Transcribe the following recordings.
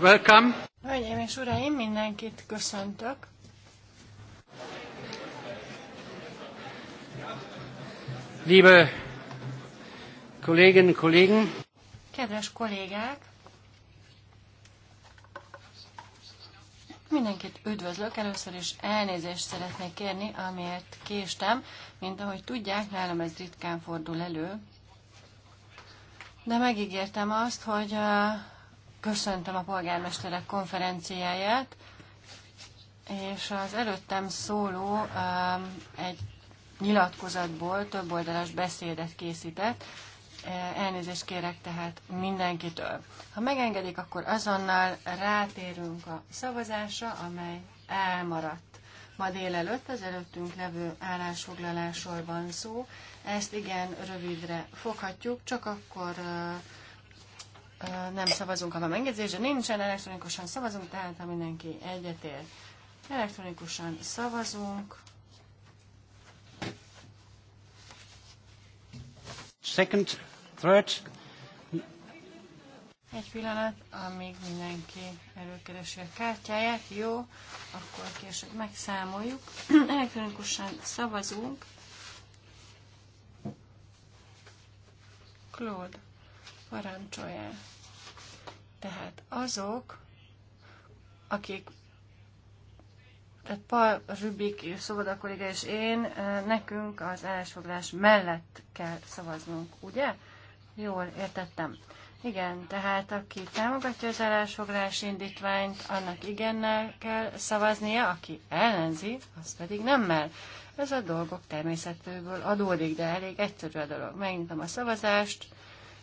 Welcome. Hölgyeim és uraim, mindenkit köszöntök. Liebe Kolleginnen und Kollegen. Kedves kollégák, Mindenkit üdvözlök, először is elnézést szeretnék kérni, amiért késtem, mint ahogy tudják, nálam ez ritkán fordul elő. De megígértem azt, hogy uh, köszöntöm a polgármesterek konferenciáját, és az előttem szóló um, egy nyilatkozatból több oldalas beszédet készített. E, elnézést kérek tehát mindenkitől. Ha megengedik, akkor azonnal rátérünk a szavazásra, amely elmaradt. Ma délelőtt az előttünk levő állásfoglalásról van szó. Ezt igen rövidre foghatjuk, csak akkor uh, nem szavazunk, ha de nincsen, elektronikusan szavazunk, tehát ha mindenki egyetért. Elektronikusan szavazunk. Second, third. Egy pillanat, amíg mindenki előkeresi a kártyáját. Jó, akkor később megszámoljuk. Elektronikusan szavazunk. Claude parancsolja. Tehát azok, akik tehát Pal Rübik, Szoboda kolléga és én, nekünk az állásfoglás mellett kell szavaznunk, ugye? Jól értettem. Igen, tehát aki támogatja az állásfoglalás indítványt, annak igennel kell szavaznia, aki ellenzi, az pedig nemmel. Ez a dolgok természetéből adódik, de elég egyszerű a dolog. Megnyitom a szavazást,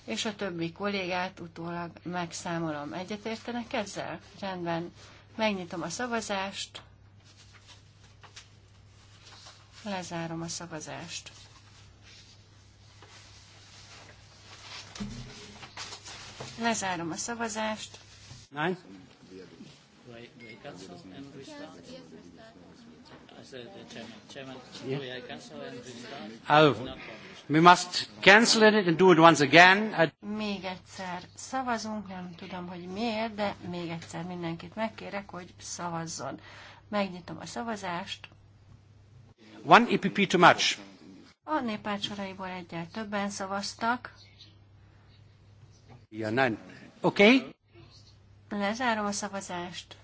és a többi kollégát utólag megszámolom. Egyetértenek ezzel? Rendben. Megnyitom a szavazást. Lezárom a szavazást. Lezárom a szavazást. Nein? Also, We must cancel it and do it once again. Még egyszer szavazunk, nem tudom, hogy miért, de még egyszer mindenkit megkérek, hogy szavazzon. Megnyitom a szavazást. One EPP too much. A néppárt soraiból egyel többen szavaztak. Ja, nem. Oké. Okay. Lezárom a szavazást.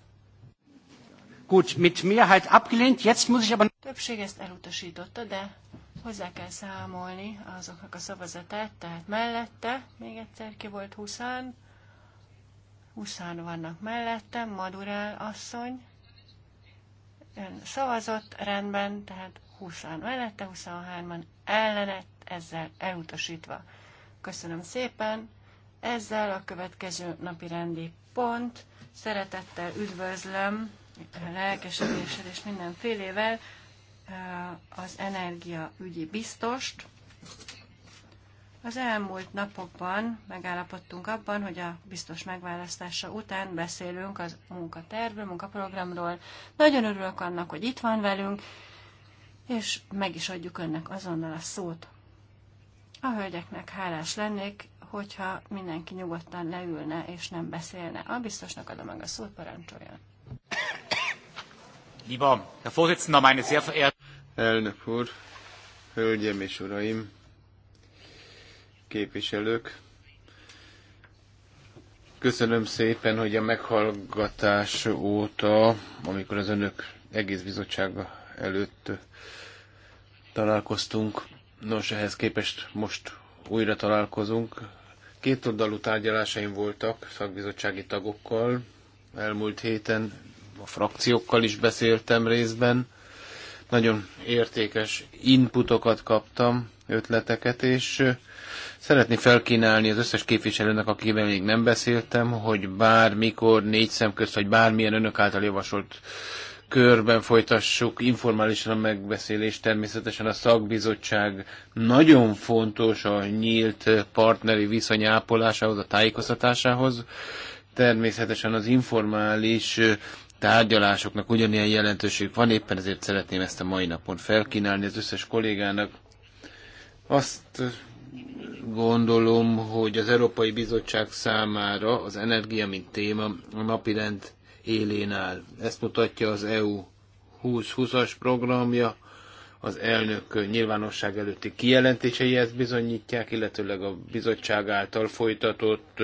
Gut, mit Mehrheit abgelehnt, jetzt muss ich aber... Többség ezt elutasította, de hozzá kell számolni azoknak a szavazatát, tehát mellette, még egyszer ki volt 20 20 vannak mellette, Madurel asszony, ön szavazott, rendben, tehát 20 mellette, 23-an ellene, ezzel elutasítva. Köszönöm szépen, ezzel a következő napi rendi pont, szeretettel üdvözlöm lelkesedéssel és mindenfélével, az energiaügyi biztost. Az elmúlt napokban megállapodtunk abban, hogy a biztos megválasztása után beszélünk az munkatervről, munkaprogramról. Nagyon örülök annak, hogy itt van velünk, és meg is adjuk önnek azonnal a szót. A hölgyeknek hálás lennék, hogyha mindenki nyugodtan leülne és nem beszélne. A biztosnak adom meg a szót, parancsoljon. Lieber Herr Vorsitzender, meine sehr verehrten... Elnök úr, hölgyem és uraim, képviselők, Köszönöm szépen, hogy a meghallgatás óta, amikor az önök egész bizottsága előtt találkoztunk, nos, ehhez képest most újra találkozunk. Két oldalú tárgyalásaim voltak szakbizottsági tagokkal elmúlt héten, a frakciókkal is beszéltem részben. Nagyon értékes inputokat kaptam, ötleteket, és szeretni felkínálni az összes képviselőnek, akivel még nem beszéltem, hogy bármikor négy szem közt, vagy bármilyen önök által javasolt körben folytassuk informálisan a megbeszélést. Természetesen a szakbizottság nagyon fontos a nyílt partneri viszony ápolásához, a tájékoztatásához. Természetesen az informális tárgyalásoknak ugyanilyen jelentőség van, éppen ezért szeretném ezt a mai napon felkínálni az összes kollégának. Azt gondolom, hogy az Európai Bizottság számára az energia, mint téma a napirend élén áll. Ezt mutatja az EU 2020-as programja, az elnök nyilvánosság előtti kijelentései ezt bizonyítják, illetőleg a bizottság által folytatott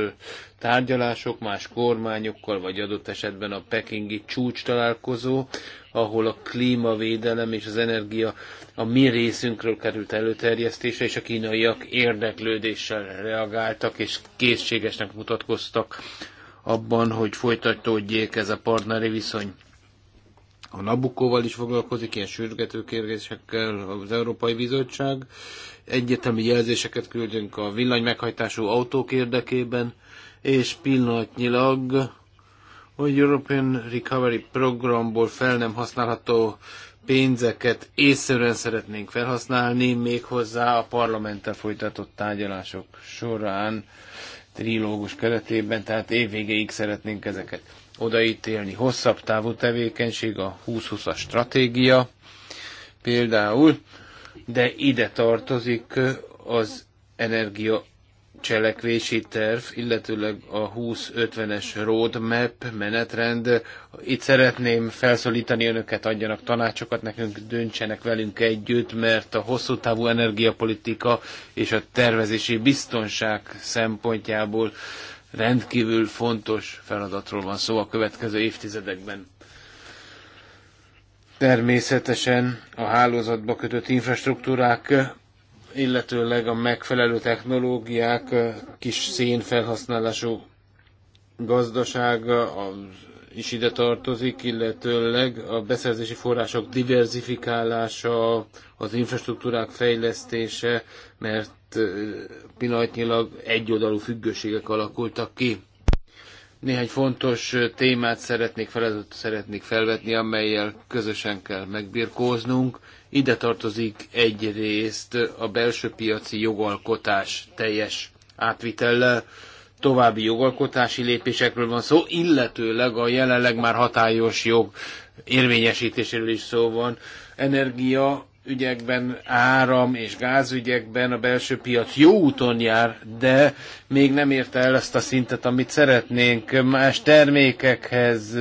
tárgyalások más kormányokkal, vagy adott esetben a pekingi csúcs találkozó, ahol a klímavédelem és az energia a mi részünkről került előterjesztése, és a kínaiak érdeklődéssel reagáltak, és készségesnek mutatkoztak abban, hogy folytatódjék ez a partneri viszony a Nabukóval is foglalkozik, ilyen sürgető kérdésekkel az Európai Bizottság. Egyetemi jelzéseket küldünk a villany meghajtású autók érdekében, és pillanatnyilag a European Recovery Programból fel nem használható pénzeket észszerűen szeretnénk felhasználni, méghozzá a parlamenttel folytatott tárgyalások során trilógus keretében, tehát évvégéig szeretnénk ezeket odaítélni. Hosszabb távú tevékenység, a 2020-as stratégia például, de ide tartozik az energia cselekvési terv, illetőleg a 20-50-es roadmap menetrend. Itt szeretném felszólítani önöket, adjanak tanácsokat nekünk, döntsenek velünk együtt, mert a hosszú távú energiapolitika és a tervezési biztonság szempontjából rendkívül fontos feladatról van szó a következő évtizedekben. Természetesen a hálózatba kötött infrastruktúrák, illetőleg a megfelelő technológiák, kis szénfelhasználású gazdaság, az is ide tartozik, illetőleg a beszerzési források diverzifikálása, az infrastruktúrák fejlesztése, mert pillanatnyilag egyoldalú függőségek alakultak ki. Néhány fontos témát szeretnék, feladatot szeretnék felvetni, amelyel közösen kell megbirkóznunk. Ide tartozik egyrészt a belső piaci jogalkotás teljes átvitellel, további jogalkotási lépésekről van szó, illetőleg a jelenleg már hatályos jog érvényesítéséről is szó van. Energia ügyekben, áram és gázügyekben a belső piac jó úton jár, de még nem érte el ezt a szintet, amit szeretnénk. Más termékekhez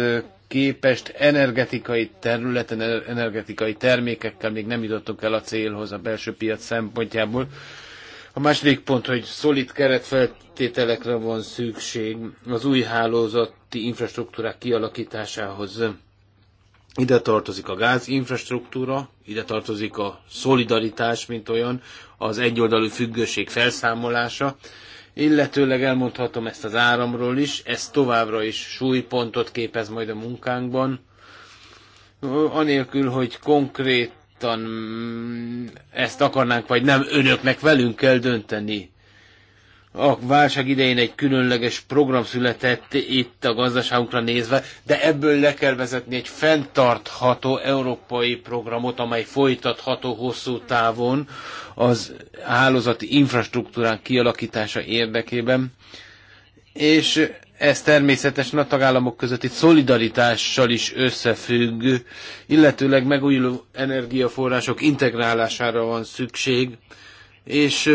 képest energetikai területen, energetikai termékekkel még nem jutottunk el a célhoz a belső piac szempontjából. A második pont, hogy szolid keretfeltételekre van szükség az új hálózati infrastruktúrák kialakításához. Ide tartozik a gázinfrastruktúra, ide tartozik a szolidaritás, mint olyan, az egyoldalú függőség felszámolása, illetőleg elmondhatom ezt az áramról is, ez továbbra is súlypontot képez majd a munkánkban, anélkül, hogy konkrét nyugodtan mm, ezt akarnánk, vagy nem, önöknek velünk kell dönteni. A válság idején egy különleges program született itt a gazdaságunkra nézve, de ebből le kell vezetni egy fenntartható európai programot, amely folytatható hosszú távon az hálózati infrastruktúrán kialakítása érdekében. És ez természetesen a tagállamok közötti szolidaritással is összefügg, illetőleg megújuló energiaforrások integrálására van szükség, és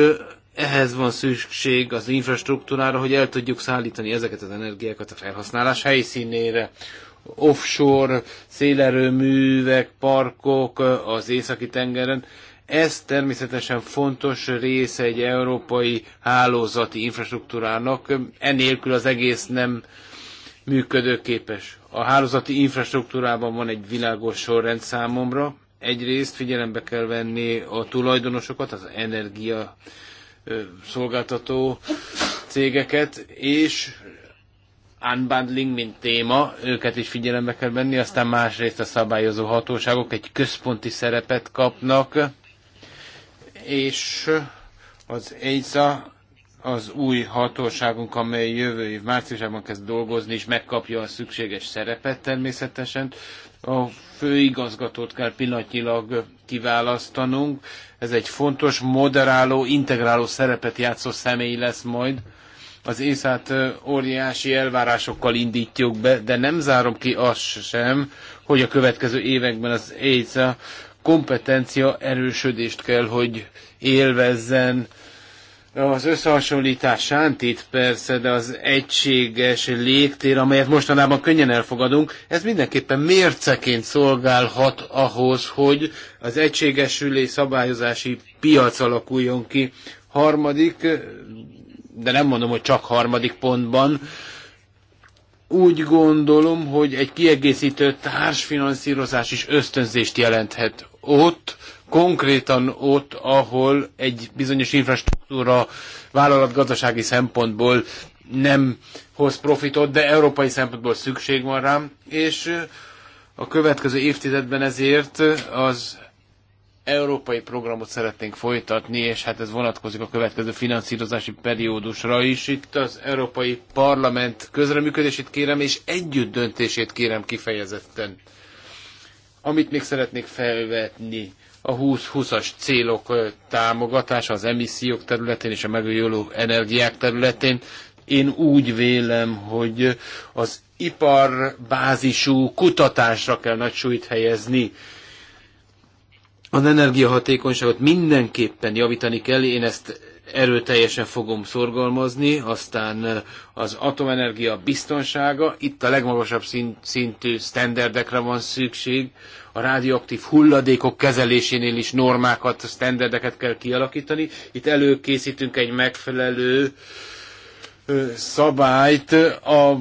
ehhez van szükség az infrastruktúrára, hogy el tudjuk szállítani ezeket az energiákat a felhasználás helyszínére. Offshore, szélerőművek, parkok az északi tengeren, ez természetesen fontos része egy európai hálózati infrastruktúrának, enélkül az egész nem működőképes. A hálózati infrastruktúrában van egy világos sorrend számomra. Egyrészt figyelembe kell venni a tulajdonosokat, az energia szolgáltató cégeket, és unbundling, mint téma, őket is figyelembe kell venni, aztán másrészt a szabályozó hatóságok egy központi szerepet kapnak, és az EISA az új hatóságunk, amely jövő év márciusában kezd dolgozni, és megkapja a szükséges szerepet természetesen. A főigazgatót kell pillanatnyilag kiválasztanunk. Ez egy fontos, moderáló, integráló szerepet játszó személy lesz majd. Az észát óriási elvárásokkal indítjuk be, de nem zárom ki azt sem, hogy a következő években az ÉSZA kompetencia erősödést kell, hogy élvezzen. Az összehasonlítás sántít persze, de az egységes légtér, amelyet mostanában könnyen elfogadunk, ez mindenképpen mérceként szolgálhat ahhoz, hogy az egységesülés szabályozási piac alakuljon ki. Harmadik, de nem mondom, hogy csak harmadik pontban, úgy gondolom, hogy egy kiegészítő társfinanszírozás is ösztönzést jelenthet ott, konkrétan ott, ahol egy bizonyos infrastruktúra vállalatgazdasági szempontból nem hoz profitot, de európai szempontból szükség van rám, és a következő évtizedben ezért az európai programot szeretnénk folytatni, és hát ez vonatkozik a következő finanszírozási periódusra is. Itt az Európai Parlament közreműködését kérem, és együtt döntését kérem kifejezetten. Amit még szeretnék felvetni, a 20-20-as célok támogatása az emissziók területén és a megújuló energiák területén. Én úgy vélem, hogy az iparbázisú kutatásra kell nagy súlyt helyezni az energiahatékonyságot mindenképpen javítani kell, én ezt erőteljesen fogom szorgalmazni, aztán eh, az atomenergia biztonsága, itt a legmagasabb szint, szintű sztenderdekre van szükség, a rádióaktív hulladékok kezelésénél is normákat, sztenderdeket kell kialakítani, itt előkészítünk egy megfelelő eh, szabályt a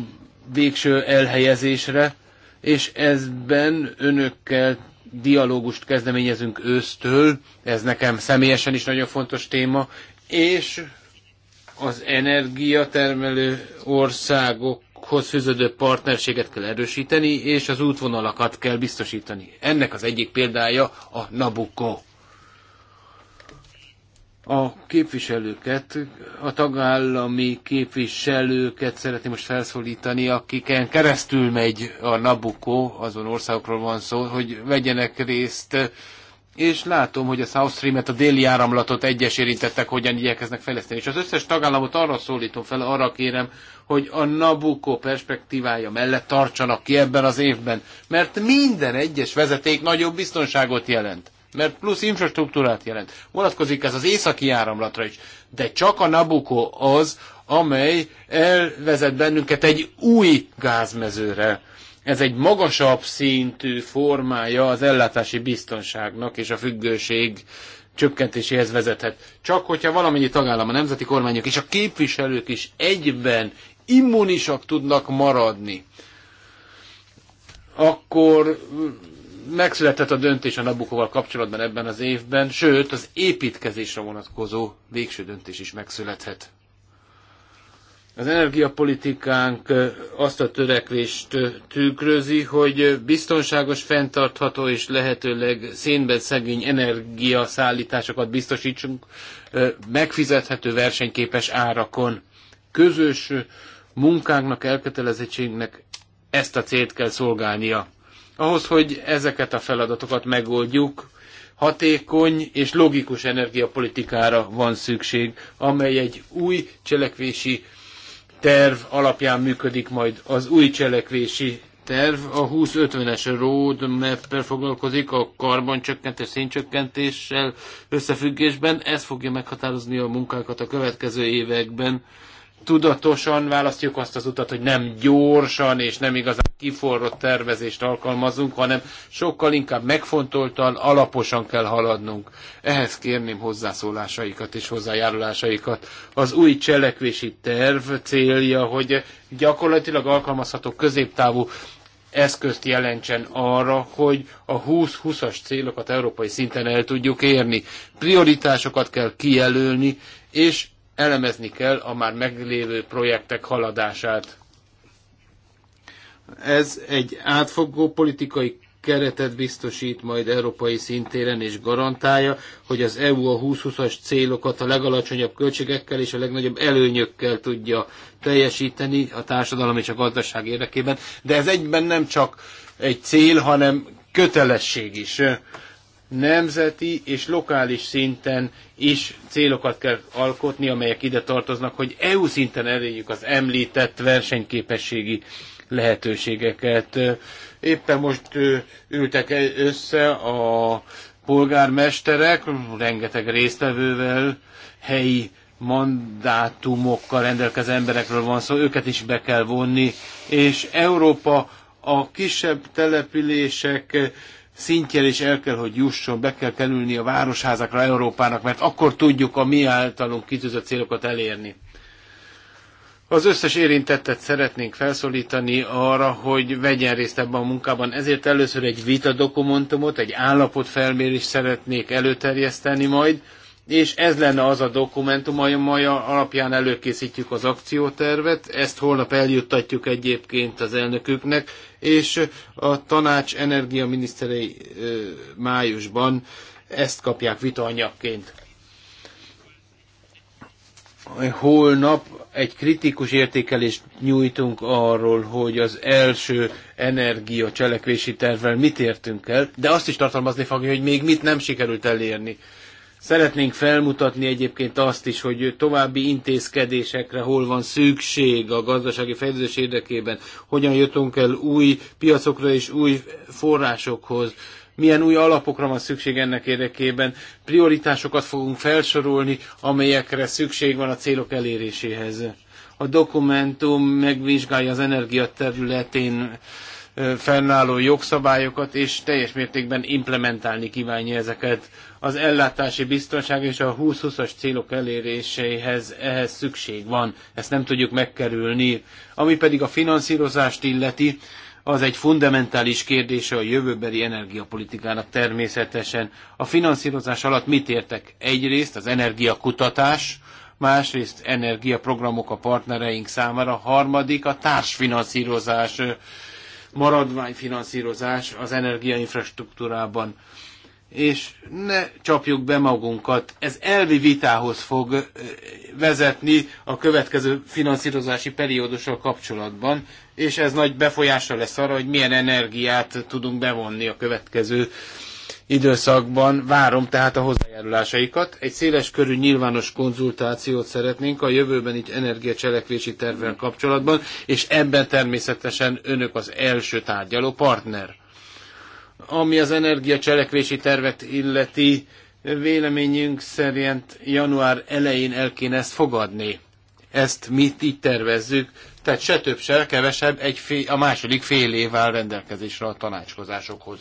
végső elhelyezésre, és ezben önökkel dialógust kezdeményezünk ősztől, ez nekem személyesen is nagyon fontos téma, és az energiatermelő országokhoz fűződő partnerséget kell erősíteni, és az útvonalakat kell biztosítani. Ennek az egyik példája a Nabucco a képviselőket, a tagállami képviselőket szeretném most felszólítani, akiken keresztül megy a Nabucco, azon országokról van szó, hogy vegyenek részt, és látom, hogy a South Stream-et, a déli áramlatot egyes érintettek, hogyan igyekeznek fejleszteni. És az összes tagállamot arra szólítom fel, arra kérem, hogy a Nabucco perspektívája mellett tartsanak ki ebben az évben, mert minden egyes vezeték nagyobb biztonságot jelent mert plusz infrastruktúrát jelent. Vonatkozik ez az északi áramlatra is, de csak a Nabucco az, amely elvezet bennünket egy új gázmezőre. Ez egy magasabb szintű formája az ellátási biztonságnak és a függőség csökkentéséhez vezethet. Csak hogyha valamennyi tagállam, a nemzeti kormányok és a képviselők is egyben immunisak tudnak maradni, akkor megszületett a döntés a Nabukoval kapcsolatban ebben az évben, sőt az építkezésre vonatkozó végső döntés is megszülethet. Az energiapolitikánk azt a törekvést tükrözi, hogy biztonságos, fenntartható és lehetőleg szénben szegény energiaszállításokat biztosítsunk megfizethető versenyképes árakon. Közös munkánknak, elkötelezettségnek ezt a célt kell szolgálnia. Ahhoz, hogy ezeket a feladatokat megoldjuk, hatékony és logikus energiapolitikára van szükség, amely egy új cselekvési terv alapján működik majd. Az új cselekvési terv a 20 es roadmap foglalkozik a karboncsökkentés, széncsökkentéssel összefüggésben. Ez fogja meghatározni a munkákat a következő években tudatosan választjuk azt az utat, hogy nem gyorsan és nem igazán kiforrott tervezést alkalmazunk, hanem sokkal inkább megfontoltan, alaposan kell haladnunk. Ehhez kérném hozzászólásaikat és hozzájárulásaikat. Az új cselekvési terv célja, hogy gyakorlatilag alkalmazható középtávú eszközt jelentsen arra, hogy a 20-20-as célokat európai szinten el tudjuk érni. Prioritásokat kell kijelölni, és elemezni kell a már meglévő projektek haladását. Ez egy átfogó politikai keretet biztosít majd európai szintéren és garantálja, hogy az EU a 2020-as célokat a legalacsonyabb költségekkel és a legnagyobb előnyökkel tudja teljesíteni a társadalom és a gazdaság érdekében. De ez egyben nem csak egy cél, hanem kötelesség is nemzeti és lokális szinten is célokat kell alkotni, amelyek ide tartoznak, hogy EU szinten elérjük az említett versenyképességi lehetőségeket. Éppen most ültek e- össze a polgármesterek, rengeteg résztvevővel, helyi mandátumokkal rendelkező emberekről van szó, őket is be kell vonni, és Európa a kisebb települések szintjén is el kell, hogy jusson, be kell kerülni a városházakra Európának, mert akkor tudjuk a mi általunk kitűzött célokat elérni. Az összes érintettet szeretnénk felszólítani arra, hogy vegyen részt ebben a munkában. Ezért először egy vita dokumentumot, egy állapotfelmérést szeretnék előterjeszteni majd, és ez lenne az a dokumentum, amely alapján előkészítjük az akciótervet, ezt holnap eljuttatjuk egyébként az elnöküknek, és a tanács energiaminiszterei májusban ezt kapják vitanyagként. Holnap egy kritikus értékelést nyújtunk arról, hogy az első energia cselekvési tervvel mit értünk el, de azt is tartalmazni fogja, hogy még mit nem sikerült elérni Szeretnénk felmutatni egyébként azt is, hogy további intézkedésekre hol van szükség a gazdasági fejlődés érdekében, hogyan jutunk el új piacokra és új forrásokhoz, milyen új alapokra van szükség ennek érdekében, prioritásokat fogunk felsorolni, amelyekre szükség van a célok eléréséhez. A dokumentum megvizsgálja az energia területén fennálló jogszabályokat, és teljes mértékben implementálni kívánja ezeket az ellátási biztonság és a 20-20-as célok eléréséhez ehhez szükség van. Ezt nem tudjuk megkerülni. Ami pedig a finanszírozást illeti, az egy fundamentális kérdése a jövőbeli energiapolitikának természetesen. A finanszírozás alatt mit értek? Egyrészt az energiakutatás, másrészt energiaprogramok a partnereink számára, harmadik a társfinanszírozás, maradványfinanszírozás az energiainfrastruktúrában és ne csapjuk be magunkat. Ez elvi vitához fog vezetni a következő finanszírozási periódussal kapcsolatban, és ez nagy befolyása lesz arra, hogy milyen energiát tudunk bevonni a következő időszakban. Várom tehát a hozzájárulásaikat. Egy széles körű nyilvános konzultációt szeretnénk a jövőben itt energiacselekvési tervvel kapcsolatban, és ebben természetesen önök az első tárgyaló partner ami az energiacselekvési tervet illeti, véleményünk szerint január elején el kéne ezt fogadni. Ezt mi így tervezzük, tehát se több, se kevesebb, egy fél, a második fél év áll rendelkezésre a tanácskozásokhoz.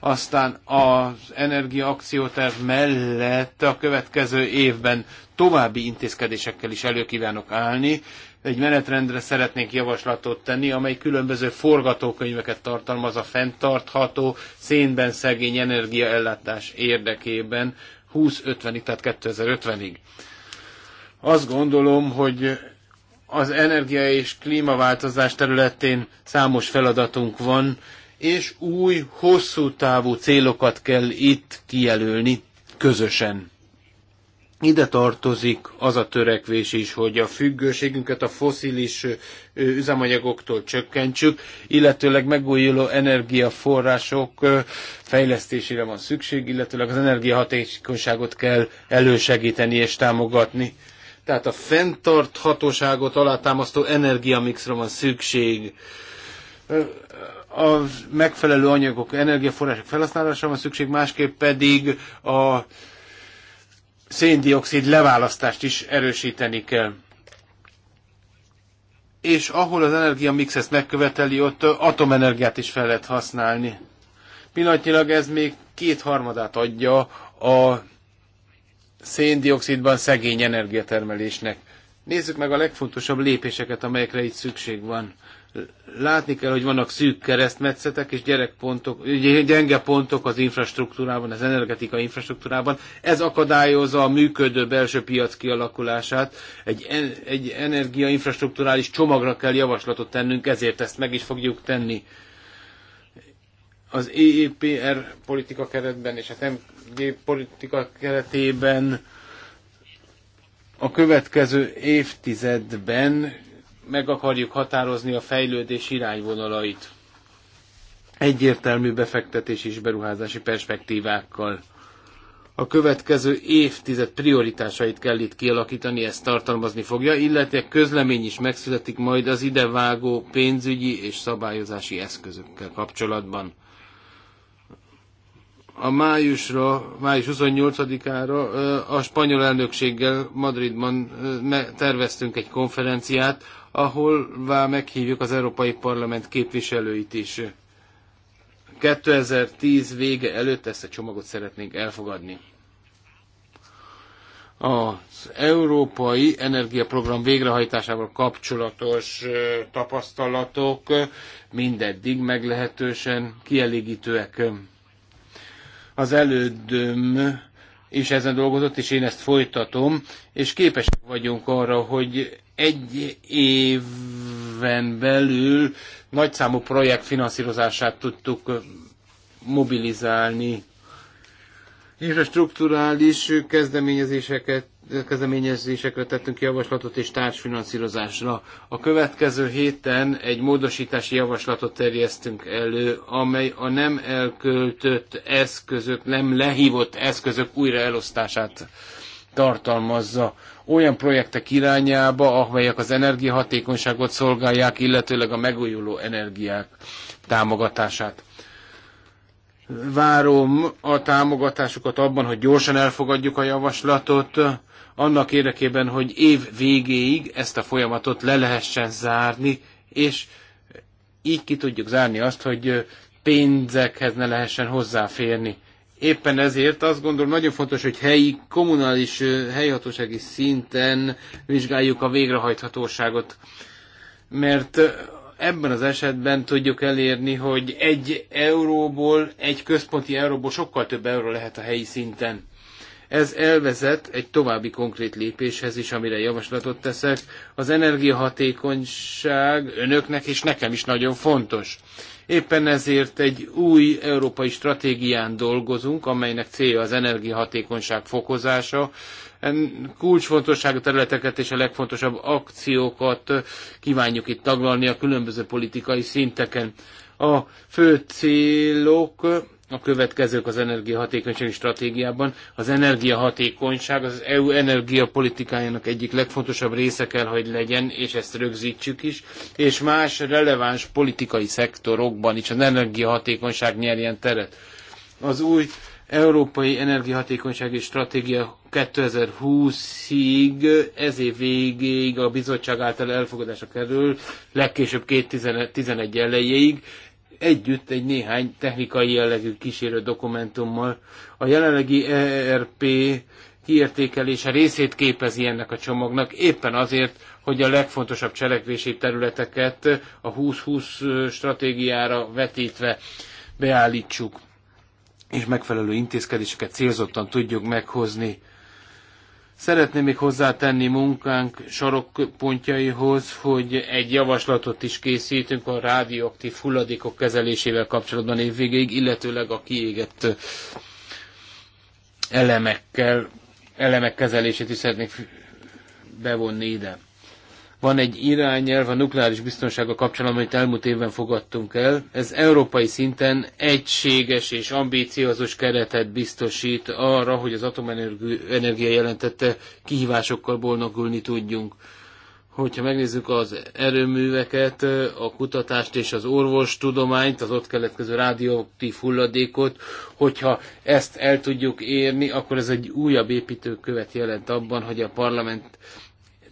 Aztán az energiaakcióterv mellett a következő évben további intézkedésekkel is elő kívánok állni, egy menetrendre szeretnénk javaslatot tenni, amely különböző forgatókönyveket tartalmaz a fenntartható szénben szegény energiaellátás érdekében 20-50-ig, tehát 2050-ig. Azt gondolom, hogy az energia és klímaváltozás területén számos feladatunk van, és új, hosszú távú célokat kell itt kijelölni közösen. Ide tartozik az a törekvés is, hogy a függőségünket a foszilis üzemanyagoktól csökkentsük, illetőleg megújuló energiaforrások fejlesztésére van szükség, illetőleg az energiahatékonyságot kell elősegíteni és támogatni. Tehát a fenntarthatóságot alátámasztó energiamixra van szükség a megfelelő anyagok, energiaforrások felhasználására van szükség, másképp pedig a széndiokszid leválasztást is erősíteni kell. És ahol az energiamix ezt megköveteli, ott atomenergiát is fel lehet használni. Pillanatnyilag ez még kétharmadát adja a széndiokszidban szegény energiatermelésnek. Nézzük meg a legfontosabb lépéseket, amelyekre itt szükség van. Látni kell, hogy vannak szűk keresztmetszetek és gyerekpontok, gyenge pontok az infrastruktúrában, az energetikai infrastruktúrában. Ez akadályozza a működő belső piac kialakulását. Egy, egy energiainfrastruktúrális csomagra kell javaslatot tennünk, ezért ezt meg is fogjuk tenni az EEPR politika keretben és a MG politika keretében a következő évtizedben meg akarjuk határozni a fejlődés irányvonalait. Egyértelmű befektetés és beruházási perspektívákkal. A következő évtized prioritásait kell itt kialakítani, ezt tartalmazni fogja, illetve közlemény is megszületik majd az idevágó pénzügyi és szabályozási eszközökkel kapcsolatban a májusra, május 28-ára a spanyol elnökséggel Madridban terveztünk egy konferenciát, ahol meghívjuk az Európai Parlament képviselőit is. 2010 vége előtt ezt a csomagot szeretnénk elfogadni. Az Európai Energiaprogram végrehajtásával kapcsolatos tapasztalatok mindeddig meglehetősen kielégítőek. Az elődöm és ezen dolgozott, és én ezt folytatom, és képesek vagyunk arra, hogy egy éven belül nagyszámú projekt finanszírozását tudtuk mobilizálni. Infrastruktúrális kezdeményezéseket kezdeményezésekre tettünk javaslatot és társfinanszírozásra. A következő héten egy módosítási javaslatot terjesztünk elő, amely a nem elköltött eszközök, nem lehívott eszközök újraelosztását tartalmazza olyan projektek irányába, amelyek az energiahatékonyságot szolgálják, illetőleg a megújuló energiák támogatását. Várom a támogatásukat abban, hogy gyorsan elfogadjuk a javaslatot, annak érdekében, hogy év végéig ezt a folyamatot le lehessen zárni, és így ki tudjuk zárni azt, hogy pénzekhez ne lehessen hozzáférni. Éppen ezért azt gondolom nagyon fontos, hogy helyi, kommunális, helyhatósági szinten vizsgáljuk a végrehajthatóságot. Mert ebben az esetben tudjuk elérni, hogy egy euróból, egy központi euróból sokkal több euró lehet a helyi szinten. Ez elvezet egy további konkrét lépéshez is, amire javaslatot teszek. Az energiahatékonyság önöknek és nekem is nagyon fontos. Éppen ezért egy új európai stratégián dolgozunk, amelynek célja az energiahatékonyság fokozása, kulcsfontosságú területeket és a legfontosabb akciókat kívánjuk itt taglalni a különböző politikai szinteken. A fő célok a következők az energiahatékonysági stratégiában. Az energiahatékonyság az EU energiapolitikájának egyik legfontosabb része kell, hogy legyen, és ezt rögzítsük is, és más releváns politikai szektorokban is az energiahatékonyság nyerjen teret. Az új Európai Energiahatékonysági Stratégia 2020-ig, ez év végéig a bizottság által elfogadásra kerül, legkésőbb 2011 elejéig, együtt egy néhány technikai jellegű kísérő dokumentummal. A jelenlegi ERP kiértékelése részét képezi ennek a csomagnak, éppen azért, hogy a legfontosabb cselekvési területeket a 2020 stratégiára vetítve beállítsuk, és megfelelő intézkedéseket célzottan tudjuk meghozni. Szeretném még hozzátenni munkánk sarokpontjaihoz, hogy egy javaslatot is készítünk a rádióaktív hulladékok kezelésével kapcsolatban évvégéig, illetőleg a kiégett elemekkel, elemek kezelését is szeretnék bevonni ide. Van egy irányelv a nukleáris biztonsága kapcsolatban, amit elmúlt évben fogadtunk el. Ez európai szinten egységes és ambíciózus keretet biztosít arra, hogy az atomenergia jelentette kihívásokkal bolnagulni tudjunk hogyha megnézzük az erőműveket, a kutatást és az orvostudományt, az ott keletkező rádióaktív hulladékot, hogyha ezt el tudjuk érni, akkor ez egy újabb építőkövet jelent abban, hogy a parlament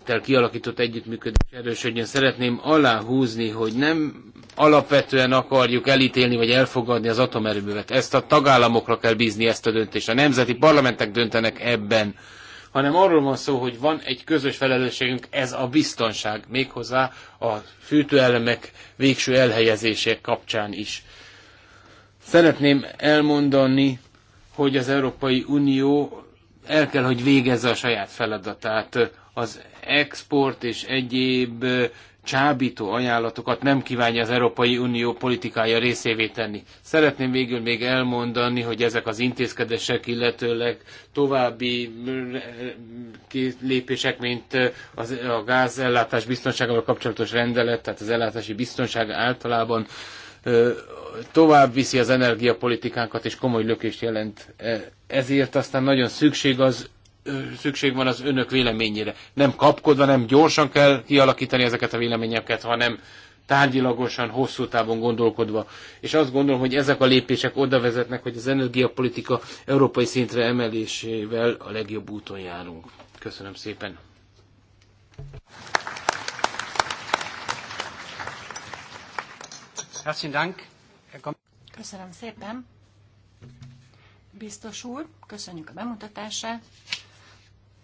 tel kialakított együttműködés erősödjön. Szeretném aláhúzni, hogy nem alapvetően akarjuk elítélni vagy elfogadni az atomerőművet. Ezt a tagállamokra kell bízni ezt a döntést. A nemzeti parlamentek döntenek ebben hanem arról van szó, hogy van egy közös felelősségünk, ez a biztonság, méghozzá a fűtőelemek végső elhelyezése kapcsán is. Szeretném elmondani, hogy az Európai Unió el kell, hogy végezze a saját feladatát az export és egyéb csábító ajánlatokat nem kívánja az Európai Unió politikája részévé tenni. Szeretném végül még elmondani, hogy ezek az intézkedések, illetőleg további lépések, mint az, a gázellátás biztonságával kapcsolatos rendelet, tehát az ellátási biztonság általában tovább viszi az energiapolitikánkat, és komoly lökést jelent. E, ezért aztán nagyon szükség az szükség van az önök véleményére. Nem kapkodva, nem gyorsan kell kialakítani ezeket a véleményeket, hanem tárgyilagosan, hosszú távon gondolkodva. És azt gondolom, hogy ezek a lépések oda vezetnek, hogy az energiapolitika európai szintre emelésével a legjobb úton járunk. Köszönöm szépen! Köszönöm szépen! Biztos úr, köszönjük a bemutatását!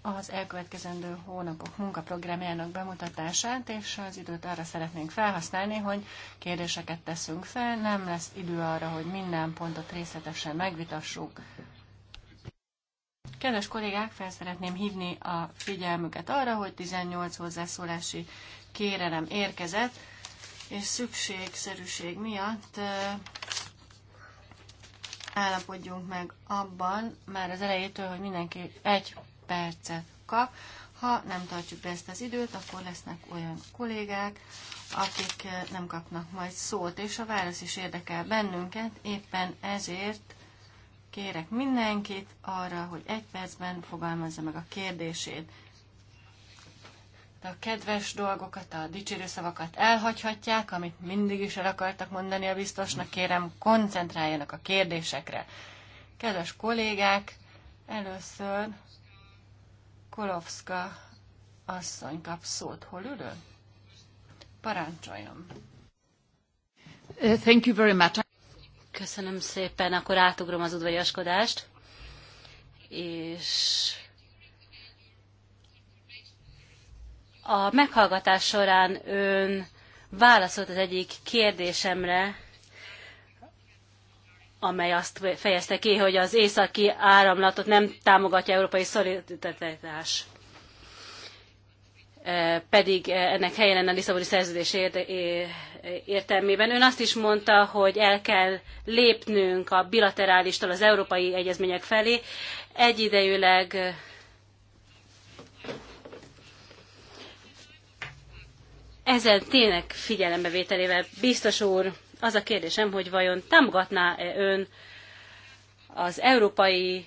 az elkövetkezendő hónapok munkaprogramjának bemutatását, és az időt arra szeretnénk felhasználni, hogy kérdéseket teszünk fel, nem lesz idő arra, hogy minden pontot részletesen megvitassuk. Kedves kollégák, fel szeretném hívni a figyelmüket arra, hogy 18 hozzászólási kérelem érkezett, és szükségszerűség miatt állapodjunk meg abban, már az elejétől, hogy mindenki egy percet kap. Ha nem tartjuk be ezt az időt, akkor lesznek olyan kollégák, akik eh, nem kapnak majd szót, és a válasz is érdekel bennünket, éppen ezért kérek mindenkit arra, hogy egy percben fogalmazza meg a kérdését. De a kedves dolgokat, a dicsérő szavakat elhagyhatják, amit mindig is el akartak mondani a biztosnak, kérem koncentráljanak a kérdésekre. Kedves kollégák, először Kolovska asszony kap szót. Hol ülő? Parancsoljon. Uh, thank you very much. Köszönöm szépen, akkor átugrom az udvariaskodást, és a meghallgatás során ön válaszolt az egyik kérdésemre, amely azt fejezte ki, hogy az északi áramlatot nem támogatja európai szolidaritás. E, pedig ennek helye lenne a Lisszaboni szerződés értelmében. Ön azt is mondta, hogy el kell lépnünk a bilaterálistól az európai egyezmények felé. Egyidejűleg e, ezen tényleg figyelembevételével biztos úr, az a kérdésem, hogy vajon támogatná-e ön az európai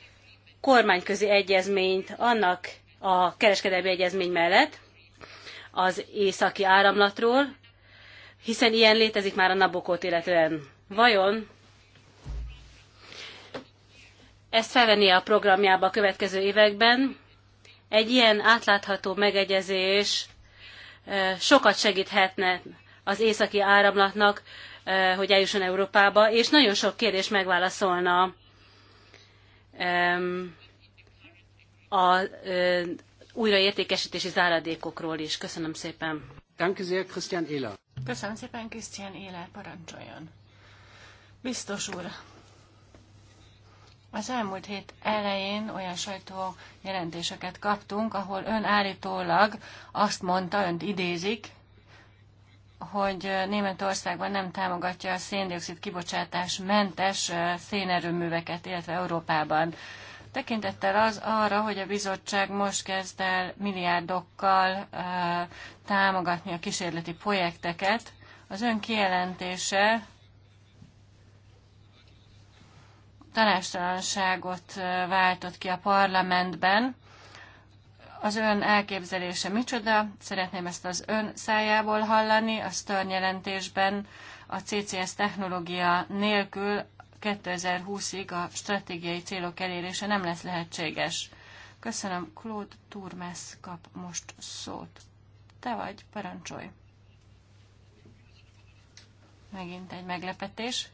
kormányközi egyezményt annak a kereskedelmi egyezmény mellett az északi áramlatról, hiszen ilyen létezik már a Nabokót illetően. Vajon ezt felvenni a programjába a következő években. Egy ilyen átlátható megegyezés eh, sokat segíthetne az északi áramlatnak, Eh, hogy eljusson Európába, és nagyon sok kérdést megválaszolna a újraértékesítési záradékokról is. Köszönöm szépen. Danke sehr, Christian Ehler. Köszönöm szépen, Christian Ehler, parancsoljon. Biztos úr, az elmúlt hét elején olyan sajtó jelentéseket kaptunk, ahol ön állítólag azt mondta, önt idézik, hogy eh, Németországban nem támogatja a széndiokszid kibocsátás mentes eh, szénerőműveket, illetve Európában. Tekintettel az arra, hogy a bizottság most kezd el milliárdokkal eh, támogatni a kísérleti projekteket, az ön kijelentése tanástalanságot váltott ki a parlamentben, az ön elképzelése micsoda. Szeretném ezt az ön szájából hallani. A Stern jelentésben a CCS technológia nélkül 2020-ig a stratégiai célok elérése nem lesz lehetséges. Köszönöm, Claude Turmes kap most szót. Te vagy, parancsolj. Megint egy meglepetés.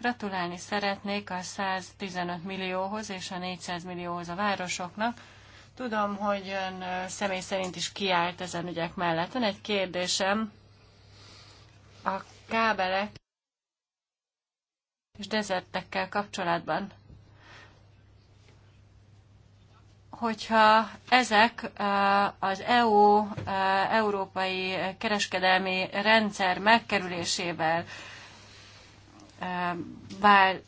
Gratulálni szeretnék a 115 millióhoz és a 400 millióhoz a városoknak, Tudom, hogy ön személy szerint is kiállt ezen ügyek mellett. Van egy kérdésem. A kábelek és dezertekkel kapcsolatban. Hogyha ezek az EU európai kereskedelmi rendszer megkerülésével vál,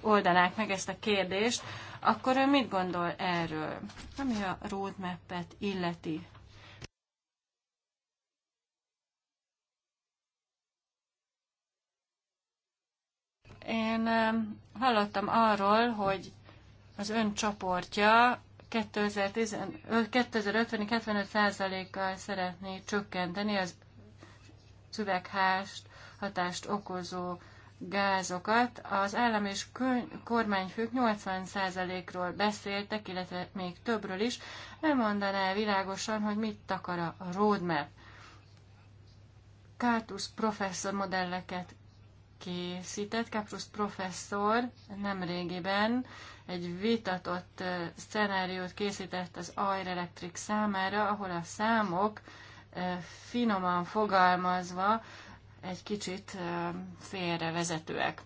oldanák meg ezt a kérdést, akkor ő mit gondol erről, ami a roadmap-et illeti? Én hallottam arról, hogy az ön csoportja 2050 75%-kal szeretné csökkenteni az szüveghást hatást okozó gázokat. Az állam és kormányfők 80%-ról beszéltek, illetve még többről is. Nem el világosan, hogy mit takar a roadmap. Kártusz professzor modelleket készített. Kártusz professzor nemrégiben egy vitatott szenáriót készített az Air Electric számára, ahol a számok finoman fogalmazva egy kicsit félrevezetőek.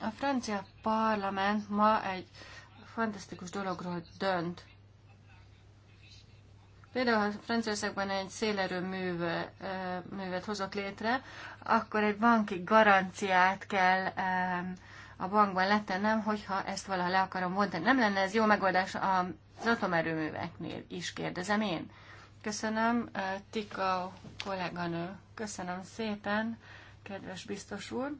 A francia parlament ma egy fantasztikus dologról dönt. Például, ha Franciaországban egy szélerőművet művet hozok létre, akkor egy banki garanciát kell a bankban letennem, hogyha ezt valaha le akarom mondani. Nem lenne ez jó megoldás az atomerőműveknél is, kérdezem én. Köszönöm, eh, Tika kolléganő. Köszönöm szépen, kedves biztos úr.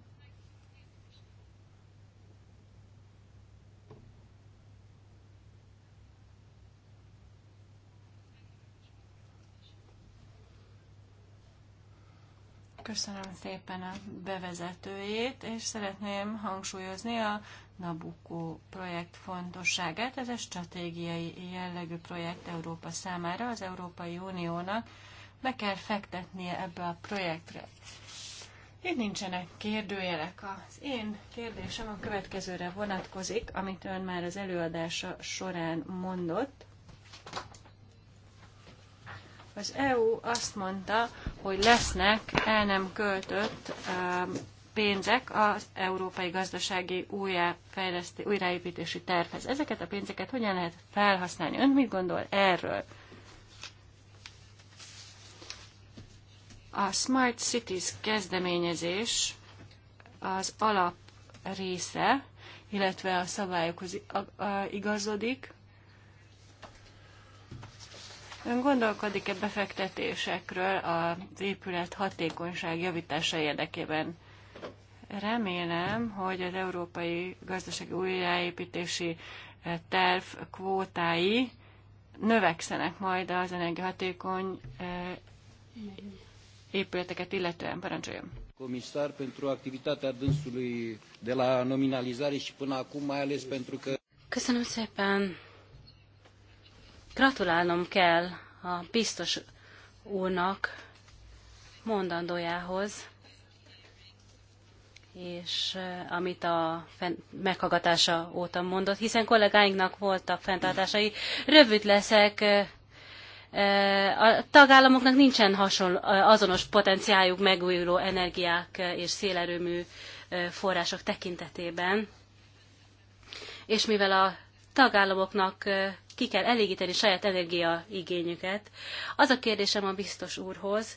Köszönöm szépen a bevezetőjét, és szeretném hangsúlyozni a Nabucco projekt fontosságát. Ez a stratégiai jellegű projekt Európa számára. Az Európai Uniónak be kell fektetnie ebbe a projektre. Itt nincsenek kérdőjelek. Az én kérdésem a következőre vonatkozik, amit ön már az előadása során mondott. Az EU azt mondta, hogy lesznek el nem költött um, pénzek az Európai Gazdasági újraépítési Tervhez. Ezeket a pénzeket hogyan lehet felhasználni? Ön mit gondol erről? A Smart Cities kezdeményezés az alap része, illetve a szabályokhoz igazodik. Ön gondolkodik-e befektetésekről az épület hatékonyság javítása érdekében? Remélem, hogy az európai gazdasági újjáépítési terv kvótái növekszenek majd az energiahatékony eh, épületeket illetően. Parancsoljon! Comisar, pentru activitatea dânsului de la nominalizare și până acum, mai ales pentru că... Köszönöm szépen! Gratulálnom kell a biztos úrnak mondandójához és eh, amit a meghallgatása óta mondott, hiszen kollégáinknak voltak fenntartásai. Rövid leszek, eh, eh, a tagállamoknak nincsen hasonló, azonos potenciáljuk megújuló energiák és szélerőmű források tekintetében. És mivel a tagállamoknak ki kell elégíteni saját energiaigényüket, az a kérdésem a biztos úrhoz,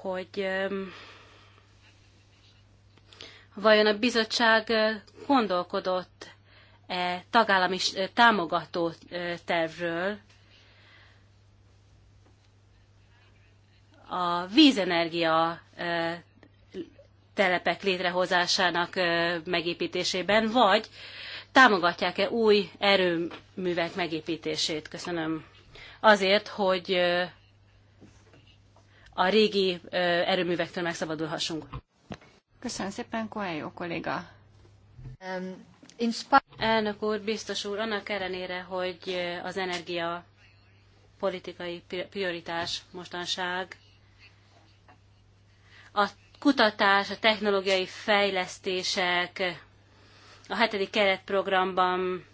hogy Vajon a bizottság gondolkodott-e tagállami támogató tervről a vízenergia telepek létrehozásának megépítésében, vagy támogatják-e új erőművek megépítését? Köszönöm. Azért, hogy a régi erőművektől megszabadulhassunk. Köszönöm szépen, Koelyó kolléga. Um, Elnök úr, biztos úr, annak ellenére, hogy eh, az energia politikai prioritás mostanság, a kutatás, a technológiai fejlesztések a hetedik keretprogramban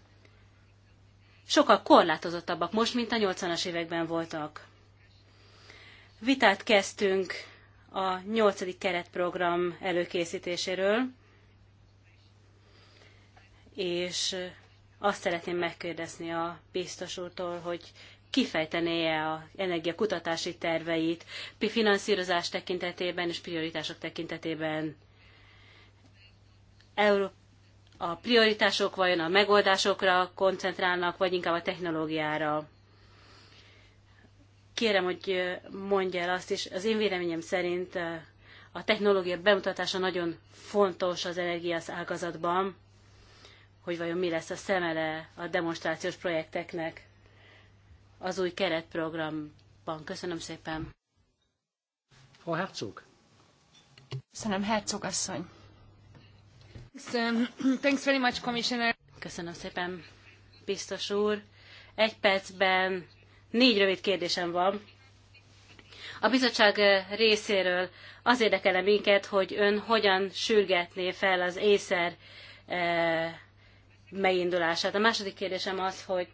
sokkal korlátozottabbak most, mint a 80-as években voltak. Vitát kezdtünk a nyolcadik keretprogram előkészítéséről, és azt szeretném megkérdezni a biztos úrtól, hogy kifejtené-e a energiakutatási terveit finanszírozás tekintetében és prioritások tekintetében. a prioritások vajon a megoldásokra koncentrálnak, vagy inkább a technológiára kérem, hogy mondja el azt is, az én véleményem szerint a technológia bemutatása nagyon fontos az energiász ágazatban, hogy vajon mi lesz a szemele a demonstrációs projekteknek az új keretprogramban. Köszönöm szépen. Frau Herzog. Köszönöm, Herzog asszony. Thanks very much, Commissioner. Köszönöm szépen, biztos úr. Egy percben Négy rövid kérdésem van. A bizottság eh, részéről az érdekelne minket, hogy ön hogyan sürgetné fel az észer eh, megindulását. A második kérdésem az, hogy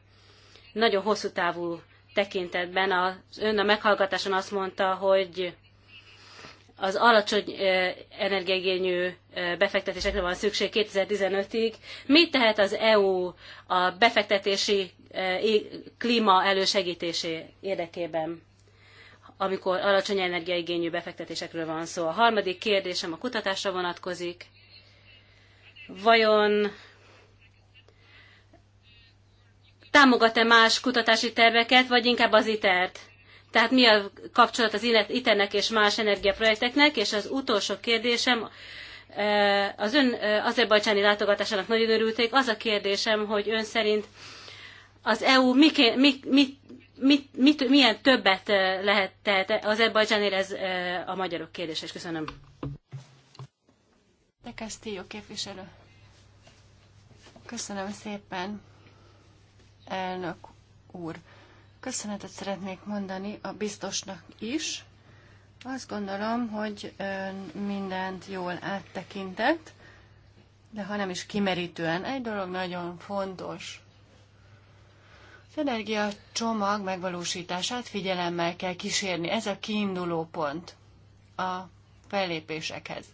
nagyon hosszú távú tekintetben az ön a meghallgatáson azt mondta, hogy az alacsony eh, energiaigényű befektetésekre van szükség 2015-ig. Mit tehet az EU a befektetési Eh, klíma elősegítésé érdekében, amikor alacsony energiaigényű befektetésekről van szó. A harmadik kérdésem a kutatásra vonatkozik. Vajon támogat-e más kutatási terveket, vagy inkább az ITER-t? Tehát mi a kapcsolat az ITER-nek és más energiaprojekteknek? És az utolsó kérdésem, eh, az ön eh, azerbajcsáni látogatásának nagyon örülték. Az a kérdésem, hogy ön szerint az EU mit, mit, milyen többet lehet tehet az Erbajdzsánért, ez a magyarok kérdése, és köszönöm. De jó képviselő. Köszönöm szépen, elnök úr. Köszönetet szeretnék mondani a biztosnak is. Azt gondolom, hogy ön mindent jól áttekintett, de ha nem is kimerítően, egy dolog nagyon fontos. Az energia csomag megvalósítását figyelemmel kell kísérni. Ez a kiinduló pont a fellépésekhez.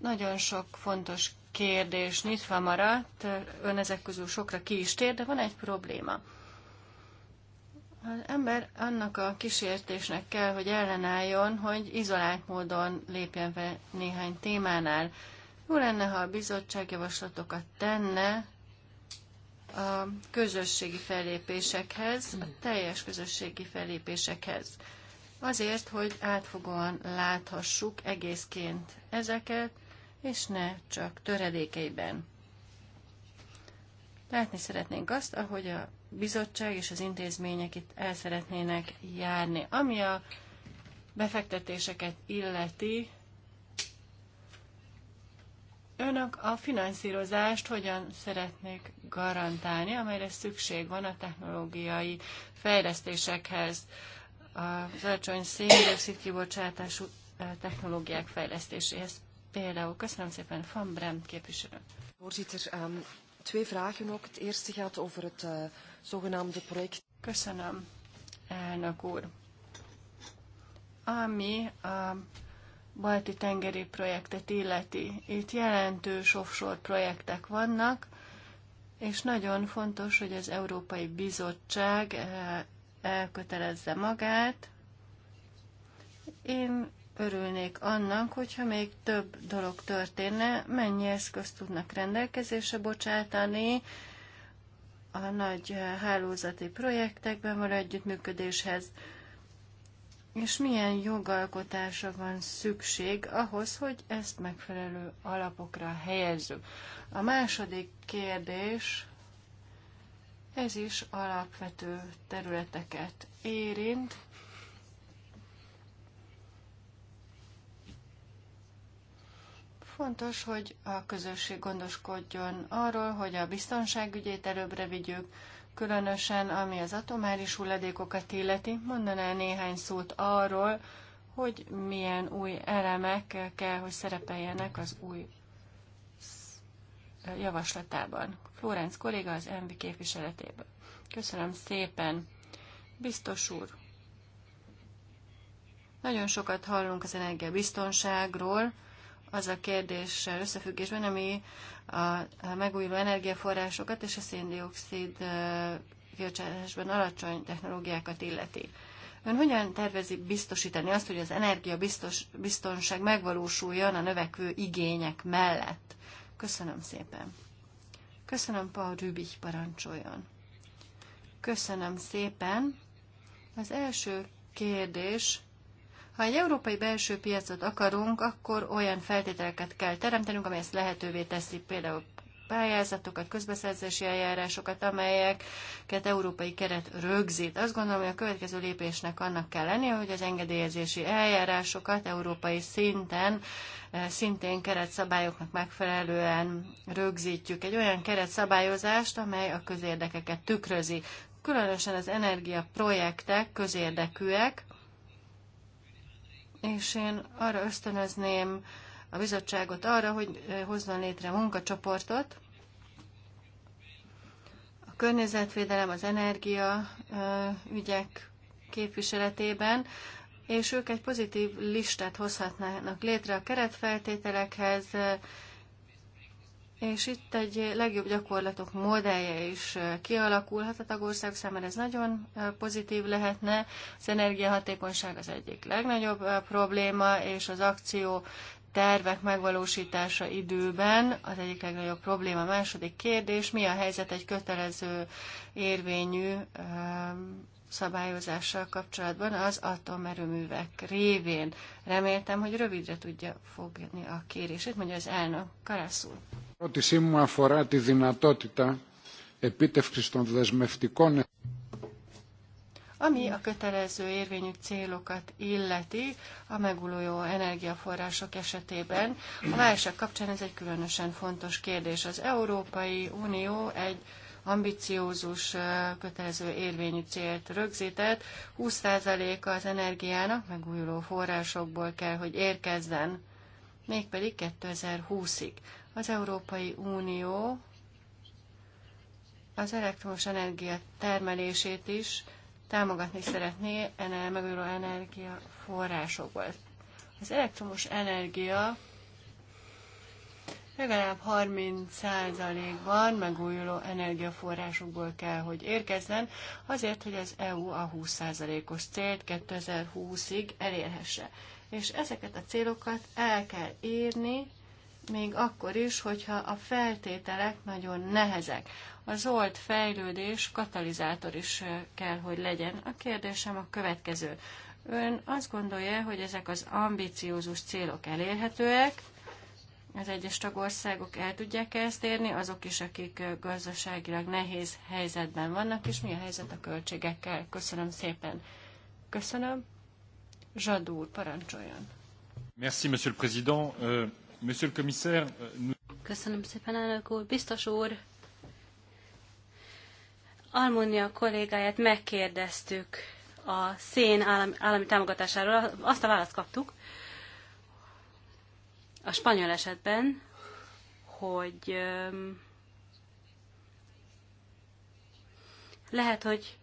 Nagyon sok fontos kérdés nyitva maradt, ön ezek közül sokra ki is tér, de van egy probléma. Az ember annak a kísértésnek kell, hogy ellenálljon, hogy izolált módon lépjen fel néhány témánál. Jó lenne, ha a bizottság javaslatokat tenne a közösségi fellépésekhez, a teljes közösségi fellépésekhez. Azért, hogy átfogóan láthassuk egészként ezeket, és ne csak töredékeiben. Látni szeretnénk azt, ahogy a bizottság és az intézmények itt el szeretnének járni. Ami a befektetéseket illeti, Önök a finanszírozást hogyan szeretnék garantálni, amelyre szükség van a technológiai fejlesztésekhez, az alacsony széndiokszid kibocsátású eh, technológiák fejlesztéséhez például. Köszönöm szépen, Van Brem képviselő. Ehm, eh, Köszönöm, elnök úr. Ami a balti tengeri projektet illeti. Itt jelentős offshore projektek vannak, és nagyon fontos, hogy az Európai Bizottság eh, elkötelezze magát. Én örülnék annak, hogyha még több dolog történne, mennyi eszközt tudnak rendelkezésre bocsátani, a nagy eh, hálózati projektekben való együttműködéshez, és milyen jogalkotásra van szükség ahhoz, hogy ezt megfelelő alapokra helyezzük? A második kérdés, ez is alapvető területeket érint. Fontos, hogy a közösség gondoskodjon arról, hogy a biztonságügyét előbbre vigyük, különösen ami az atomáris hulladékokat illeti, mondaná néhány szót arról, hogy milyen új elemek kell, hogy szerepeljenek az új javaslatában. Florenc kolléga az MV képviseletében. Köszönöm szépen. Biztos úr, nagyon sokat hallunk az energiabiztonságról, biztonságról, az a kérdéssel összefüggésben, ami a megújuló energiaforrásokat és a széndiokszid kibocsátásban alacsony technológiákat illeti. Ön hogyan tervezi biztosítani azt, hogy az energia biztos, biztonság megvalósuljon a növekvő igények mellett? Köszönöm szépen. Köszönöm, Paul Rübich parancsoljon. Köszönöm szépen. Az első kérdés ha egy európai belső piacot akarunk, akkor olyan feltételeket kell teremtenünk, amely ezt lehetővé teszi például pályázatokat, közbeszerzési eljárásokat, amelyeket európai keret rögzít. Azt gondolom, hogy a következő lépésnek annak kell lennie, hogy az engedélyezési eljárásokat európai szinten eh, szintén keretszabályoknak megfelelően rögzítjük. Egy olyan keretszabályozást, amely a közérdekeket tükrözi. Különösen az energiaprojektek közérdekűek, és én arra ösztönözném a bizottságot arra, hogy eh, hozzon létre munkacsoportot, a környezetvédelem, az energia eh, ügyek képviseletében, és ők egy pozitív listát hozhatnának létre a keretfeltételekhez, eh, és itt egy legjobb gyakorlatok modellje is kialakulhat a tagország számára, ez nagyon pozitív lehetne. Az energiahatékonyság az egyik legnagyobb probléma, és az akció tervek megvalósítása időben az egyik legnagyobb probléma. A második kérdés, mi a helyzet egy kötelező érvényű szabályozással kapcsolatban az atomerőművek révén. Reméltem, hogy rövidre tudja fogni a kérését, mondja az elnök Karaszul ερώτησή μου αφορά τη δυνατότητα επίτευξης των δεσμευτικών ami a kötelező érvényű célokat illeti a megújuló energiaforrások esetében. A válság kapcsán ez egy különösen fontos kérdés. Az Európai Unió egy ambiciózus kötelező érvényű célt rögzített, 20%-a az energiának megújuló forrásokból kell, hogy érkezzen mégpedig 2020-ig. Az Európai Unió az elektromos energia termelését is támogatni szeretné ennél megújuló energiaforrásokból. Az elektromos energia legalább 30%-ban megújuló energiaforrásokból kell, hogy érkezzen, azért, hogy az EU a 20%-os célt 2020-ig elérhesse és ezeket a célokat el kell írni, még akkor is, hogyha a feltételek nagyon nehezek. A zolt fejlődés katalizátor is kell, hogy legyen. A kérdésem a következő. Ön azt gondolja, hogy ezek az ambiciózus célok elérhetőek, az egyes tagországok el tudják -e ezt érni, azok is, akik gazdaságilag nehéz helyzetben vannak, és mi a helyzet a költségekkel. Köszönöm szépen. Köszönöm. Zsadúr, parancsoljon. Merci, monsieur le président. Euh, monsieur le commissaire, euh, Köszönöm szépen, elnök úr. Biztos úr, Almunia kollégáját megkérdeztük a szén állami, állami támogatásáról. Azt a választ kaptuk a spanyol esetben, hogy lehet, hogy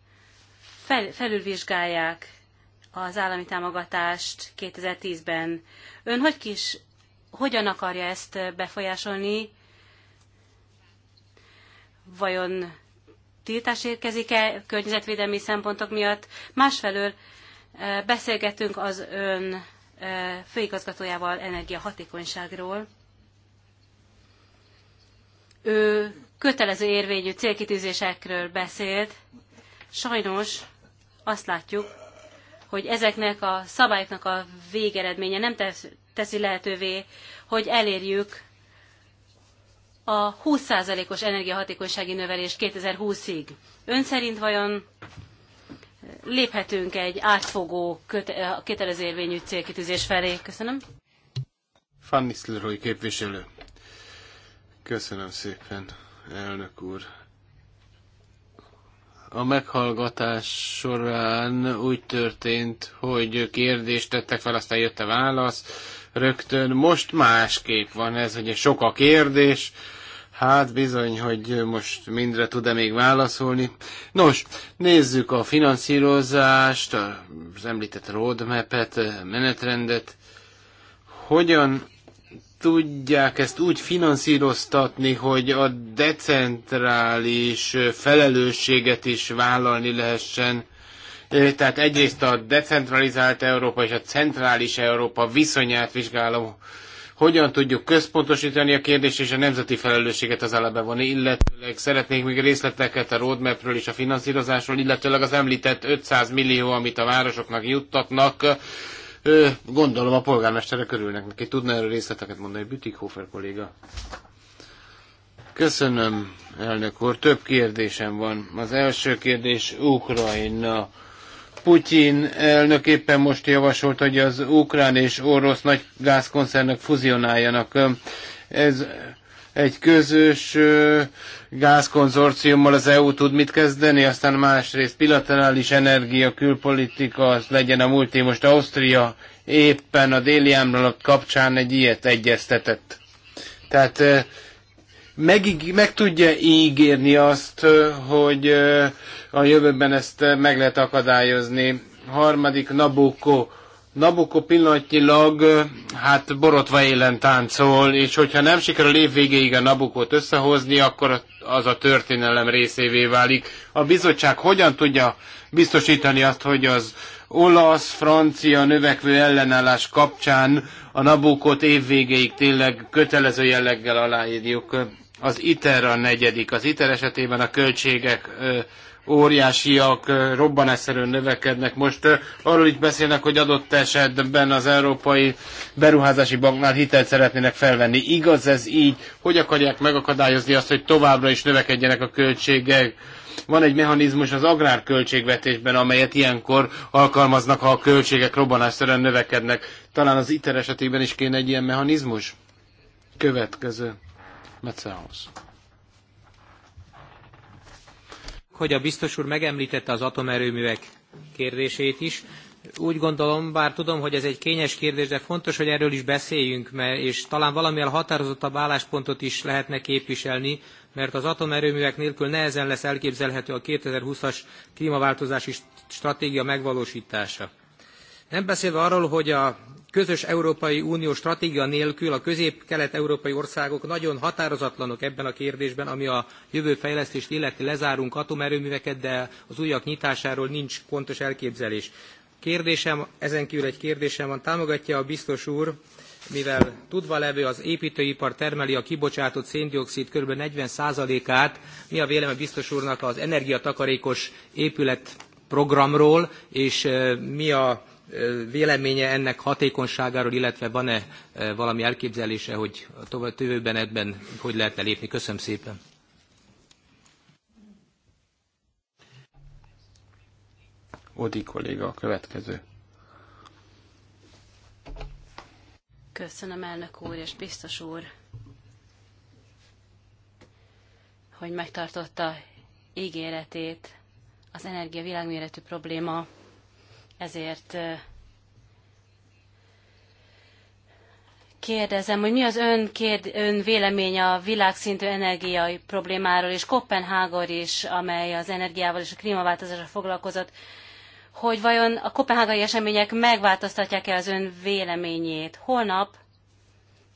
fel, felülvizsgálják az állami támogatást 2010-ben. Ön hogy kis, hogyan akarja ezt befolyásolni? Vajon tiltás érkezik-e környezetvédelmi szempontok miatt? Másfelől eh, beszélgetünk az ön eh, főigazgatójával energiahatékonyságról. Ő kötelező érvényű célkitűzésekről beszélt. Sajnos azt látjuk, hogy ezeknek a szabályoknak a végeredménye nem teszi lehetővé, hogy elérjük a 20%-os energiahatékonysági növelést 2020-ig. Ön szerint vajon léphetünk egy átfogó kötelező érvényű célkitűzés felé? Köszönöm. Fanny képviselő. Köszönöm szépen, elnök úr a meghallgatás során úgy történt, hogy kérdést tettek fel, aztán jött a válasz. Rögtön most másképp van ez, hogy sok a kérdés. Hát bizony, hogy most mindre tud-e még válaszolni. Nos, nézzük a finanszírozást, az említett roadmap-et, menetrendet. Hogyan tudják ezt úgy finanszíroztatni, hogy a decentrális felelősséget is vállalni lehessen. E, tehát egyrészt a decentralizált Európa és a centrális Európa viszonyát vizsgálom, hogyan tudjuk központosítani a kérdést és a nemzeti felelősséget az alá vonni, illetőleg szeretnék még részleteket a roadmapről és a finanszírozásról, illetőleg az említett 500 millió, amit a városoknak juttatnak, Gondolom a polgármesterek örülnek neki. Tudna erről részleteket mondani, Bütikhofer kolléga? Köszönöm, elnök úr. Több kérdésem van. Az első kérdés Ukrajna. Putyin elnök éppen most javasolt, hogy az ukrán és orosz nagy gázkoncernek fuzionáljanak. Ez egy közös gázkonzorciummal az EU tud mit kezdeni, aztán másrészt bilaterális energia, külpolitika, az legyen a múlti most Ausztria éppen a déli ámlanak kapcsán egy ilyet egyeztetett. Tehát meg, meg tudja ígérni azt, hogy a jövőben ezt meg lehet akadályozni. Harmadik Nabucco Nabucco pillanatnyilag hát borotva élen táncol, és hogyha nem sikerül év végéig a Nabukót összehozni, akkor az a történelem részévé válik. A bizottság hogyan tudja biztosítani azt, hogy az olasz-francia növekvő ellenállás kapcsán a Nabukót évvégéig végéig tényleg kötelező jelleggel aláírjuk? Az ITER a negyedik. Az ITER esetében a költségek óriásiak, robbanásszerűen növekednek. Most arról is beszélnek, hogy adott esetben az Európai Beruházási Banknál hitelt szeretnének felvenni. Igaz ez így? Hogy akarják megakadályozni azt, hogy továbbra is növekedjenek a költségek? Van egy mechanizmus az agrárköltségvetésben, amelyet ilyenkor alkalmaznak, ha a költségek robbanásszerűen növekednek. Talán az ITER esetében is kéne egy ilyen mechanizmus? Következő. Metszához. hogy a biztos úr megemlítette az atomerőművek kérdését is. Úgy gondolom, bár tudom, hogy ez egy kényes kérdés, de fontos, hogy erről is beszéljünk, mert, és talán valamilyen határozottabb álláspontot is lehetne képviselni, mert az atomerőművek nélkül nehezen lesz elképzelhető a 2020-as klímaváltozási stratégia megvalósítása. Nem beszélve arról, hogy a közös Európai Unió stratégia nélkül a közép-kelet-európai országok nagyon határozatlanok ebben a kérdésben, ami a jövő fejlesztést illeti lezárunk atomerőműveket, de az újak nyitásáról nincs pontos elképzelés. Kérdésem, ezen kívül egy kérdésem van, támogatja a biztos úr, mivel tudva levő az építőipar termeli a kibocsátott széndiokszid kb. 40%-át, mi a vélemény biztos úrnak az energiatakarékos épület programról, és mi a véleménye ennek hatékonyságáról, illetve van-e valami elképzelése, hogy a tövőben ebben hogy lehetne lépni? Köszönöm szépen. Odi kolléga a következő. Köszönöm, elnök úr és biztos úr, hogy megtartotta ígéretét az energia világméretű probléma ezért kérdezem, hogy mi az ön, kérd, ön véleménye a világszintű energiai problémáról, és Kopenhágor is, amely az energiával és a klímaváltozásra foglalkozott, hogy vajon a kopenhágai események megváltoztatják-e az ön véleményét. Holnap,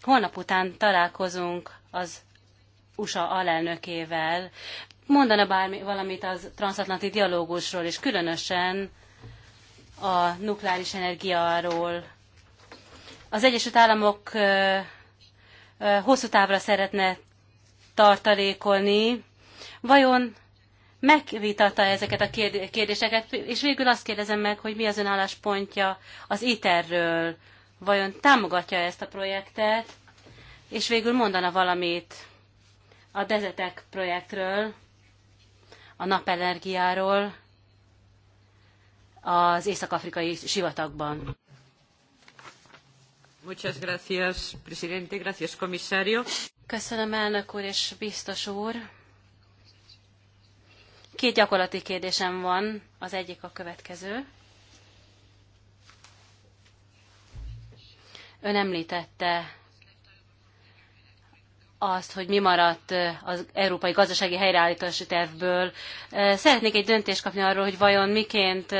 holnap után találkozunk az USA alelnökével. Mondana bármi, valamit az transatlanti dialógusról, és különösen a nukleáris energiáról. Az Egyesült Államok hosszú távra szeretne tartalékolni. Vajon megvitatta ezeket a kérdéseket, és végül azt kérdezem meg, hogy mi az ön álláspontja az ITER-ről. Vajon támogatja ezt a projektet, és végül mondana valamit a Dezetek projektről, a napenergiáról, az észak-afrikai sivatagban. Muchas gracias, presidente, gracias, comisario. Köszönöm, elnök úr és biztos úr. Két gyakorlati kérdésem van, az egyik a következő. Ön említette azt, hogy mi maradt az európai gazdasági helyreállítási tervből. Szeretnék egy döntést kapni arról, hogy vajon miként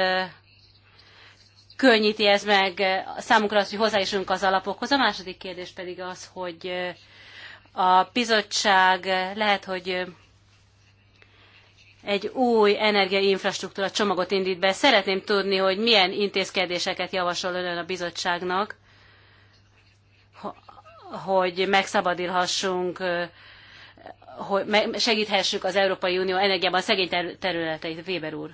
könnyíti ez meg számunkra azt, hogy hozzájussunk az alapokhoz. A második kérdés pedig az, hogy a bizottság lehet, hogy egy új energiainfrastruktúra csomagot indít be. Szeretném tudni, hogy milyen intézkedéseket javasol ön a bizottságnak hogy megszabadulhassunk, hogy segíthessük az Európai Unió energiában a szegény területeit. Weber úr.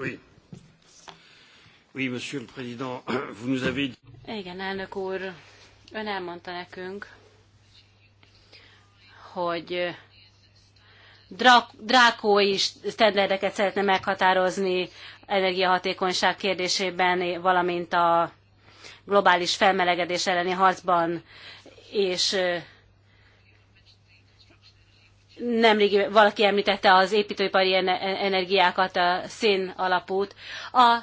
Oui. Oui, monsieur le président, vous nous avez Igen, elnök úr, ön elmondta nekünk, hogy drak, drákói standardeket szeretne meghatározni energiahatékonyság kérdésében, valamint a globális felmelegedés elleni harcban, és nemrég valaki említette az építőipari energiákat, a szén alapút. A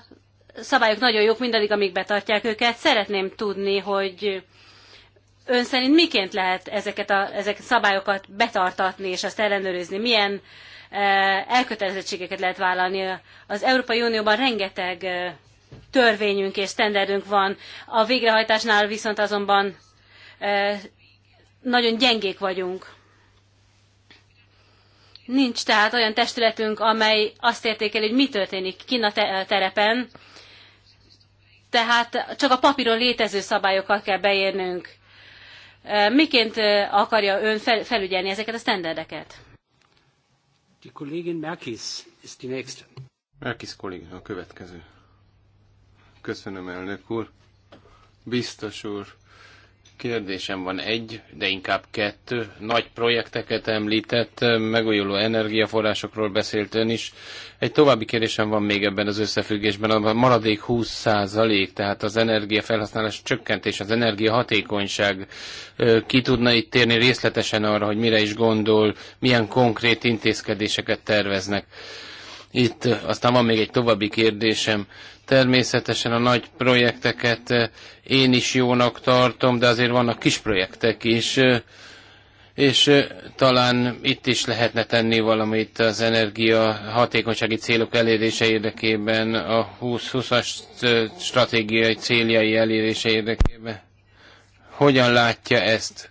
szabályok nagyon jók, mindaddig, amíg betartják őket. Szeretném tudni, hogy ön szerint miként lehet ezeket a, ezek szabályokat betartatni és azt ellenőrizni? Milyen Eh, elkötelezettségeket lehet vállalni. Az Európai Unióban rengeteg eh, törvényünk és standardünk van, a végrehajtásnál viszont azonban eh, nagyon gyengék vagyunk. Nincs tehát olyan testületünk, amely azt értékeli, hogy mi történik kinn a terepen, tehát csak a papíron létező szabályokat kell beérnünk. Miként akarja ön felügyelni ezeket a sztenderdeket? Die Kollegin Merkis ist die nächste. Merkis a következő. Köszönöm, elnök úr. Biztos úr, kérdésem van egy, de inkább kettő. Nagy projekteket említett, megújuló energiaforrásokról beszélt ön is. Egy további kérdésem van még ebben az összefüggésben, a maradék 20%, tehát az energiafelhasználás csökkentés, az energiahatékonyság. Ki tudna itt térni részletesen arra, hogy mire is gondol, milyen konkrét intézkedéseket terveznek? Itt aztán van még egy további kérdésem. Természetesen a nagy projekteket eh, én is jónak tartom, de azért vannak kis projektek is, eh, és eh, talán itt is lehetne tenni valamit az energia hatékonysági célok elérése érdekében, a 2020-as stratégiai céljai elérése érdekében. Hogyan látja ezt?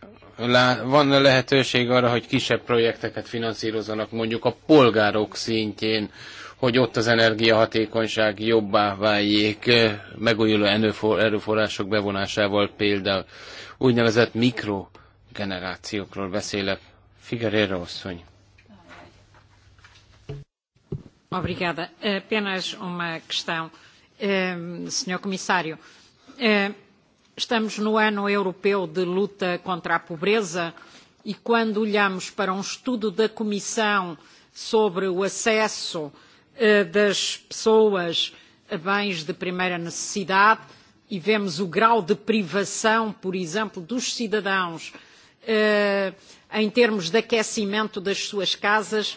Van e lehetőség arra, hogy kisebb projekteket finanszírozzanak mondjuk a polgárok szintjén, hogy ott az energiahatékonyság jobbá váljék eh, megújuló erőforrások bevonásával például. Úgynevezett mikrogenerációkról beszélek. Figueredo asszony. Obrigada. Eh, apenas uma questão, eh, Sr. Comissário. Estamos no ano europeu de luta contra a pobreza e quando olhamos para um estudo da Comissão sobre o acesso das pessoas a bens de primeira necessidade e vemos o grau de privação, por exemplo, dos cidadãos em termos de aquecimento das suas casas,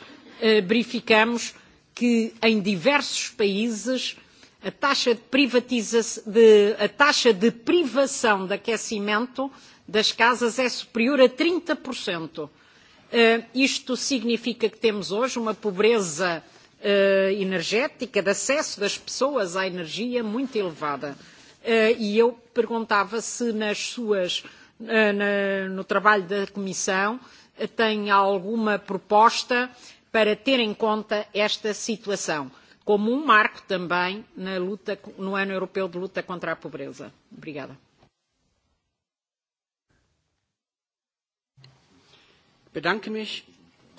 verificamos que em diversos países a taxa de, de, a taxa de privação de aquecimento das casas é superior a 30%. Uh, isto significa que temos hoje uma pobreza Eh, energética, de acesso das pessoas à energia muito elevada. Eh, e eu perguntava se nas suas, eh, no trabalho da Comissão tem alguma proposta para ter em conta esta situação, como um marco também na luta, no ano europeu de luta contra a pobreza. Obrigada. bedanke mich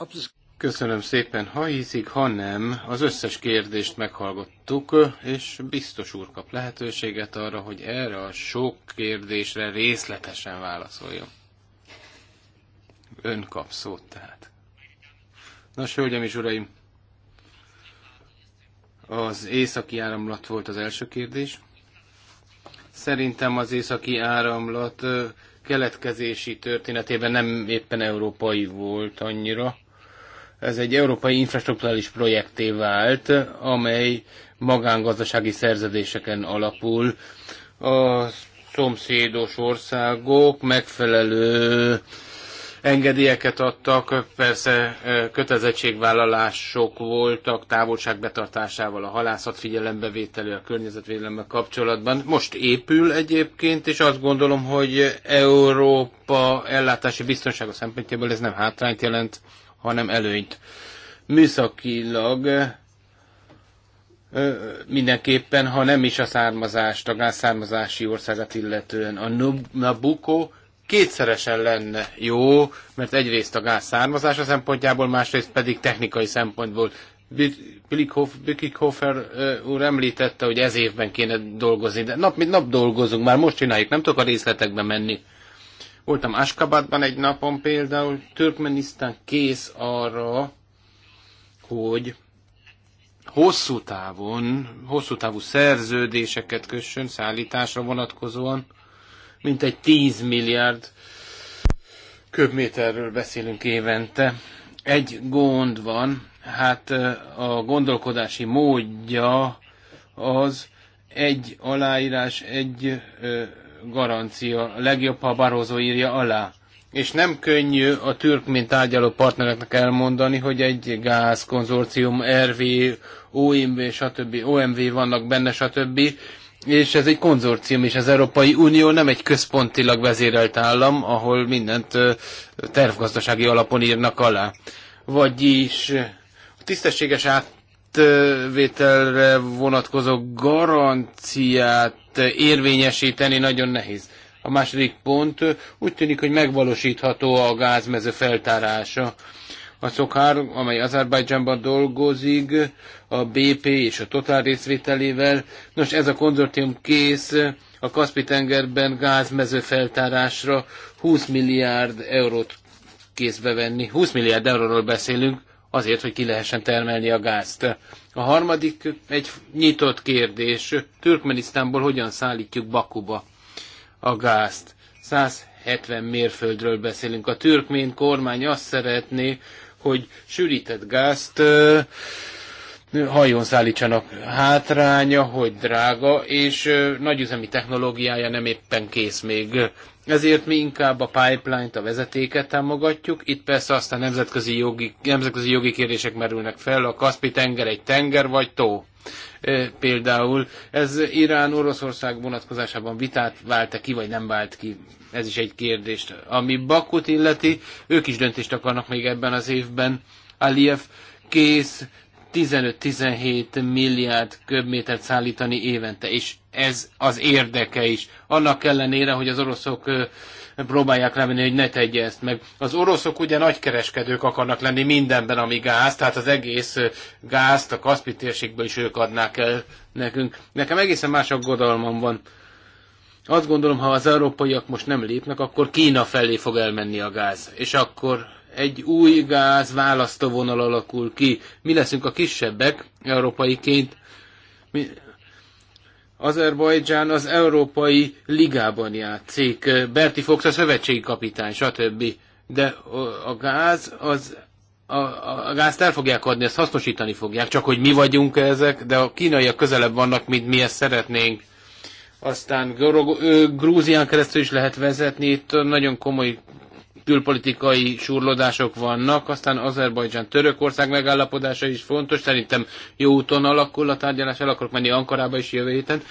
ob es Köszönöm szépen. Ha hiszik, ha nem, az összes kérdést meghallgattuk, és biztos úr kap lehetőséget arra, hogy erre a sok kérdésre részletesen válaszoljon. Ön kap szót tehát. Nos, hölgyem és uraim, az északi áramlat volt az első kérdés. Szerintem az északi áramlat keletkezési történetében nem éppen európai volt annyira ez egy európai infrastruktúrális projekté vált, amely magángazdasági szerződéseken alapul. A szomszédos országok megfelelő engedélyeket adtak, persze kötelezettségvállalások voltak távolság betartásával, a halászat figyelembevételő, a környezetvédelemmel kapcsolatban. Most épül egyébként, és azt gondolom, hogy Európa ellátási biztonsága szempontjából ez nem hátrányt jelent hanem előnyt. Műszakilag mindenképpen, ha nem is a származást, a gázszármazási származási országát illetően. A Nabucco kétszeresen lenne jó, mert egyrészt a gáz származása szempontjából, másrészt pedig technikai szempontból. Bikikhofer úr említette, hogy ez évben kéne dolgozni, de nap mint nap dolgozunk, már most csináljuk, nem tudok a részletekbe menni. Voltam Askabadban egy napon például, Türkmenisztán kész arra, hogy hosszú távon, hosszú távú szerződéseket kössön szállításra vonatkozóan, mint egy 10 milliárd köbméterről beszélünk évente. Egy gond van, hát a gondolkodási módja az egy aláírás, egy garancia. Legjobb, ha Barózó írja alá. És nem könnyű a mint tárgyaló partnereknek elmondani, hogy egy gázkonzorcium, RV, OMV, stb. OMV vannak benne, stb. És ez egy konzorcium, és az Európai Unió nem egy központilag vezérelt állam, ahol mindent tervgazdasági alapon írnak alá. Vagyis a tisztességes át vételre vonatkozó garanciát érvényesíteni nagyon nehéz. A második pont úgy tűnik, hogy megvalósítható a gázmező feltárása. A Szokhár, amely Azerbajdzsánban dolgozik, a BP és a Total részvételével. Nos, ez a konzortium kész a Kaspi-tengerben gázmező feltárásra 20 milliárd eurót készbe venni. 20 milliárd euróról beszélünk, azért, hogy ki lehessen termelni a gázt. A harmadik egy nyitott kérdés. Türkmenisztánból hogyan szállítjuk Bakuba a gázt? 170 mérföldről beszélünk. A türkmén kormány azt szeretné, hogy sűrített gázt hajón szállítsanak. Hátránya, hogy drága, és nagyüzemi technológiája nem éppen kész még. Ezért mi inkább a pipeline-t, a vezetéket támogatjuk. Itt persze aztán nemzetközi jogi, nemzetközi jogi kérdések merülnek fel. A Kaspi tenger egy tenger vagy tó? E, például ez Irán-Oroszország vonatkozásában vitát vált -e ki, vagy nem vált ki? Ez is egy kérdés. Ami Bakut illeti, ők is döntést akarnak még ebben az évben. Aliyev kész 15-17 milliárd köbmétert szállítani évente, és ez az érdeke is. Annak ellenére, hogy az oroszok próbálják remenni, hogy ne tegye ezt meg. Az oroszok ugye nagykereskedők akarnak lenni mindenben, ami gáz, tehát az egész gázt a Kaszpi térségből is ők adnák el nekünk. Nekem egészen más aggodalmam van. Azt gondolom, ha az európaiak most nem lépnek, akkor Kína felé fog elmenni a gáz, és akkor egy új gáz választóvonal alakul ki. Mi leszünk a kisebbek európaiként. Mi... Azerbajdzsán az Európai Ligában játszik, Berti Fox a szövetségi kapitány, stb. De a gáz az a, a, a gázt el fogják adni, ezt hasznosítani fogják, csak hogy mi vagyunk ezek, de a kínaiak közelebb vannak, mint mi ezt szeretnénk. Aztán Grúzián keresztül is lehet vezetni, itt nagyon komoly külpolitikai surlódások vannak, aztán Azerbajdzsán-Törökország megállapodása is fontos, szerintem jó úton alakul a tárgyalás, el akarok menni Ankarába is jövő héten,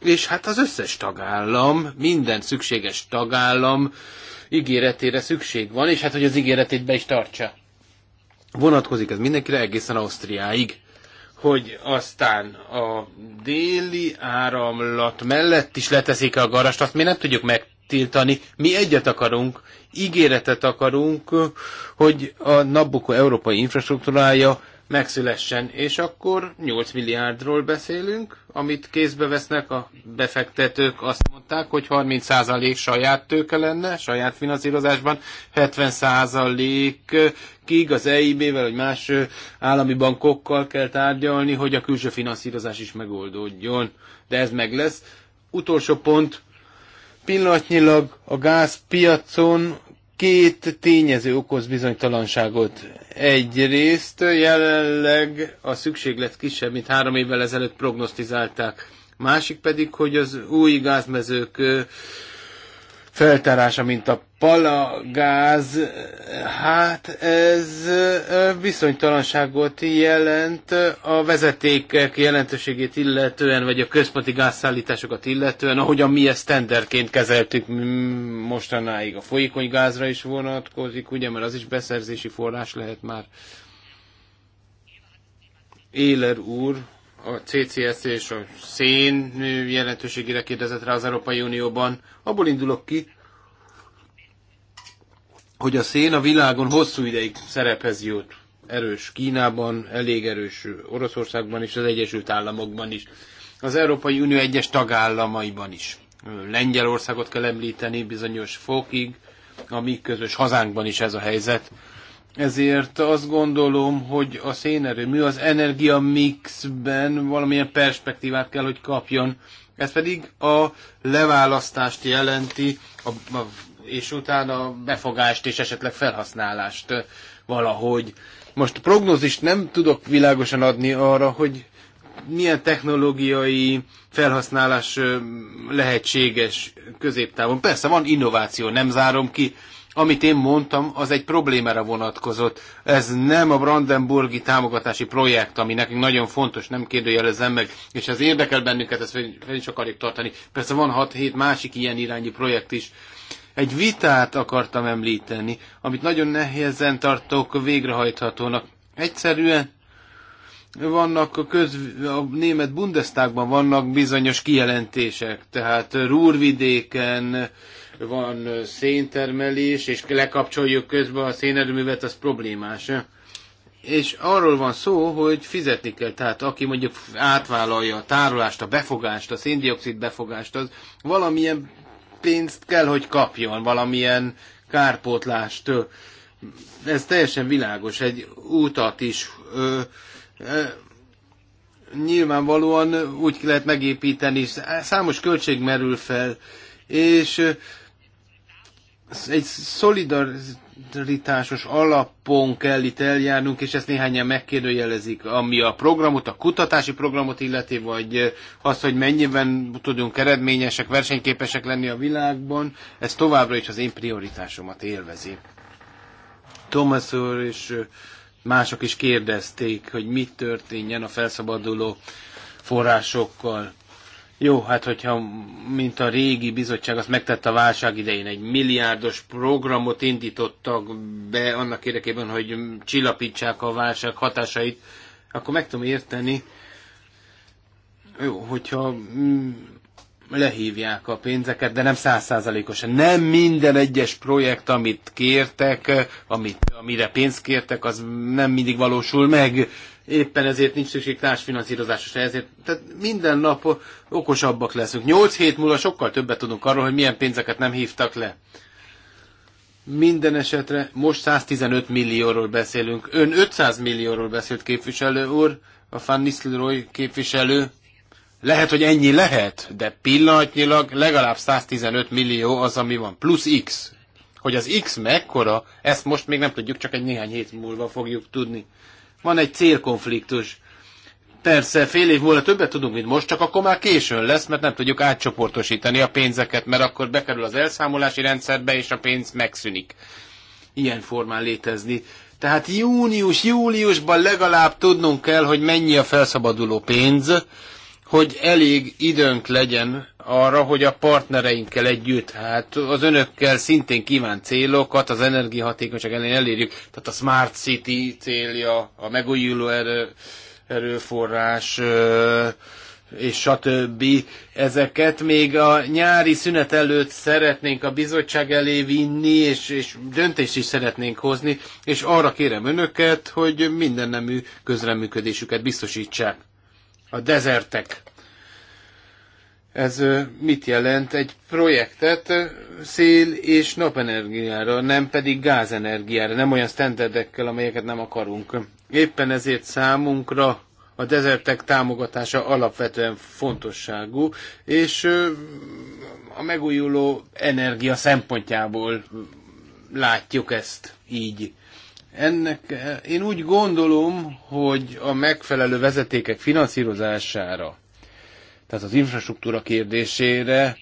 és hát az összes tagállam, minden szükséges tagállam ígéretére szükség van, és hát hogy az ígéretét be is tartsa. Vonatkozik ez mindenkire egészen Ausztriáig hogy aztán a déli áramlat mellett is leteszik a garast, azt mi nem tudjuk meg tiltani. Mi egyet akarunk, ígéretet akarunk, hogy a Nabucco európai infrastruktúrája megszülessen, és akkor 8 milliárdról beszélünk, amit kézbe vesznek a befektetők. Azt mondták, hogy 30% saját tőke lenne, saját finanszírozásban, 70 kig az EIB-vel, vagy más állami bankokkal kell tárgyalni, hogy a külső finanszírozás is megoldódjon. De ez meg lesz. Utolsó pont, Pillanatnyilag a gázpiacon két tényező okoz bizonytalanságot. Egyrészt jelenleg a szükséglet kisebb, mint három évvel ezelőtt prognosztizálták. Másik pedig, hogy az új gázmezők feltárása, mint a palagáz, hát ez bizonytalanságot jelent a vezetékek jelentőségét illetően, vagy a központi gázszállításokat illetően, ahogyan mi ezt tenderként kezeltük mostanáig. A folyékony gázra is vonatkozik, ugye, mert az is beszerzési forrás lehet már. Éler úr a CCS és a szén jelentőségére kérdezett rá az Európai Unióban. Abból indulok ki, hogy a szén a világon hosszú ideig szerephez jut. Erős Kínában, elég erős Oroszországban és az Egyesült Államokban is. Az Európai Unió egyes tagállamaiban is. Lengyelországot kell említeni bizonyos fokig, a mi közös hazánkban is ez a helyzet. Ezért azt gondolom, hogy a szénerőmű az energia mixben valamilyen perspektívát kell, hogy kapjon. Ez pedig a leválasztást jelenti, a, a, és utána befogást és esetleg felhasználást valahogy. Most prognózist nem tudok világosan adni arra, hogy milyen technológiai felhasználás lehetséges középtávon. Persze van innováció, nem zárom ki, amit én mondtam, az egy problémára vonatkozott. Ez nem a Brandenburgi támogatási projekt, ami nekünk nagyon fontos, nem kérdőjelezem meg, és ez érdekel bennünket, ezt fel is akarjuk tartani. Persze van 6-7 másik ilyen irányú projekt is, egy vitát akartam említeni, amit nagyon nehézen tartok végrehajthatónak. Egyszerűen vannak a, köz, a német Bundestagban vannak bizonyos kijelentések, tehát Rúrvidéken, van széntermelés, és lekapcsoljuk közben a szénerőművet, az problémás. És arról van szó, hogy fizetni kell. Tehát aki mondjuk átvállalja a tárolást, a befogást, a széndiokszid befogást, az valamilyen pénzt kell, hogy kapjon, valamilyen kárpótlást. Ez teljesen világos, egy útat is. Ö, ö, nyilvánvalóan úgy lehet megépíteni, számos költség merül fel, és egy szolidaritásos alapon kell itt eljárnunk, és ezt néhányan megkérdőjelezik, ami a programot, a kutatási programot illeti, vagy az, hogy mennyiben tudunk eredményesek, versenyképesek lenni a világban, ez továbbra is az én prioritásomat élvezi. Thomas úr és mások is kérdezték, hogy mit történjen a felszabaduló forrásokkal. Jó, hát hogyha, mint a régi bizottság azt megtette a válság idején, egy milliárdos programot indítottak be annak érdekében, hogy csillapítsák a válság hatásait, akkor meg tudom érteni, jó, hogyha mm, lehívják a pénzeket, de nem százszázalékosan. Nem minden egyes projekt, amit kértek, amit, amire pénzt kértek, az nem mindig valósul meg éppen ezért nincs szükség társfinanszírozásra, ezért tehát minden nap okosabbak leszünk. Nyolc hét múlva sokkal többet tudunk arról, hogy milyen pénzeket nem hívtak le. Minden esetre most 115 millióról beszélünk. Ön 500 millióról beszélt képviselő úr, a Van Nistelrooy képviselő. Lehet, hogy ennyi lehet, de pillanatnyilag legalább 115 millió az, ami van. Plusz X. Hogy az X mekkora, ezt most még nem tudjuk, csak egy néhány hét múlva fogjuk tudni. Van egy célkonfliktus. Persze, fél év múlva többet tudunk, mint most, csak akkor már későn lesz, mert nem tudjuk átcsoportosítani a pénzeket, mert akkor bekerül az elszámolási rendszerbe, és a pénz megszűnik. Ilyen formán létezni. Tehát június, júliusban legalább tudnunk kell, hogy mennyi a felszabaduló pénz, hogy elég időnk legyen arra, hogy a partnereinkkel együtt, hát az önökkel szintén kívánt célokat, az energiahatékonyság ellen elérjük, tehát a Smart City célja, a megújuló erő, erőforrás, és stb. Ezeket még a nyári szünet előtt szeretnénk a bizottság elé vinni, és, és döntést is szeretnénk hozni, és arra kérem önöket, hogy minden nemű közreműködésüket biztosítsák a dezertek. Ez mit jelent? Egy projektet szél és napenergiára, nem pedig gázenergiára, nem olyan standardekkel, amelyeket nem akarunk. Éppen ezért számunkra a dezertek támogatása alapvetően fontosságú, és a megújuló energia szempontjából látjuk ezt így. Ennek én úgy gondolom, hogy a megfelelő vezetékek finanszírozására, tehát az infrastruktúra kérdésére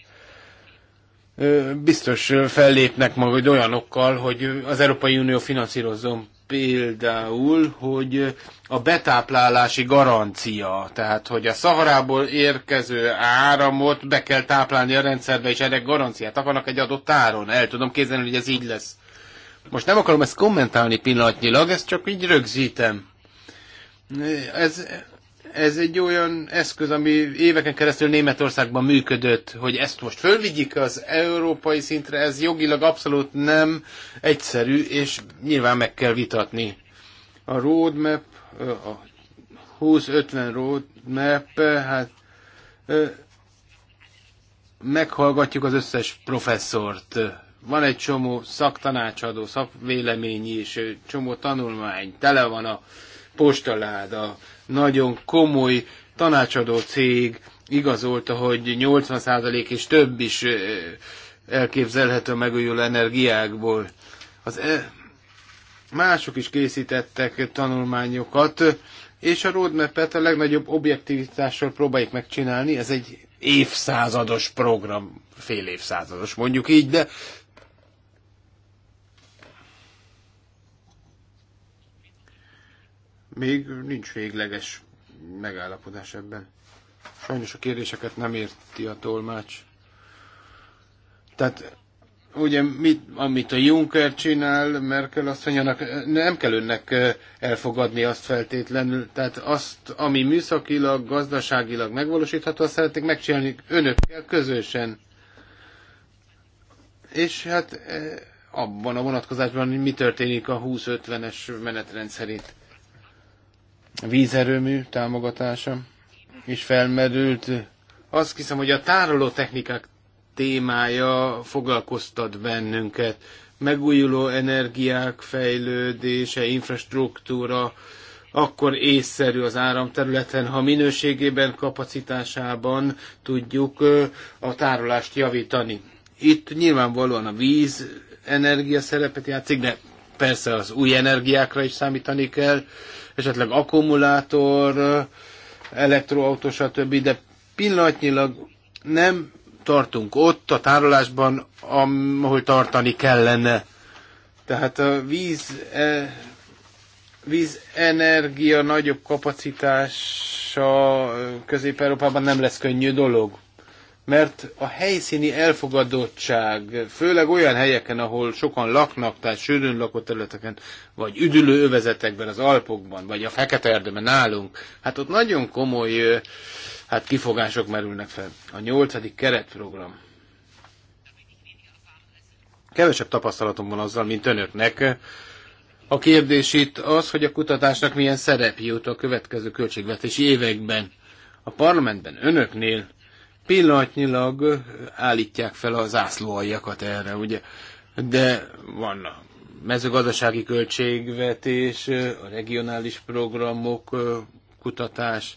biztos fellépnek maga olyanokkal, hogy az Európai Unió finanszírozzon például, hogy a betáplálási garancia, tehát hogy a szaharából érkező áramot be kell táplálni a rendszerbe, és erre garanciát akarnak egy adott áron. El tudom képzelni, hogy ez így lesz. Most nem akarom ezt kommentálni pillanatnyilag, ezt csak így rögzítem. Ez, ez egy olyan eszköz, ami éveken keresztül Németországban működött, hogy ezt most fölvigyik az európai szintre, ez jogilag abszolút nem egyszerű, és nyilván meg kell vitatni. A roadmap, a 20-50 roadmap, hát meghallgatjuk az összes professzort van egy csomó szaktanácsadó, szakvéleményi és csomó tanulmány, tele van a postaláda, nagyon komoly tanácsadó cég igazolta, hogy 80% és több is elképzelhető a megújuló energiákból. Az e- mások is készítettek tanulmányokat, és a roadmap-et a legnagyobb objektivitással próbáljuk megcsinálni. Ez egy évszázados program, fél évszázados mondjuk így, de Még nincs végleges megállapodás ebben. Sajnos a kérdéseket nem érti a tolmács. Tehát ugye mit, amit a Juncker csinál, Merkel azt mondja, nem kell önnek elfogadni azt feltétlenül. Tehát azt, ami műszakilag, gazdaságilag megvalósítható, azt szeretnék megcsinálni önökkel közösen. És hát abban a vonatkozásban, hogy mi történik a 20-50-es menetrend szerint vízerőmű támogatása is felmerült. Azt hiszem, hogy a tároló technikák témája foglalkoztat bennünket. Megújuló energiák fejlődése, infrastruktúra, akkor észszerű az áramterületen, ha minőségében, kapacitásában tudjuk a tárolást javítani. Itt nyilvánvalóan a víz energia szerepet játszik, de persze az új energiákra is számítani kell, esetleg akkumulátor, elektroautó, stb., de pillanatnyilag nem tartunk ott a tárolásban, ahol tartani kellene. Tehát a víz, e, vízenergia nagyobb kapacitása Közép-Európában nem lesz könnyű dolog mert a helyszíni elfogadottság, főleg olyan helyeken, ahol sokan laknak, tehát sűrűn lakott területeken, vagy üdülő övezetekben, az Alpokban, vagy a Fekete Erdőben nálunk, hát ott nagyon komoly hát kifogások merülnek fel. A nyolcadik keretprogram. Kevesebb tapasztalatom van azzal, mint önöknek. A kérdés itt az, hogy a kutatásnak milyen szerep jut a következő költségvetési években. A parlamentben önöknél Pillanatnyilag állítják fel az ászlóaljakat erre, ugye? De van a mezőgazdasági költségvetés, a regionális programok, kutatás.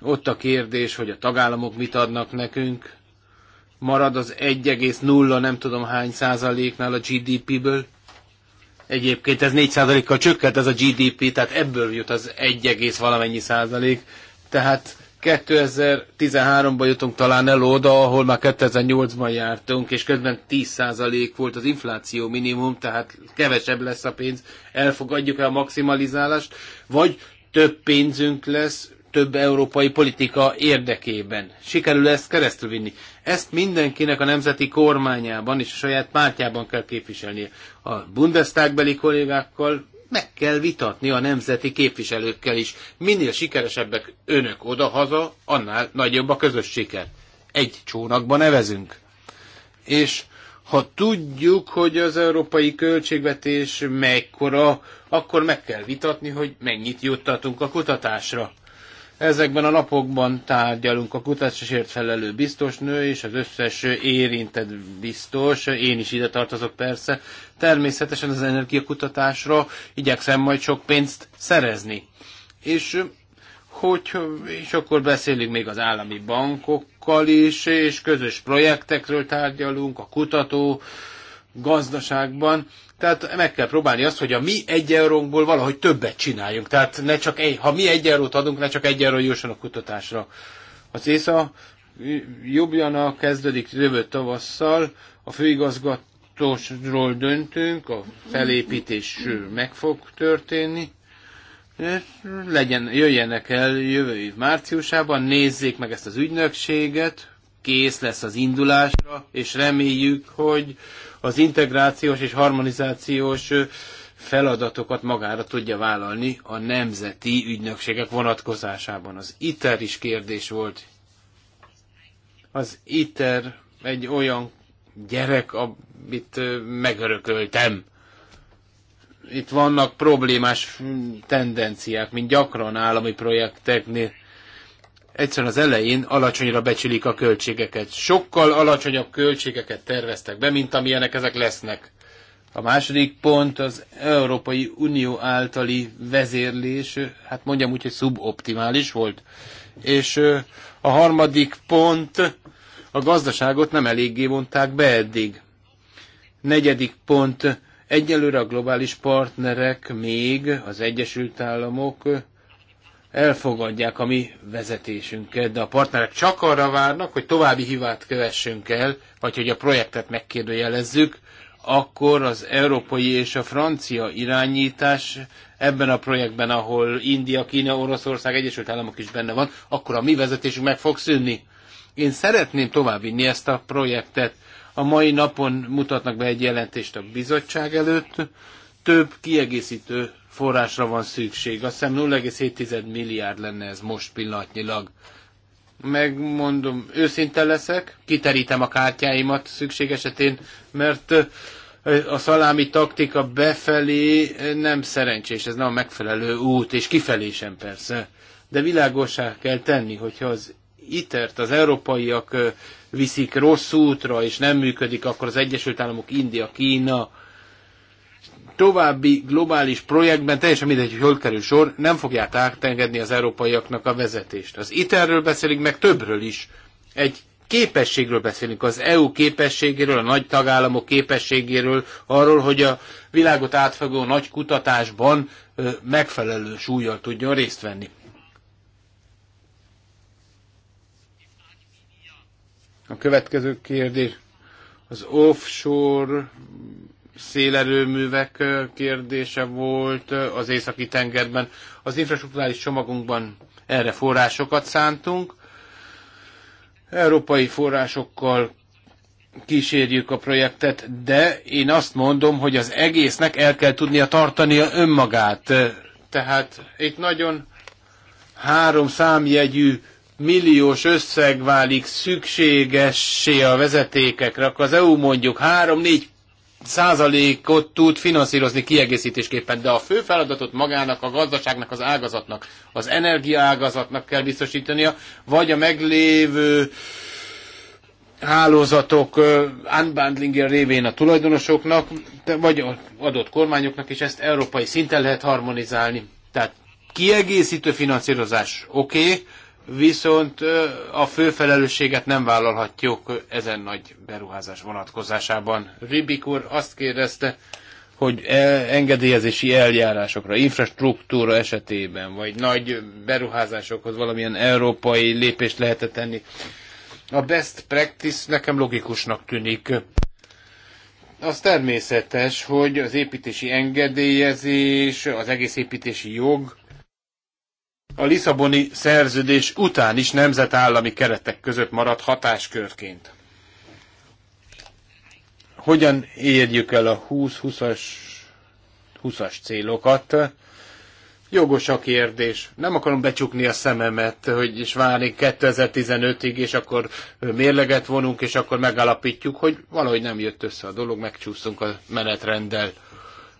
Ott a kérdés, hogy a tagállamok mit adnak nekünk. Marad az 1,0 nem tudom hány százaléknál a GDP-ből. Egyébként ez 4 százalékkal csökkent ez a GDP, tehát ebből jut az 1, valamennyi százalék. Tehát 2013-ban jutunk talán el oda, ahol már 2008-ban jártunk, és közben 10% volt az infláció minimum, tehát kevesebb lesz a pénz, elfogadjuk el a maximalizálást, vagy több pénzünk lesz több európai politika érdekében. Sikerül ezt keresztül vinni. Ezt mindenkinek a nemzeti kormányában és a saját pártjában kell képviselnie. A Bundestagbeli kollégákkal meg kell vitatni a nemzeti képviselőkkel is. Minél sikeresebbek önök oda-haza, annál nagyobb a közös siker. Egy csónakba nevezünk. És ha tudjuk, hogy az európai költségvetés mekkora, akkor meg kell vitatni, hogy mennyit juttatunk a kutatásra. Ezekben a napokban tárgyalunk a kutatásért felelő biztos nő és az összes érintett biztos, én is ide tartozok persze. Természetesen az energiakutatásra igyekszem majd sok pénzt szerezni. És hogy, és akkor beszélünk még az állami bankokkal is, és közös projektekről tárgyalunk, a kutató gazdaságban, tehát meg kell próbálni azt, hogy a mi egy eurónkból valahogy többet csináljunk. Tehát ne csak egy, ha mi egy eurót adunk, ne csak egy euró jusson a kutatásra. Az ÉSZA jobbjana kezdődik jövő tavasszal, a főigazgatósról döntünk, a felépítés meg fog történni. Legyen, jöjjenek el jövő év márciusában, nézzék meg ezt az ügynökséget, kész lesz az indulásra, és reméljük, hogy az integrációs és harmonizációs feladatokat magára tudja vállalni a nemzeti ügynökségek vonatkozásában. Az ITER is kérdés volt. Az ITER egy olyan gyerek, amit megörököltem. Itt vannak problémás tendenciák, mint gyakran állami projekteknél egyszerűen az elején alacsonyra becsülik a költségeket. Sokkal alacsonyabb költségeket terveztek be, mint amilyenek ezek lesznek. A második pont az Európai Unió általi vezérlés, hát mondjam úgy, hogy szuboptimális volt. És a harmadik pont, a gazdaságot nem eléggé vonták be eddig. Negyedik pont, egyelőre a globális partnerek még, az Egyesült Államok, elfogadják a mi vezetésünket, de a partnerek csak arra várnak, hogy további hivát kövessünk el, vagy hogy a projektet megkérdőjelezzük, akkor az európai és a francia irányítás ebben a projektben, ahol India, Kína, Oroszország, Egyesült Államok is benne van, akkor a mi vezetésünk meg fog szűnni. Én szeretném továbbvinni ezt a projektet. A mai napon mutatnak be egy jelentést a bizottság előtt, több kiegészítő forrásra van szükség. Azt hiszem 0,7 milliárd lenne ez most pillanatnyilag. Megmondom, őszinte leszek, kiterítem a kártyáimat szükség esetén, mert eh, a szalámi taktika befelé eh, nem szerencsés, ez nem a megfelelő út, és kifelé sem persze. De világosá kell tenni, hogyha az itert e az európaiak eh, viszik rossz útra, és nem működik, akkor az Egyesült Államok, India, Kína, további globális projektben, teljesen mindegy, hogy hol kerül sor, nem fogják átengedni az európaiaknak a vezetést. Az ITER-ről beszélünk, meg többről is. Egy képességről beszélünk, az EU képességéről, a nagy tagállamok képességéről, arról, hogy a világot átfogó nagy kutatásban megfelelő súlyjal tudjon részt venni. A következő kérdés. Az offshore szélerőművek kérdése volt az északi tengerben. Az infrastruktúrális csomagunkban erre forrásokat szántunk. Európai forrásokkal kísérjük a projektet, de én azt mondom, hogy az egésznek el kell tudnia tartania önmagát. Tehát itt nagyon három számjegyű milliós összeg válik szükségessé a vezetékekre, akkor az EU mondjuk 3-4 százalékot tud finanszírozni kiegészítésképpen, de a fő feladatot magának, a gazdaságnak, az ágazatnak, az energiaágazatnak kell biztosítania, vagy a meglévő hálózatok unbundling révén a tulajdonosoknak, vagy adott kormányoknak, és ezt európai szinten lehet harmonizálni. Tehát kiegészítő finanszírozás oké, okay, viszont a fő felelősséget nem vállalhatjuk ezen nagy beruházás vonatkozásában. Ribik úr azt kérdezte, hogy e, engedélyezési eljárásokra, infrastruktúra esetében, vagy nagy beruházásokhoz valamilyen európai lépést lehet tenni. A best practice nekem logikusnak tűnik. Az természetes, hogy az építési engedélyezés, az egész építési jog a Lisszaboni szerződés után is nemzetállami keretek között maradt hatáskörként. Hogyan érjük el a 20-20-as 20-as célokat? Jogos a kérdés. Nem akarom becsukni a szememet, hogy is várni 2015-ig, és akkor mérleget vonunk, és akkor megállapítjuk, hogy valahogy nem jött össze a dolog, megcsúszunk a menetrenddel.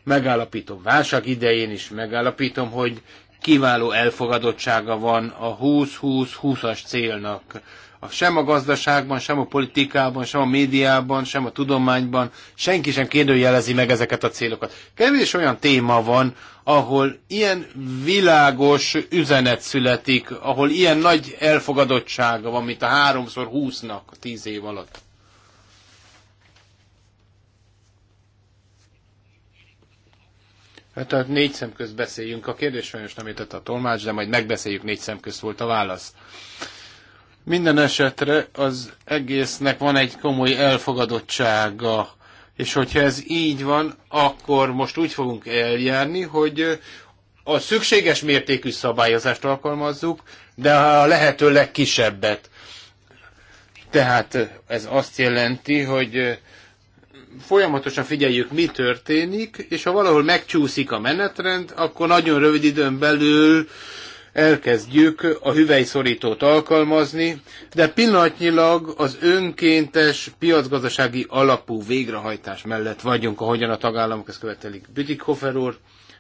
Megállapítom válság idején is, megállapítom, hogy kiváló elfogadottsága van a 20-20-20-as célnak. A Sem a gazdaságban, sem a politikában, sem a médiában, sem a tudományban senki sem kérdőjelezi meg ezeket a célokat. Kevés olyan téma van, ahol ilyen világos üzenet születik, ahol ilyen nagy elfogadottsága van, mint a háromszor húsznak tíz év alatt. Hát tehát négy szem közt beszéljünk. A kérdés sajnos nem értett a tolmács, de majd megbeszéljük, négy szem közt volt a válasz. Minden esetre az egésznek van egy komoly elfogadottsága, és hogyha ez így van, akkor most úgy fogunk eljárni, hogy a szükséges mértékű szabályozást alkalmazzuk, de a lehető legkisebbet. Tehát ez azt jelenti, hogy folyamatosan figyeljük, mi történik, és ha valahol megcsúszik a menetrend, akkor nagyon rövid időn belül elkezdjük a hüvelyszorítót alkalmazni, de pillanatnyilag az önkéntes piacgazdasági alapú végrehajtás mellett vagyunk, ahogyan a tagállamok ezt követelik. Bütikhofer úr,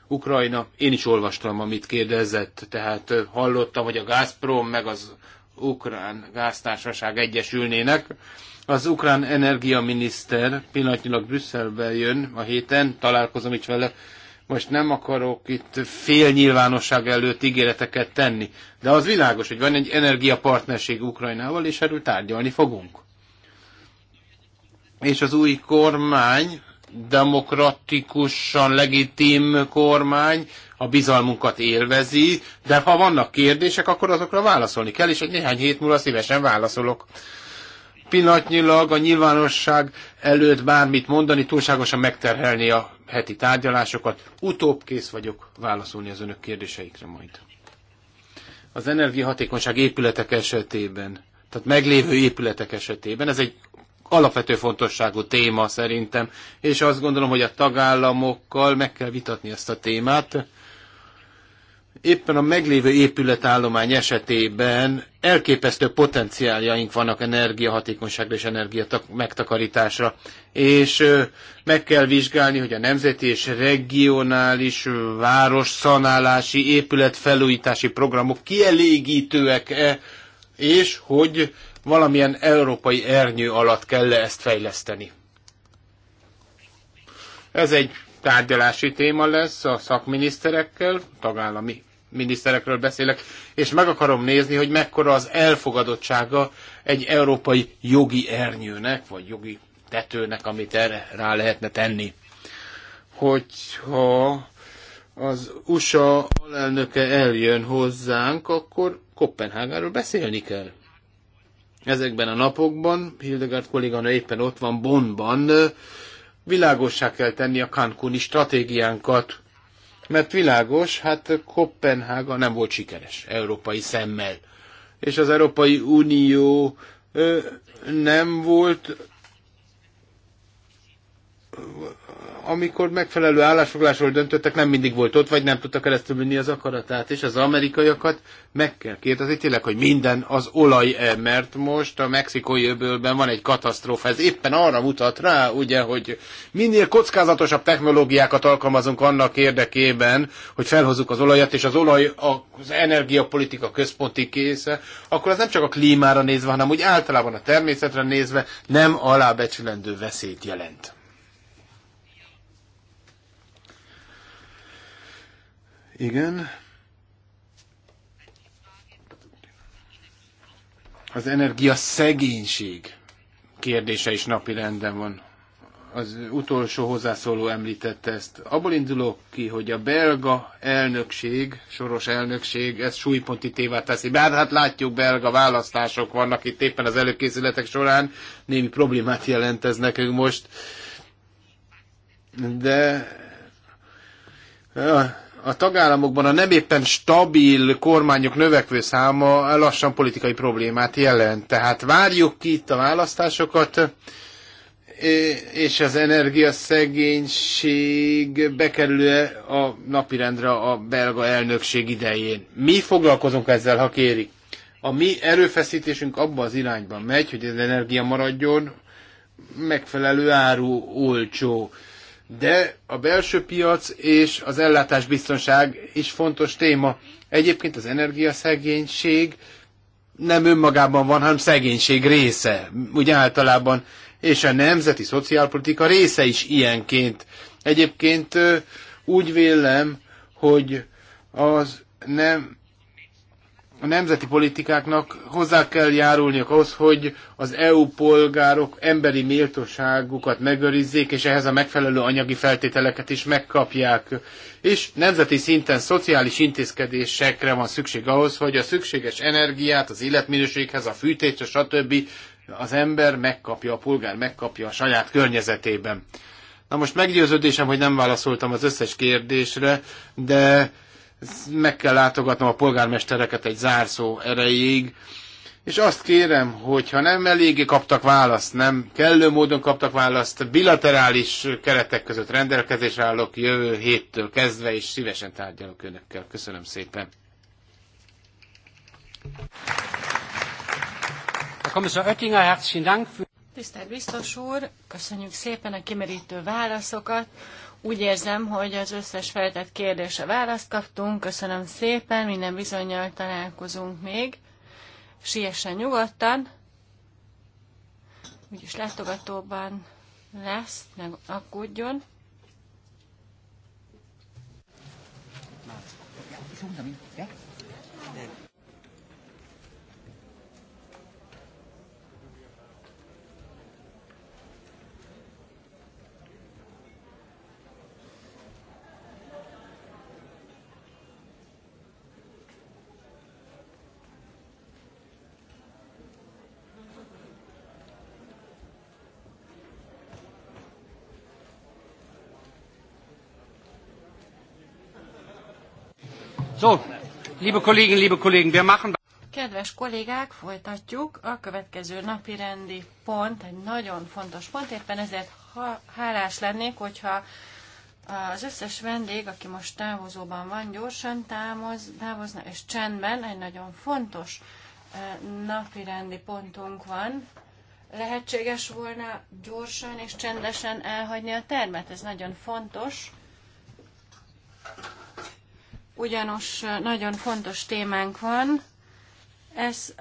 Ukrajna, én is olvastam, amit kérdezett, tehát hallottam, hogy a Gazprom meg az Ukrán Gáztársaság egyesülnének, az ukrán energiaminiszter pillanatnyilag Brüsszelbe jön a héten, találkozom itt vele. Most nem akarok itt fél nyilvánosság előtt ígéreteket tenni, de az világos, hogy van egy energiapartnerség Ukrajnával, és erről tárgyalni fogunk. És az új kormány, demokratikusan legitim kormány, a bizalmunkat élvezi, de ha vannak kérdések, akkor azokra válaszolni kell, és egy néhány hét múlva szívesen válaszolok pillanatnyilag a nyilvánosság előtt bármit mondani, túlságosan megterhelni a heti tárgyalásokat. Utóbb kész vagyok válaszolni az önök kérdéseikre majd. Az energiahatékonyság épületek esetében, tehát meglévő épületek esetében, ez egy alapvető fontosságú téma szerintem, és azt gondolom, hogy a tagállamokkal meg kell vitatni ezt a témát éppen a meglévő épületállomány esetében elképesztő potenciáljaink vannak energiahatékonyságra és energia megtakarításra, és meg kell vizsgálni, hogy a nemzeti és regionális város szanálási épületfelújítási programok kielégítőek-e, és hogy valamilyen európai ernyő alatt kell -e ezt fejleszteni. Ez egy tárgyalási téma lesz a szakminiszterekkel, tagállami miniszterekről beszélek, és meg akarom nézni, hogy mekkora az elfogadottsága egy európai jogi ernyőnek, vagy jogi tetőnek, amit erre rá lehetne tenni. Hogyha az USA alelnöke eljön hozzánk, akkor Kopenhágáról beszélni kell. Ezekben a napokban, Hildegard kolléganő éppen ott van Bonnban, világossá kell tenni a Cancuni stratégiánkat, mert világos, hát Kopenhága nem volt sikeres európai szemmel. És az Európai Unió nem volt amikor megfelelő állásfoglásról döntöttek, nem mindig volt ott, vagy nem tudtak keresztül vinni az akaratát, és az amerikaiakat meg kell kérdezni tényleg, hogy minden az olaj -e, mert most a mexikói öbölben van egy katasztrófa, ez éppen arra mutat rá, ugye, hogy minél kockázatosabb technológiákat alkalmazunk annak érdekében, hogy felhozzuk az olajat, és az olaj az energiapolitika központi késze, akkor az nem csak a klímára nézve, hanem úgy általában a természetre nézve nem alábecsülendő veszélyt jelent. Igen. Az energia szegénység kérdése is napi renden van. Az utolsó hozzászóló említette ezt. Abból indulok ki, hogy a belga elnökség, soros elnökség, ez súlyponti tévát teszi. Bár hát látjuk, belga választások vannak itt éppen az előkészületek során, némi problémát jelent ez nekünk most. De a tagállamokban a nem éppen stabil kormányok növekvő száma lassan politikai problémát jelent. Tehát várjuk ki itt a választásokat, és az energiaszegénység bekerül a napirendre a belga elnökség idején. Mi foglalkozunk ezzel, ha kérik? A mi erőfeszítésünk abba az irányban megy, hogy az energia maradjon megfelelő áru olcsó de a belső piac és az ellátásbiztonság is fontos téma. Egyébként az energiaszegénység nem önmagában van, hanem szegénység része, úgy általában, és a nemzeti szociálpolitika része is ilyenként. Egyébként úgy vélem, hogy az nem a nemzeti politikáknak hozzá kell járulniuk ahhoz, hogy az EU polgárok emberi méltóságukat megőrizzék, és ehhez a megfelelő anyagi feltételeket is megkapják. És nemzeti szinten szociális intézkedésekre van szükség ahhoz, hogy a szükséges energiát, az életminőséghez, a a stb. az ember megkapja, a polgár megkapja a saját környezetében. Na most meggyőződésem, hogy nem válaszoltam az összes kérdésre, de meg kell látogatnom a polgármestereket egy zárszó erejéig, és azt kérem, hogy ha nem eléggé kaptak választ, nem kellő módon kaptak választ, bilaterális keretek között rendelkezésre állok jövő héttől kezdve, és szívesen tárgyalok önökkel. Köszönöm szépen. Tisztelt biztos úr, köszönjük szépen a kimerítő válaszokat. Úgy érzem, hogy az összes feltett kérdésre választ kaptunk. Köszönöm szépen, minden bizonyal találkozunk még. Siessen nyugodtan. Úgyis látogatóban lesz, ne aggódjon. Ja, So, liebe liebe Kollegen, wir machen... Kedves kollégák, folytatjuk. A következő napi rendi pont egy nagyon fontos pont, éppen ezért hálás lennék, hogyha az összes vendég, aki most távozóban van, gyorsan távoz, távozna, és csendben egy nagyon fontos eh, napi rendi pontunk van. Lehetséges volna gyorsan és csendesen elhagyni a termet, ez nagyon fontos ugyanos nagyon fontos témánk van. Ez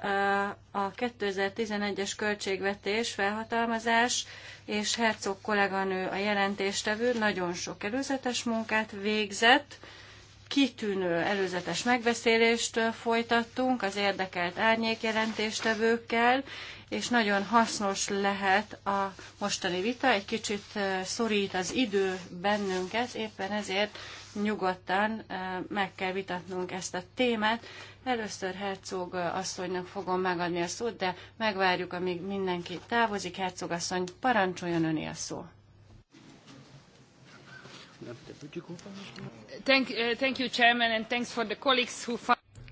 a 2011-es költségvetés, felhatalmazás, és Herzog kolléganő a jelentéstevő nagyon sok előzetes munkát végzett, kitűnő előzetes megbeszélést folytattunk az érdekelt árnyék jelentéstevőkkel, és nagyon hasznos lehet a mostani vita, egy kicsit szorít az idő bennünket, éppen ezért nyugodtan meg kell vitatnunk ezt a témát. Először Hercog asszonynak fogom megadni a szót, de megvárjuk, amíg mindenki távozik. Hercog asszony, parancsoljon öné a szó.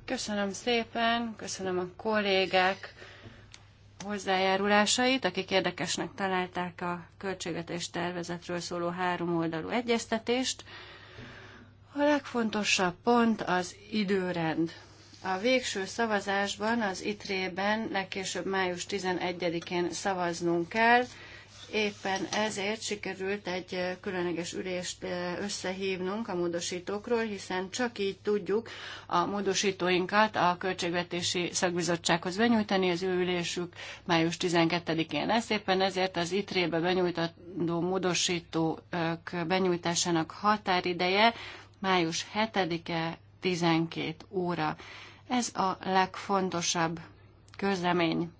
Köszönöm szépen, köszönöm a kollégák hozzájárulásait, akik érdekesnek találták a költségvetés tervezetről szóló három oldalú egyeztetést. A legfontosabb pont az időrend. A végső szavazásban az ITRE-ben legkésőbb május 11-én szavaznunk kell, Éppen ezért sikerült egy különleges ülést összehívnunk a módosítókról, hiszen csak így tudjuk a módosítóinkat a Költségvetési Szakbizottsághoz benyújtani. Az ő ülésük május 12-én lesz. Éppen ezért az itre be benyújtató módosítók benyújtásának határideje május 7-e 12 óra. Ez a legfontosabb közlemény.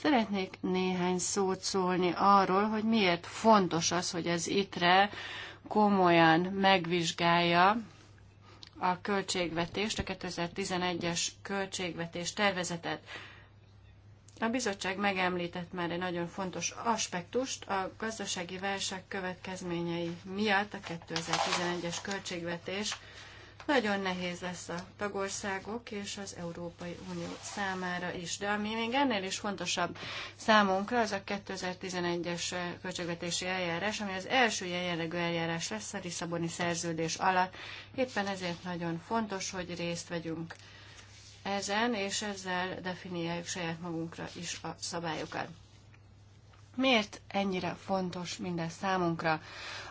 Szeretnék néhány szót szólni arról, hogy miért fontos az, hogy az ITRE komolyan megvizsgálja a költségvetést, a 2011-es költségvetés tervezetet. A bizottság megemlített már egy nagyon fontos aspektust a gazdasági válság következményei miatt a 2011-es költségvetés nagyon nehéz lesz a tagországok és az Európai Unió számára is. De ami még ennél is fontosabb számunkra, az a 2011-es költségvetési eljárás, ami az első ilyen jellegű eljárás lesz a Lisszaboni szerződés alatt. Éppen ezért nagyon fontos, hogy részt vegyünk ezen, és ezzel definiáljuk saját magunkra is a szabályokat. Miért ennyire fontos minden számunkra?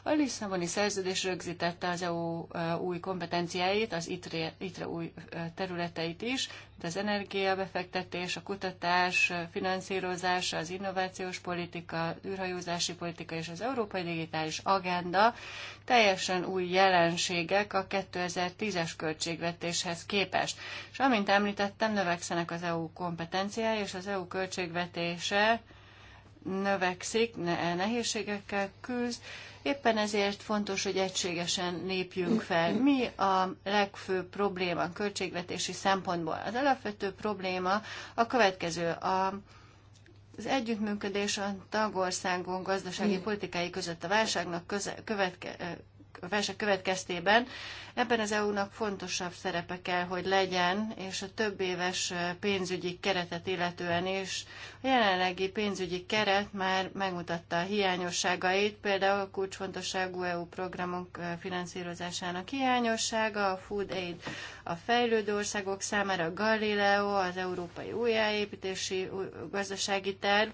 A Lisszaboni szerződés rögzítette az EU e, új kompetenciáit, az ITRE, ITRE új e, területeit is, de az energiabefektetés, a kutatás, e, finanszírozása, az innovációs politika, űrhajózási politika és az európai digitális agenda teljesen új jelenségek a 2010-es költségvetéshez képest. És amint említettem, növekszenek az EU kompetenciái és az EU költségvetése növekszik, eh, nehézségekkel küzd, éppen ezért fontos, hogy egységesen lépjünk fel. Mi a legfőbb probléma költségvetési szempontból? Az alapvető probléma a következő. A az együttműködés a tagországon gazdasági mm. politikái között a válságnak köze, követke, eh, a válság következtében. Ebben az EU-nak fontosabb szerepe kell, hogy legyen, és a több éves pénzügyi keretet illetően is. A jelenlegi pénzügyi keret már megmutatta a hiányosságait, például a kulcsfontosságú EU programok finanszírozásának hiányossága, a Food Aid a fejlődő országok számára, a Galileo, az Európai Újjáépítési Gazdasági Terv,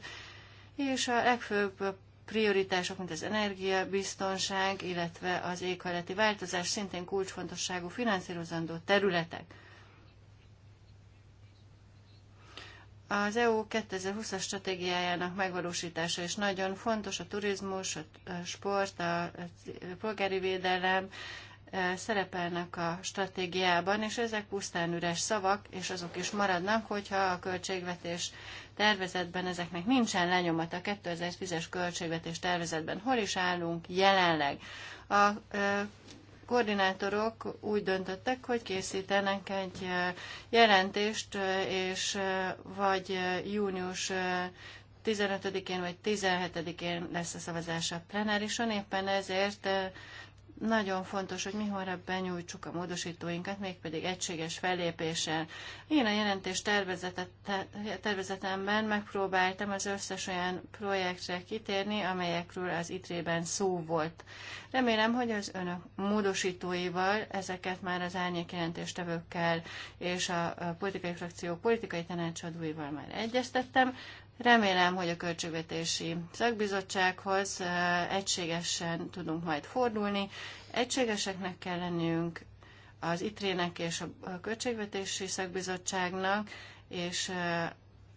és a legfőbb prioritások, mint az energiabiztonság, illetve az éghajlati változás szintén kulcsfontosságú finanszírozandó területek. Az EU 2020-as stratégiájának megvalósítása is nagyon fontos, a turizmus, a sport, a polgári védelem, szerepelnek a stratégiában, és ezek pusztán üres szavak, és azok is maradnak, hogyha a költségvetés tervezetben ezeknek nincsen lenyomata, a 2010-es költségvetés tervezetben. Hol is állunk jelenleg? A koordinátorok úgy döntöttek, hogy készítenek egy jelentést, és vagy június 15-én vagy 17-én lesz a szavazás a plenárison, éppen ezért nagyon fontos, hogy mi benyújtsuk a módosítóinkat, mégpedig egységes fellépéssel. Én a jelentés tervezetemben megpróbáltam az összes olyan projektre kitérni, amelyekről az ITRE-ben szó volt. Remélem, hogy az önök módosítóival ezeket már az árnyék jelentéstevőkkel és a politikai frakció politikai tanácsadóival már egyeztettem. Remélem, hogy a Költségvetési Szakbizottsághoz egységesen tudunk majd fordulni. Egységeseknek kell lennünk az ITRÉ-nek és a Költségvetési Szakbizottságnak, és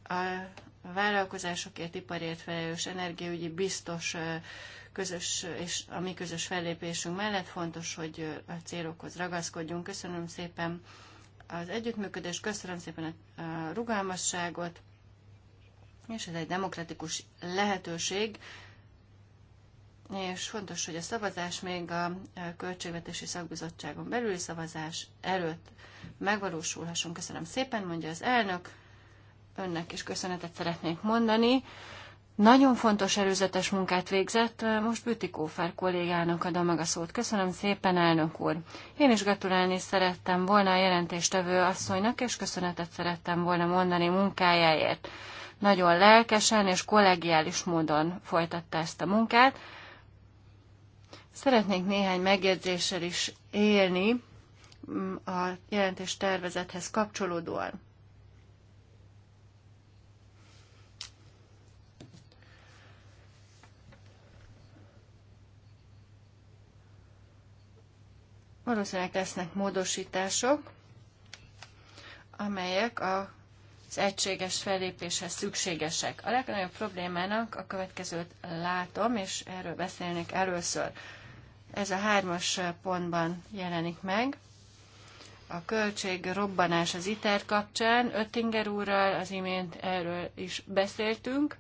a vállalkozásokért, iparért felelős energiaügyi biztos közös és a mi közös fellépésünk mellett fontos, hogy a célokhoz ragaszkodjunk. Köszönöm szépen az együttműködést, köszönöm szépen a rugalmasságot, és ez egy demokratikus lehetőség, és fontos, hogy a szavazás még a Költségvetési Szakbizottságon belüli szavazás előtt megvalósulhasson. Köszönöm szépen, mondja az elnök. Önnek is köszönetet szeretnék mondani. Nagyon fontos előzetes munkát végzett, most Bütikófer kollégának adom meg a szót. Köszönöm szépen, elnök úr. Én is gratulálni szerettem volna a jelentéstevő asszonynak, és köszönetet szerettem volna mondani munkájáért nagyon lelkesen és kollegiális módon folytatta ezt a munkát. szeretnék néhány megjegyzéssel is élni mm, a jelentés tervezethez kapcsolódóan. Valószínűleg lesznek módosítások, amelyek a az egységes fellépéshez szükségesek. A legnagyobb problémának a következőt látom, és erről beszélnék először. Ez a hármas pontban jelenik meg. A költség robbanás az ITER kapcsán. Öttinger úrral az imént erről is beszéltünk.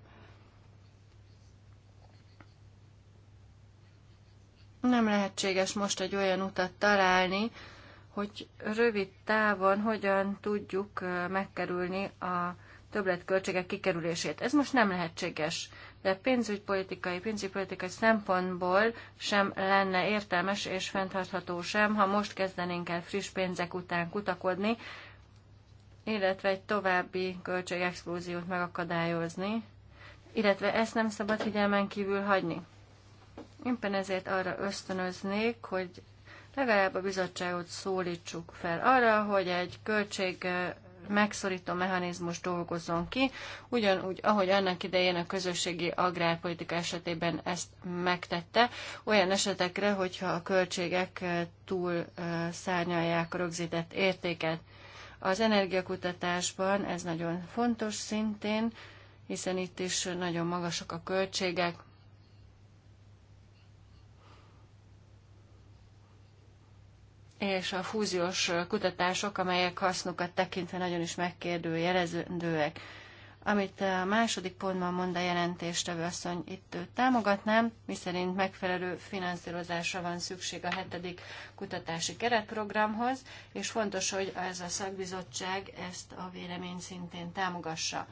Nem lehetséges most egy olyan utat találni, hogy rövid távon hogyan tudjuk megkerülni a többletköltségek kikerülését. Ez most nem lehetséges, de pénzügypolitikai, pénzügypolitikai szempontból sem lenne értelmes és fenntartható sem, ha most kezdenénk el friss pénzek után kutakodni, illetve egy további költségexplóziót megakadályozni, illetve ezt nem szabad figyelmen kívül hagyni. Éppen ezért arra ösztönöznék, hogy legalább a bizottságot szólítsuk fel arra, hogy egy költség megszorító mechanizmus dolgozzon ki, ugyanúgy, ahogy annak idején a közösségi agrárpolitika esetében ezt megtette, olyan esetekre, hogyha a költségek túl szárnyalják a rögzített értéket. Az energiakutatásban ez nagyon fontos szintén, hiszen itt is nagyon magasak a költségek, és a fúziós kutatások, amelyek hasznukat tekintve nagyon is megkérdőjelezendőek. Amit a második pontban mond a jelentéstevő asszony, itt támogatnám, miszerint megfelelő finanszírozásra van szükség a hetedik kutatási keretprogramhoz, és fontos, hogy ez a szakbizottság ezt a vélemény szintén támogassa.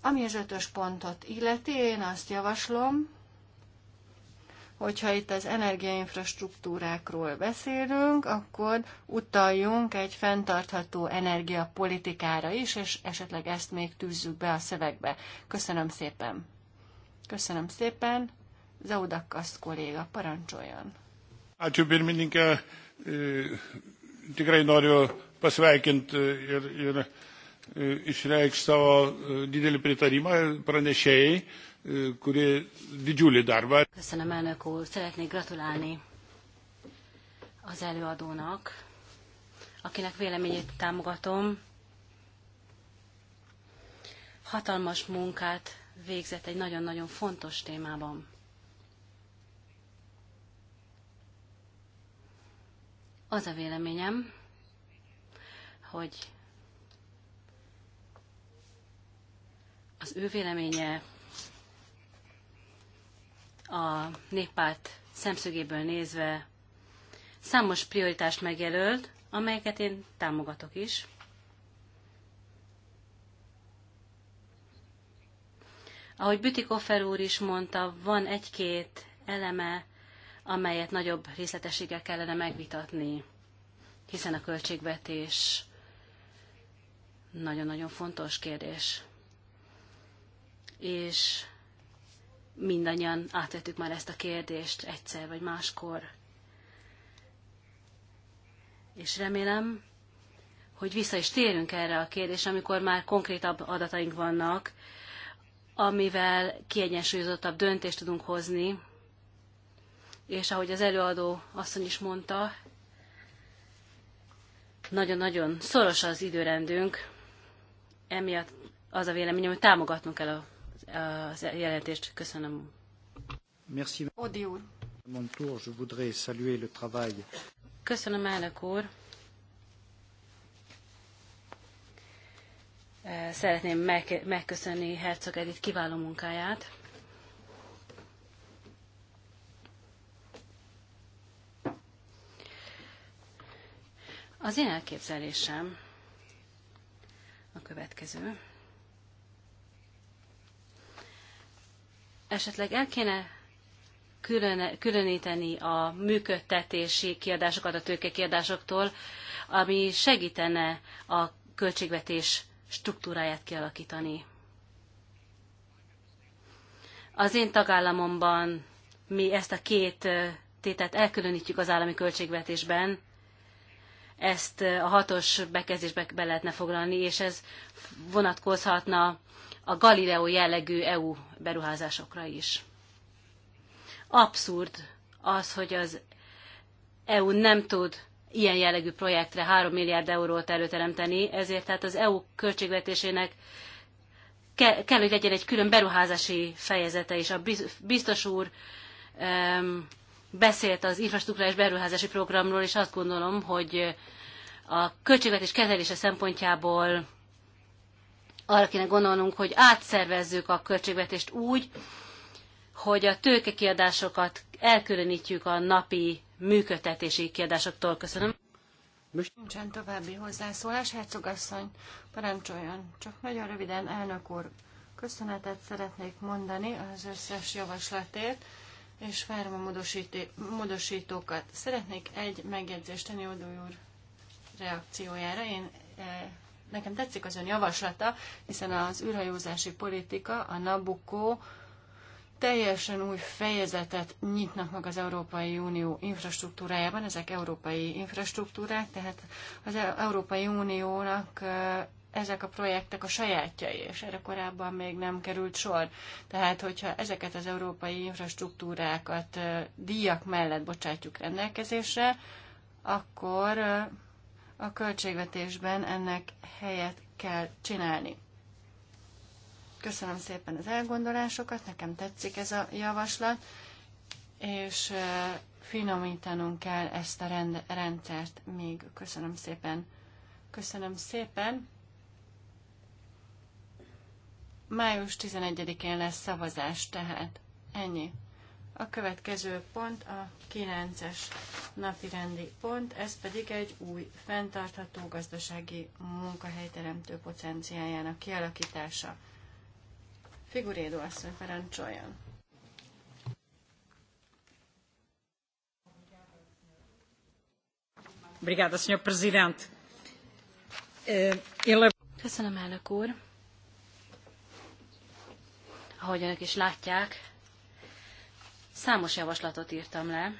Ami az ötös pontot illeti, én azt javaslom, hogyha itt az energiainfrastruktúrákról beszélünk, akkor utaljunk egy fenntartható energiapolitikára is, és esetleg ezt még tűzzük be a szövegbe. Köszönöm szépen. Köszönöm szépen. Zaudakaszt kolléga, parancsoljon. Ačiū pirmininkė, e, tikrai noriu pasveikinti e, ir, ir e, išreikšti savo didelį pritarimą pranešėjai kuri didžiulį darbą. Köszönöm, elnök úr. Szeretnék gratulálni az előadónak, akinek véleményét támogatom. Hatalmas munkát végzett egy nagyon-nagyon fontos témában. Az a véleményem, hogy az ő véleménye a néppárt szemszögéből nézve számos prioritást megjelölt, amelyeket én támogatok is. Ahogy Bütikofer úr is mondta, van egy-két eleme, amelyet nagyobb részletességgel kellene megvitatni, hiszen a költségvetés nagyon-nagyon fontos kérdés. És mindannyian átvettük már ezt a kérdést egyszer vagy máskor. És remélem, hogy vissza is térünk erre a kérdésre, amikor már konkrétabb adataink vannak, amivel kiegyensúlyozottabb döntést tudunk hozni, és ahogy az előadó asszony is mondta, nagyon-nagyon szoros az időrendünk, emiatt az a véleményem, hogy támogatnunk kell a a jelentést. Köszönöm. Merci. Mon tour, je voudrais saluer le travail. Köszönöm, elnök úr. Szeretném megköszönni Herzog Edith kiváló munkáját. Az én elképzelésem a következő. esetleg el kéne külön, különíteni a működtetési kiadásokat a tőkekiadásoktól, ami segítene a költségvetés struktúráját kialakítani. Az én tagállamomban mi ezt a két tételt elkülönítjük az állami költségvetésben, ezt a hatos bekezdésbe be lehetne foglalni, és ez vonatkozhatna a Galileo jellegű EU beruházásokra is. Abszurd az, hogy az EU nem tud ilyen jellegű projektre 3 milliárd eurót előteremteni, ezért tehát az EU költségvetésének ke- kell, hogy legyen egy külön beruházási fejezete, is. a biztos úr um, beszélt az infrastruktúrás beruházási programról, és azt gondolom, hogy a költségvetés kezelése szempontjából arra kéne gondolnunk, hogy átszervezzük a költségvetést úgy, hogy a tőkekiadásokat elkülönítjük a napi működtetési kiadásoktól. Köszönöm. Most nincsen további hozzászólás. Hercogasszony, parancsoljon. Csak nagyon röviden, elnök úr, köszönetet szeretnék mondani az összes javaslatért, és várom a módosítókat. Szeretnék egy megjegyzést tenni Odó úr reakciójára. Én eh, nekem tetszik az ön javaslata, hiszen az űrhajózási politika, a Nabucco teljesen új fejezetet nyitnak meg az Európai Unió infrastruktúrájában, ezek európai infrastruktúrák, tehát az e- Európai Uniónak ezek a projektek a sajátjai, és erre korábban még nem került sor. Tehát, hogyha ezeket az európai infrastruktúrákat díjak mellett bocsátjuk rendelkezésre, akkor a költségvetésben ennek helyet kell csinálni. Köszönöm szépen az elgondolásokat, nekem tetszik ez a javaslat, és finomítanunk kell ezt a rend- rendszert még. Köszönöm szépen. Köszönöm szépen. Május 11-én lesz szavazás, tehát ennyi. A következő pont a 9-es rendi pont, ez pedig egy új, fenntartható gazdasági munkahelyteremtő potenciájának kialakítása. Figurédo asszony parancsoljon! Obrigada, Sr. Presidente. Eh, Köszönöm, elnök úr. Ahogy önök is látják, Számos javaslatot írtam le,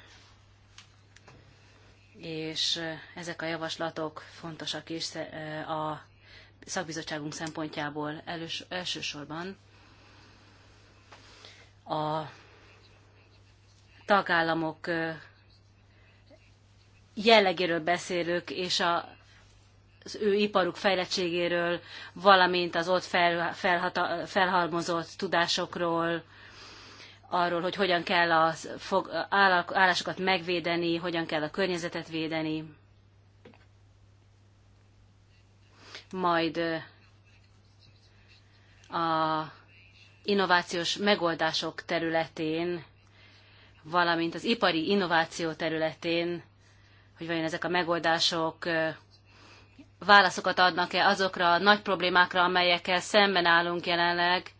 és ezek a javaslatok fontosak is a szakbizottságunk szempontjából elős, elsősorban a tagállamok jellegéről beszélők, és a, az ő iparuk fejlettségéről, valamint az ott fel, felhata, felhalmozott tudásokról, arról, hogy hogyan kell a fog, állásokat megvédeni, hogyan kell a környezetet védeni. Majd a innovációs megoldások területén, valamint az ipari innováció területén, hogy vajon ezek a megoldások válaszokat adnak-e azokra a nagy problémákra, amelyekkel szemben állunk jelenleg,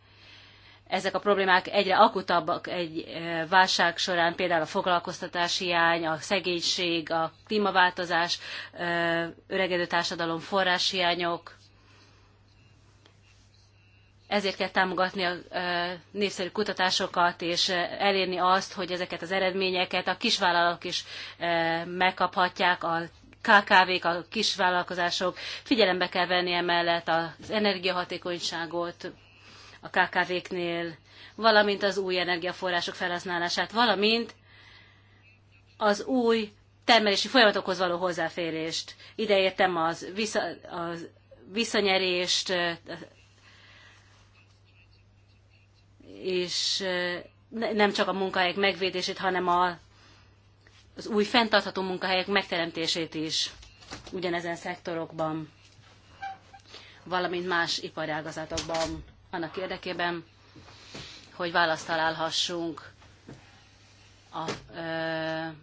ezek a problémák egyre akutabbak egy e, válság során, például a foglalkoztatási hiány, a szegénység, a klímaváltozás, e, öregedő társadalom forráshiányok. Ezért kell támogatni a e, népszerű kutatásokat, és elérni azt, hogy ezeket az eredményeket a kisvállalók is megkaphatják a KKV-k, a kisvállalkozások, figyelembe kell venni emellett az energiahatékonyságot, a KKV-knél, valamint az új energiaforrások felhasználását, valamint az új termelési folyamatokhoz való hozzáférést. Ide értem az, vissza, az visszanyerést, és eh, nem csak a munkahelyek megvédését, hanem a, az új fenntartható munkahelyek megteremtését is ugyanezen szektorokban, valamint más iparágazatokban annak érdekében, hogy választ találhassunk a ö,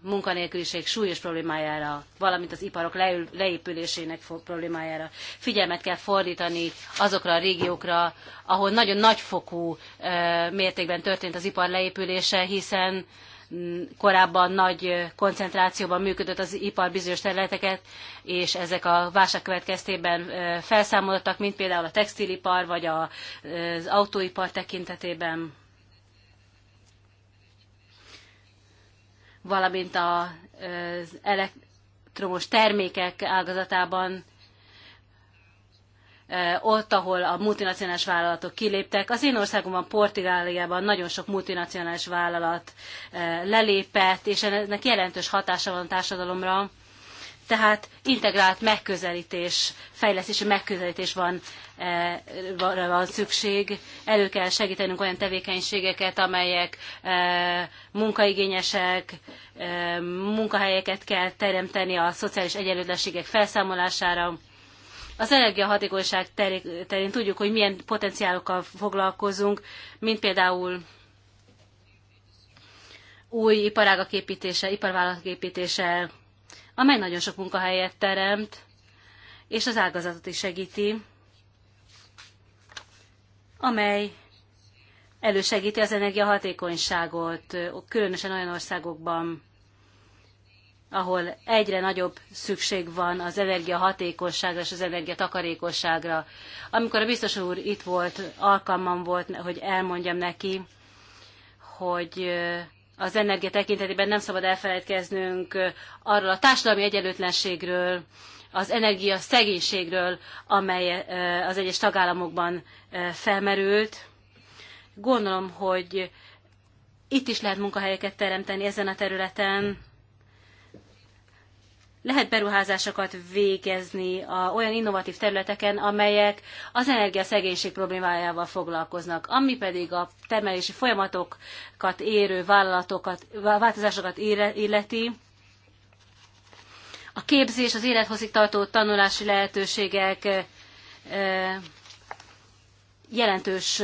munkanélküliség súlyos problémájára, valamint az iparok leül, leépülésének problémájára. Figyelmet kell fordítani azokra a régiókra, ahol nagyon nagyfokú ö, mértékben történt az ipar leépülése, hiszen korábban nagy koncentrációban működött az ipar bizonyos területeket, és ezek a válság következtében felszámoltak, mint például a textilipar vagy az autóipar tekintetében, valamint az elektromos termékek ágazatában Eh, ott, ahol a multinacionális vállalatok kiléptek. Az én országomban, Portugáliában nagyon sok multinacionális vállalat eh, lelépett, és ennek jelentős hatása van a társadalomra. Tehát integrált megközelítés, fejlesztési megközelítés van, eh, van szükség. Elő kell segítenünk olyan tevékenységeket, amelyek munkaigényesek, munkahelyeket kell teremteni a szociális egyenlőtlenségek felszámolására az energiahatékonyság terén tudjuk, hogy milyen potenciálokkal foglalkozunk, mint például új iparágak építése, iparvállalatok építése, amely nagyon sok munkahelyet teremt, és az ágazatot is segíti, amely elősegíti az energiahatékonyságot, különösen olyan országokban, ahol egyre nagyobb szükség van az energiahatékosságra és az energiatakarékosságra. Amikor a biztos úr itt volt, alkalmam volt, hogy elmondjam neki, hogy az energia tekintetében nem szabad elfelejtkeznünk arról a társadalmi egyenlőtlenségről, az energia szegénységről, amely az egyes tagállamokban felmerült. Gondolom, hogy itt is lehet munkahelyeket teremteni ezen a területen lehet beruházásokat végezni a, olyan innovatív területeken, amelyek az energiaszegénység problémájával foglalkoznak, ami pedig a termelési folyamatokat érő vállalatokat, változásokat illeti. A képzés, az élethosszig tartó tanulási lehetőségek jelentős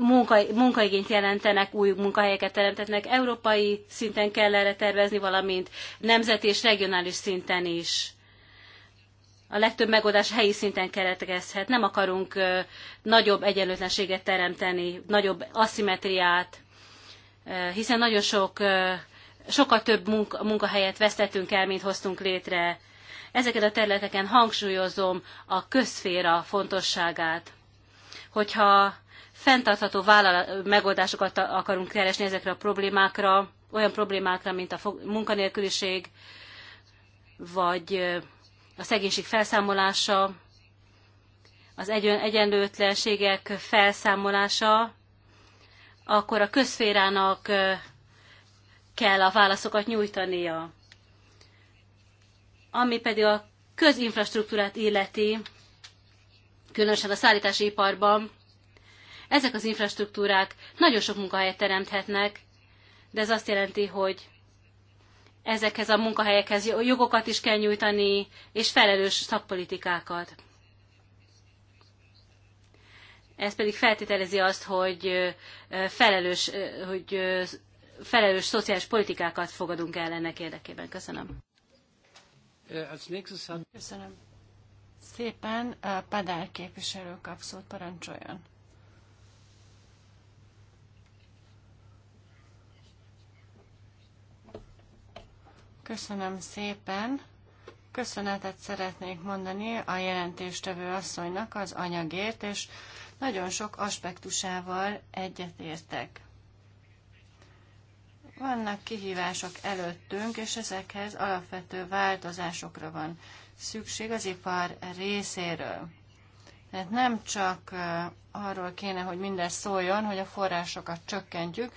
munka, munkaigényt jelentenek, új munkahelyeket teremtetnek. Európai szinten kell erre tervezni, valamint nemzeti és regionális szinten is. A legtöbb megoldás helyi szinten keretkezhet. Nem akarunk nagyobb egyenlőtlenséget teremteni, nagyobb aszimetriát, hiszen nagyon sok, sokkal több munka, munkahelyet vesztettünk el, mint hoztunk létre. Ezeket a területeken hangsúlyozom a közféra fontosságát. Hogyha fenntartható vállal- megoldásokat akarunk keresni ezekre a problémákra, olyan problémákra, mint a munkanélküliség, vagy a szegénység felszámolása, az egyenlőtlenségek felszámolása, akkor a közférának kell a válaszokat nyújtania. Ami pedig a közinfrastruktúrát illeti, különösen a szállítási iparban, ezek az infrastruktúrák nagyon sok munkahelyet teremthetnek, de ez azt jelenti, hogy ezekhez a munkahelyekhez jogokat is kell nyújtani, és felelős szakpolitikákat. Ez pedig feltételezi azt, hogy felelős, hogy felelős szociális politikákat fogadunk el ennek érdekében. Köszönöm. Köszönöm. Szépen Padár képviselő kap szót, parancsoljon. Köszönöm szépen. Köszönetet szeretnék mondani a jelentéstevő asszonynak az anyagért, és nagyon sok aspektusával egyetértek. Vannak kihívások előttünk, és ezekhez alapvető változásokra van szükség az ipar részéről. Tehát nem csak arról kéne, hogy minden szóljon, hogy a forrásokat csökkentjük,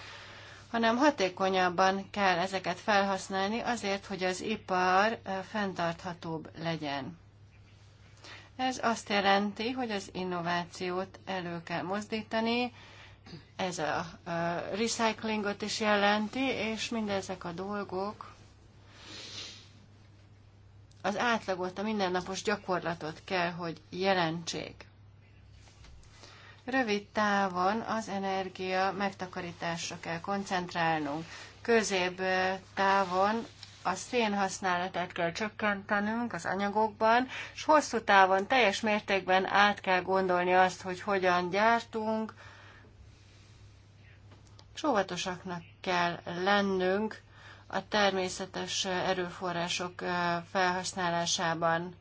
hanem hatékonyabban kell ezeket felhasználni azért, hogy az ipar eh, fenntarthatóbb legyen. Ez azt jelenti, hogy az innovációt elő kell mozdítani, ez a eh, recyclingot is jelenti, és mindezek a dolgok az átlagot, a mindennapos gyakorlatot kell, hogy jelentsék. Rövid távon az energia megtakarításra kell koncentrálnunk. Közép távon a szénhasználatát kell csökkentenünk az anyagokban, és hosszú távon teljes mértékben át kell gondolni azt, hogy hogyan gyártunk, Sóvatosaknak kell lennünk a természetes erőforrások felhasználásában.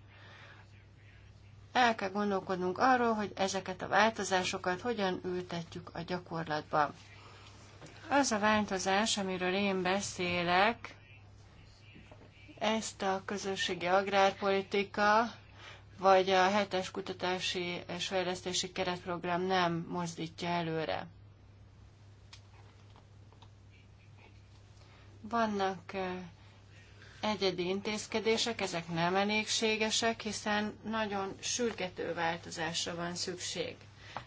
El kell gondolkodnunk arról, hogy ezeket a változásokat hogyan ültetjük a gyakorlatba. Az a változás, amiről én beszélek, ezt a közösségi agrárpolitika vagy a hetes kutatási és fejlesztési keretprogram nem mozdítja előre. Vannak eh, egyedi intézkedések, ezek nem elégségesek, hiszen nagyon sürgető változásra van szükség.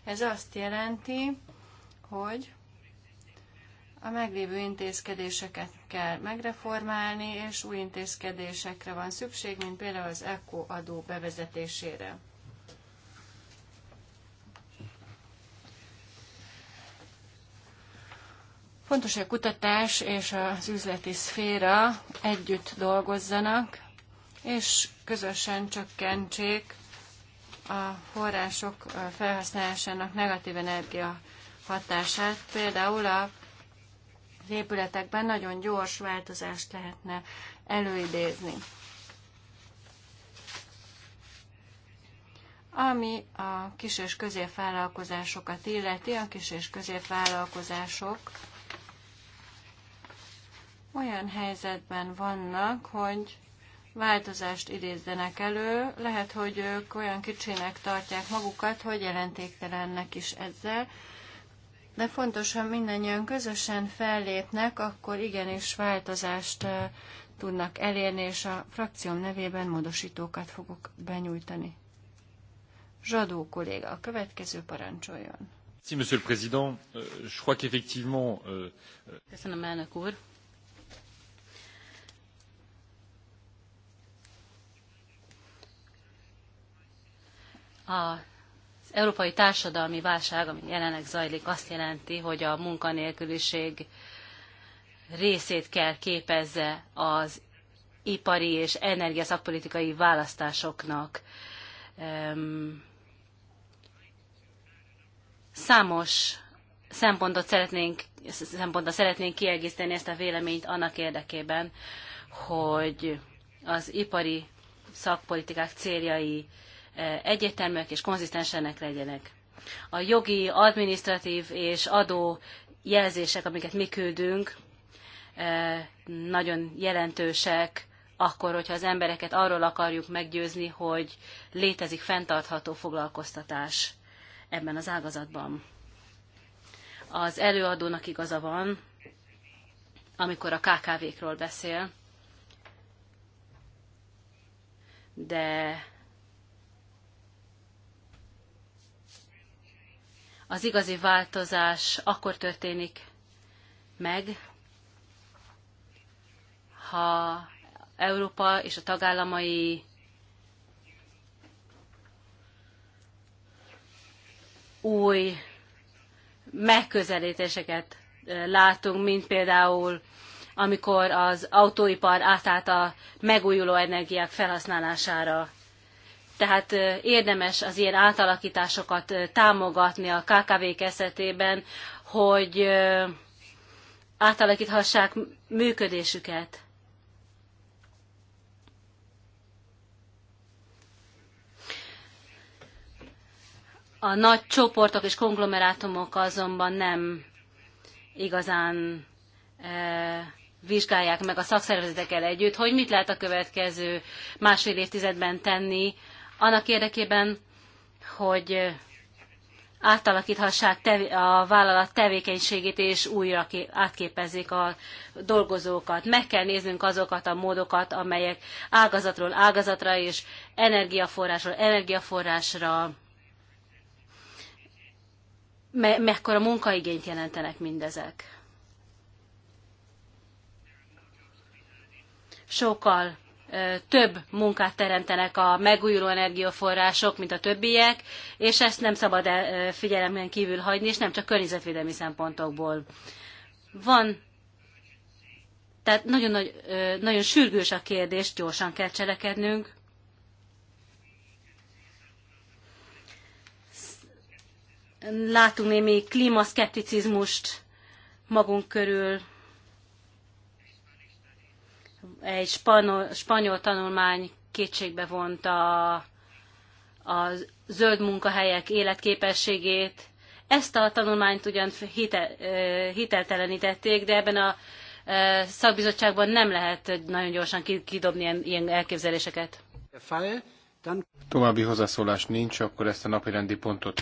Ez azt jelenti, hogy a meglévő intézkedéseket kell megreformálni, és új intézkedésekre van szükség, mint például az ECO adó bevezetésére. Fontos, hogy a kutatás és az üzleti szféra együtt dolgozzanak, és közösen csökkentsék a források felhasználásának negatív energia hatását. Például a épületekben nagyon gyors változást lehetne előidézni. Ami a kis és középvállalkozásokat illeti, a kis és középvállalkozások olyan helyzetben vannak, hogy változást idézzenek elő, lehet, hogy ők olyan kicsinek tartják magukat, hogy jelentéktelennek is ezzel, de fontos, ha mindannyian közösen fellépnek, akkor igenis változást tudnak elérni, és a frakcióm nevében módosítókat fogok benyújtani. Zsadó kolléga, a következő parancsoljon. Euh, euh, Köszönöm, elnök úr. Az európai társadalmi válság, ami jelenleg zajlik, azt jelenti, hogy a munkanélküliség részét kell képezze az ipari és energiaszakpolitikai választásoknak. Számos szempontot szeretnénk, szempontot szeretnénk kiegészíteni ezt a véleményt annak érdekében, hogy az ipari szakpolitikák céljai Eh, egyértelműek és konzisztensenek legyenek. A jogi, adminisztratív és adó jelzések, amiket mi küldünk, eh, nagyon jelentősek, akkor, hogyha az embereket arról akarjuk meggyőzni, hogy létezik fenntartható foglalkoztatás ebben az ágazatban. Az előadónak igaza van, amikor a KKV-król beszél, de az igazi változás akkor történik meg, ha Európa és a tagállamai új megközelítéseket eh, látunk, mint például amikor az autóipar átállt a megújuló energiák felhasználására tehát érdemes az ilyen átalakításokat támogatni a KKV-k esetében, hogy átalakíthassák működésüket. A nagy csoportok és konglomerátumok azonban nem igazán e, vizsgálják meg a szakszervezetekkel együtt, hogy mit lehet a következő másfél évtizedben tenni annak érdekében, hogy átalakíthassák a vállalat tevékenységét, és újra átképezzék a dolgozókat. Meg kell néznünk azokat a módokat, amelyek ágazatról ágazatra és energiaforrásról energiaforrásra me- mekkora munkaigényt jelentenek mindezek. Sokkal több munkát teremtenek a megújuló energiaforrások, mint a többiek, és ezt nem szabad figyelemben kívül hagyni, és nem csak környezetvédelmi szempontokból. Van, tehát nagyon, nagy, nagyon sürgős a kérdés, gyorsan kell cselekednünk. Látunk némi klímaszkepticizmust magunk körül, egy spanol, spanyol tanulmány kétségbe vonta a, a zöld munkahelyek életképességét. Ezt a tanulmányt ugyan hite, hiteltelenítették, de ebben a szakbizottságban nem lehet nagyon gyorsan kidobni ilyen elképzeléseket. További hozzászólás nincs, akkor ezt a napirendi pontot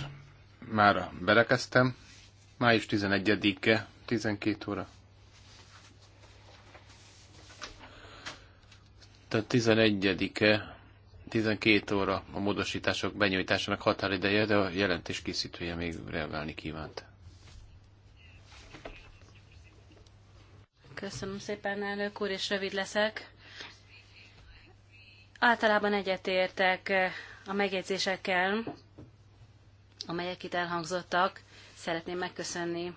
már berekeztem. Május 11-e, 12 óra. Tehát 11-e, 12 óra a módosítások benyújtásának határideje, de a jelentés készítője még reagálni kívánt. Köszönöm szépen, elnök úr, és rövid leszek. Általában egyetértek a megjegyzésekkel, amelyek itt elhangzottak. Szeretném megköszönni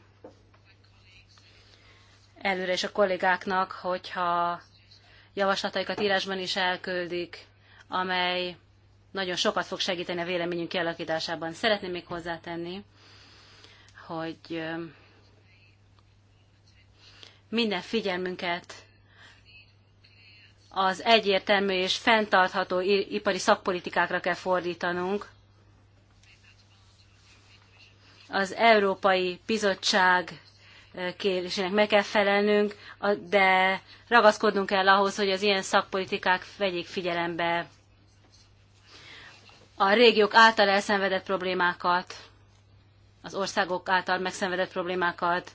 előre is a kollégáknak, hogyha javaslataikat írásban is elküldik, amely nagyon sokat fog segíteni a véleményünk kialakításában. Szeretném még hozzátenni, hogy minden figyelmünket az egyértelmű és fenntartható ipari szakpolitikákra kell fordítanunk. Az Európai Bizottság kérésének meg kell felelnünk, de ragaszkodnunk kell ahhoz, hogy az ilyen szakpolitikák vegyék figyelembe a régiók által elszenvedett problémákat, az országok által megszenvedett problémákat,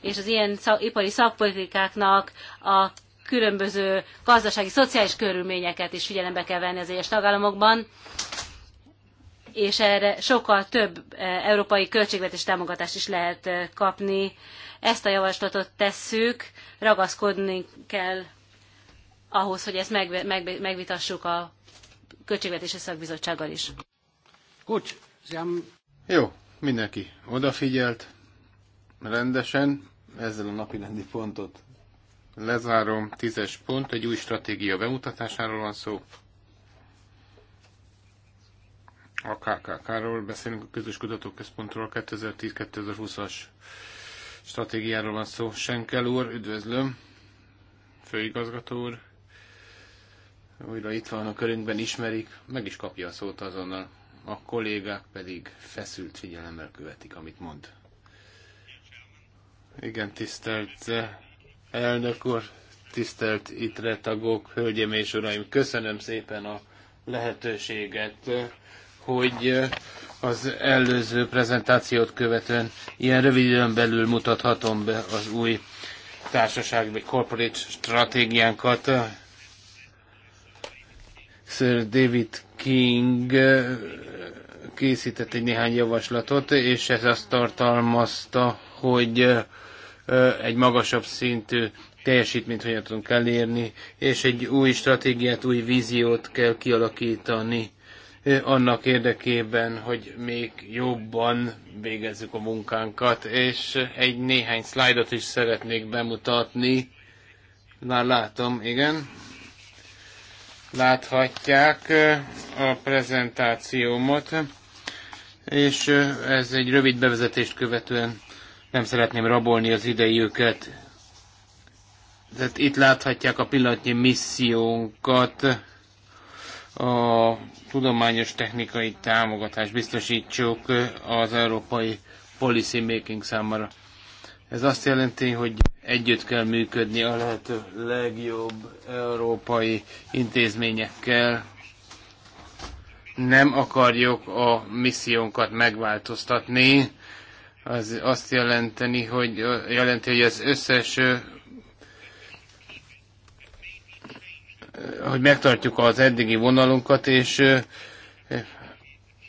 és az ilyen szak, ipari szakpolitikáknak a különböző gazdasági, szociális körülményeket is figyelembe kell venni az egyes tagállamokban, és erre sokkal több e, európai költségvetés támogatást is lehet e, kapni. Ezt a javaslatot tesszük, ragaszkodni kell ahhoz, hogy ezt meg, meg, megvitassuk a költségvetési szakbizottsággal is. Gut, Jó, mindenki odafigyelt rendesen, ezzel a napi rendi pontot lezárom. Tízes pont, egy új stratégia bemutatásáról van szó a KKK-ról beszélünk, a Közös Kutatóközpontról, 2010-2020-as stratégiáról van szó. Senkel úr, üdvözlöm, főigazgató úr, újra itt van a körünkben, ismerik, meg is kapja a szót azonnal. A kollégák pedig feszült figyelemmel követik, amit mond. Igen, tisztelt elnök úr, tisztelt itt tagok, hölgyeim és uraim, köszönöm szépen a lehetőséget hogy az előző prezentációt követően ilyen rövid időn belül mutathatom be az új társaság vagy corporate stratégiánkat. Sir David King készített egy néhány javaslatot, és ez azt tartalmazta, hogy egy magasabb szintű teljesítményt hogyan tudunk elérni, és egy új stratégiát, új víziót kell kialakítani Eh, annak érdekében, hogy még jobban végezzük a munkánkat, és egy néhány szlájdot is szeretnék bemutatni. Már látom, igen. Láthatják eh, a prezentációmat, és eh, ez egy rövid bevezetést követően nem szeretném rabolni az idejüket. Tehát itt láthatják a pillanatnyi missziónkat, a tudományos technikai támogatást biztosítsuk az európai policy making számára. Ez azt jelenti, hogy együtt kell működni a lehető legjobb európai intézményekkel. Nem akarjuk a missziónkat megváltoztatni. Az azt jelenteni, hogy, jelenti, hogy az összes hogy megtartjuk az eddigi vonalunkat, és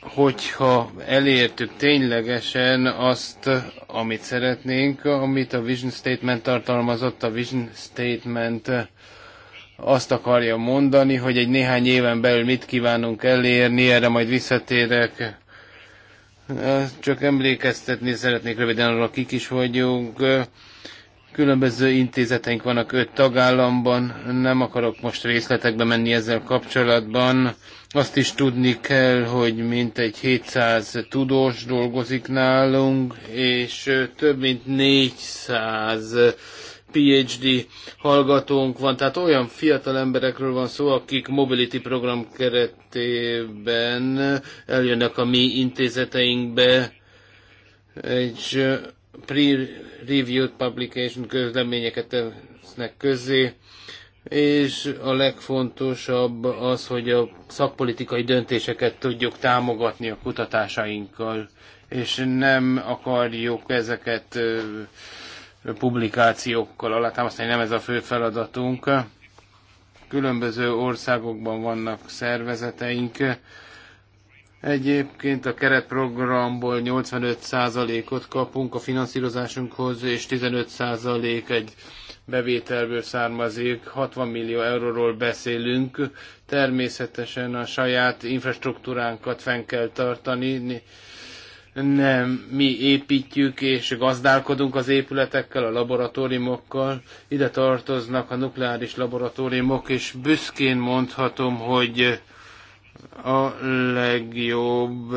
hogyha elértük ténylegesen azt, amit szeretnénk, amit a Vision Statement tartalmazott, a Vision Statement azt akarja mondani, hogy egy néhány éven belül mit kívánunk elérni, erre majd visszatérek. Csak emlékeztetni szeretnék röviden arra, kik is vagyunk. Különböző intézeteink vannak öt tagállamban, nem akarok most részletekbe menni ezzel kapcsolatban. Azt is tudni kell, hogy mintegy 700 tudós dolgozik nálunk, és több mint 400 PhD hallgatónk van, tehát olyan fiatal emberekről van szó, akik Mobility program keretében eljönnek a mi intézeteinkbe, és reviewed publication közleményeket tesznek közzé, és a legfontosabb az, hogy a szakpolitikai döntéseket tudjuk támogatni a kutatásainkkal, és nem akarjuk ezeket publikációkkal alátámasztani, nem ez a fő feladatunk. Különböző országokban vannak szervezeteink, Egyébként a keretprogramból 85%-ot kapunk a finanszírozásunkhoz, és 15% egy bevételből származik, 60 millió euróról beszélünk. Természetesen a saját infrastruktúránkat fenn kell tartani, nem mi építjük és gazdálkodunk az épületekkel, a laboratóriumokkal. Ide tartoznak a nukleáris laboratóriumok, és büszkén mondhatom, hogy a legjobb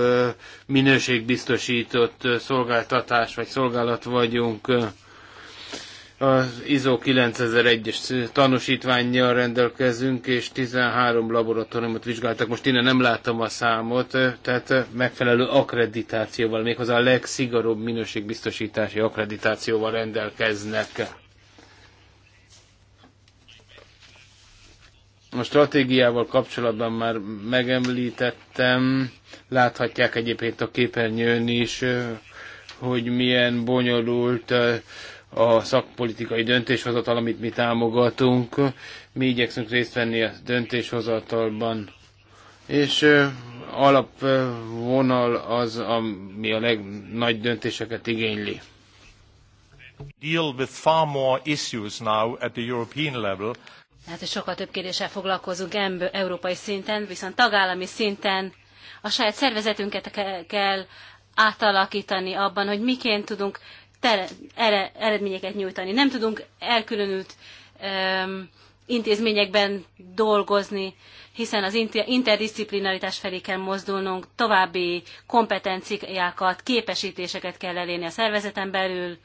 minőségbiztosított szolgáltatás vagy szolgálat vagyunk az ISO 9001-es tanúsítványjal rendelkezünk, és 13 laboratóriumot vizsgáltak. Most innen nem látom a számot, tehát megfelelő akkreditációval, méghozzá a legszigorúbb minőségbiztosítási akkreditációval rendelkeznek. A stratégiával kapcsolatban már megemlítettem, láthatják egyébként a képernyőn is, hogy milyen bonyolult a szakpolitikai döntéshozatal, amit mi támogatunk. Mi igyekszünk részt venni a döntéshozatalban. És alapvonal az, ami a legnagy döntéseket igényli. Deal with far more issues now at the European level. Lehet, hogy sokkal több kérdéssel foglalkozunk európai szinten, viszont tagállami szinten a saját szervezetünket kell átalakítani abban, hogy miként tudunk eredményeket nyújtani. Nem tudunk elkülönült um, intézményekben dolgozni, hiszen az interdisziplinaritás felé kell mozdulnunk, további kompetenciákat, képesítéseket kell elérni a szervezeten belül,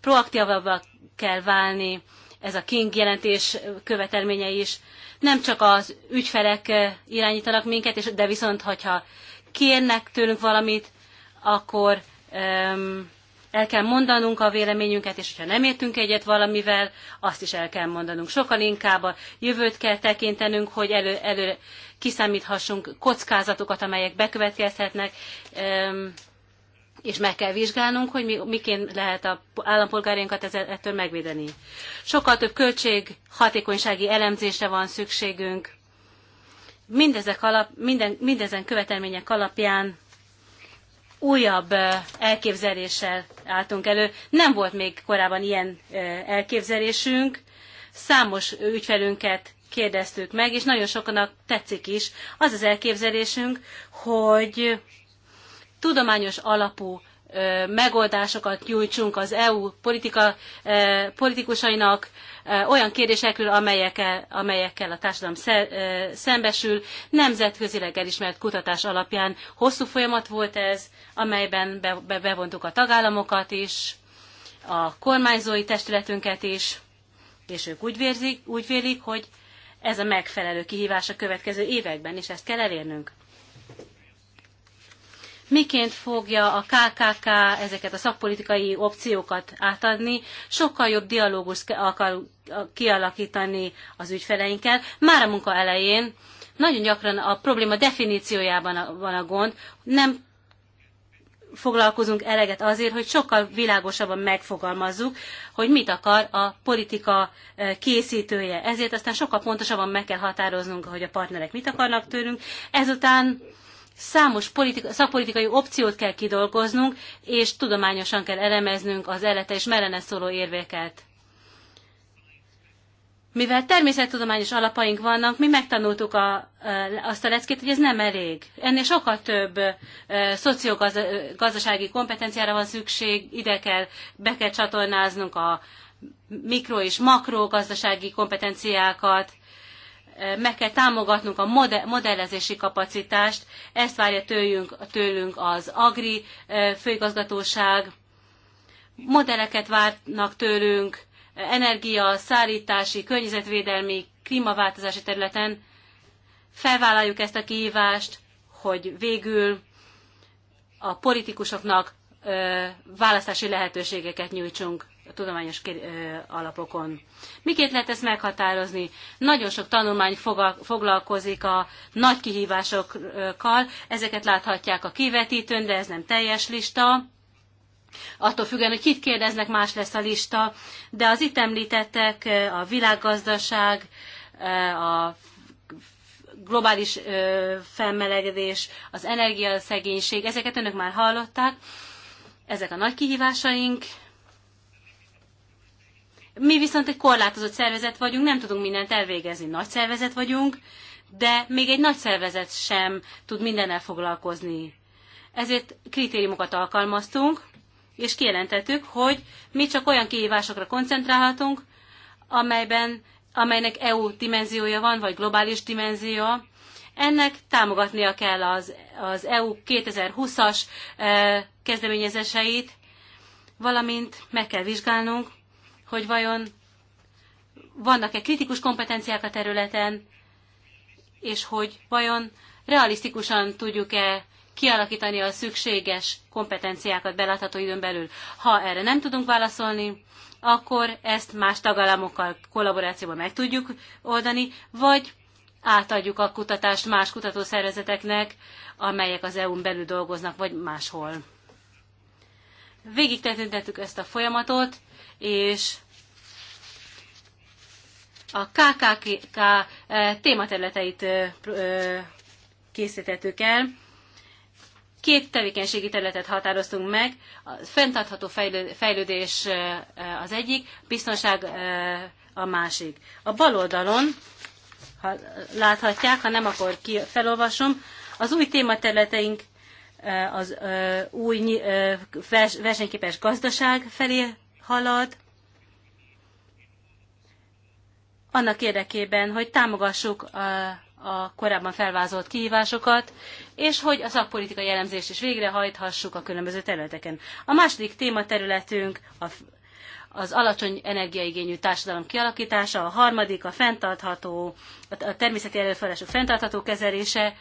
proaktívabbak kell válni, ez a King jelentés követelménye is. Nem csak az ügyfelek eh, irányítanak minket, de viszont, hogyha kérnek tőlünk valamit, akkor um, el kell mondanunk a véleményünket, és hogyha nem értünk egyet valamivel, azt is el kell mondanunk. Sokkal inkább a jövőt kell tekintenünk, hogy elő, elő kiszámíthassunk kockázatokat, amelyek bekövetkezhetnek, um, és meg kell vizsgálnunk, hogy mi, miként lehet a állampolgárainkat ettől megvédeni. Sokkal több költség, hatékonysági elemzésre van szükségünk. Mindezek alap, minden, mindezen követelmények alapján újabb elképzeléssel álltunk elő. Nem volt még korábban ilyen elképzelésünk. Számos ügyfelünket kérdeztük meg, és nagyon sokanak tetszik is az az elképzelésünk, hogy tudományos alapú megoldásokat nyújtsunk az EU politika, politikusainak olyan kérdésekről, amelyekkel, amelyekkel a társadalom szembesül. Nemzetközileg elismert kutatás alapján hosszú folyamat volt ez, amelyben bevontuk a tagállamokat is, a kormányzói testületünket is, és ők úgy, vérzik, úgy vélik, hogy ez a megfelelő kihívás a következő években, és ezt kell elérnünk miként fogja a KKK ezeket a szakpolitikai opciókat átadni, sokkal jobb dialógust akar kialakítani az ügyfeleinkkel, már a munka elején, nagyon gyakran a probléma definíciójában van a gond, nem foglalkozunk eleget azért, hogy sokkal világosabban megfogalmazzuk, hogy mit akar a politika e, készítője. Ezért aztán sokkal pontosabban meg kell határoznunk, hogy a partnerek mit akarnak tőlünk. Ezután Számos politika, szakpolitikai opciót kell kidolgoznunk, és tudományosan kell elemeznünk az elete és mellene szóló érvéket. Mivel természettudományos alapaink vannak, mi megtanultuk a, azt a leckét, hogy ez nem elég. Ennél sokkal több szociogazdasági kompetenciára van szükség, ide kell, be kell csatornáznunk a mikro- és makrogazdasági kompetenciákat, meg kell támogatnunk a modellezési kapacitást, ezt várja tőlünk, tőlünk az Agri főigazgatóság, modelleket várnak tőlünk, energia, szállítási, környezetvédelmi, klímaváltozási területen. Felvállaljuk ezt a kihívást, hogy végül a politikusoknak választási lehetőségeket nyújtsunk tudományos alapokon. Miként lehet ezt meghatározni? Nagyon sok tanulmány foglalkozik a nagy kihívásokkal, ezeket láthatják a kivetítőn, de ez nem teljes lista. Attól függően, hogy kit kérdeznek, más lesz a lista, de az itt említettek a világgazdaság, a globális felmelegedés, az energiaszegénység, ezeket önök már hallották. Ezek a nagy kihívásaink, mi viszont egy korlátozott szervezet vagyunk, nem tudunk mindent elvégezni. Nagy szervezet vagyunk, de még egy nagy szervezet sem tud mindennel foglalkozni. Ezért kritériumokat alkalmaztunk, és kijelentettük, hogy mi csak olyan kihívásokra koncentrálhatunk, amelyben, amelynek EU dimenziója van, vagy globális dimenzió. Ennek támogatnia kell az, az EU 2020-as eh, kezdeményezéseit, valamint meg kell vizsgálnunk, hogy vajon vannak-e kritikus kompetenciák a területen, és hogy vajon realisztikusan tudjuk-e kialakítani a szükséges kompetenciákat belátható időn belül. Ha erre nem tudunk válaszolni, akkor ezt más tagállamokkal kollaborációban meg tudjuk oldani, vagy átadjuk a kutatást más kutatószervezeteknek, amelyek az EU-n belül dolgoznak, vagy máshol. Végig ezt a folyamatot, és a KKK eh, tématerületeit eh, eh, készítettük el. Két tevékenységi területet határoztunk meg. A fenntartható fejlődés az egyik, biztonság a másik. A bal oldalon, ha láthatják, ha nem, akkor ki, felolvasom, az új tématerületeink az új versenyképes gazdaság felé halad, annak érdekében, hogy támogassuk a, a korábban felvázolt kihívásokat, és hogy a szakpolitikai elemzést is végrehajthassuk a különböző területeken. A második tématerületünk a, az alacsony energiaigényű társadalom kialakítása, a harmadik a fenntartható, a természeti erőforrások fenntartható kezelése.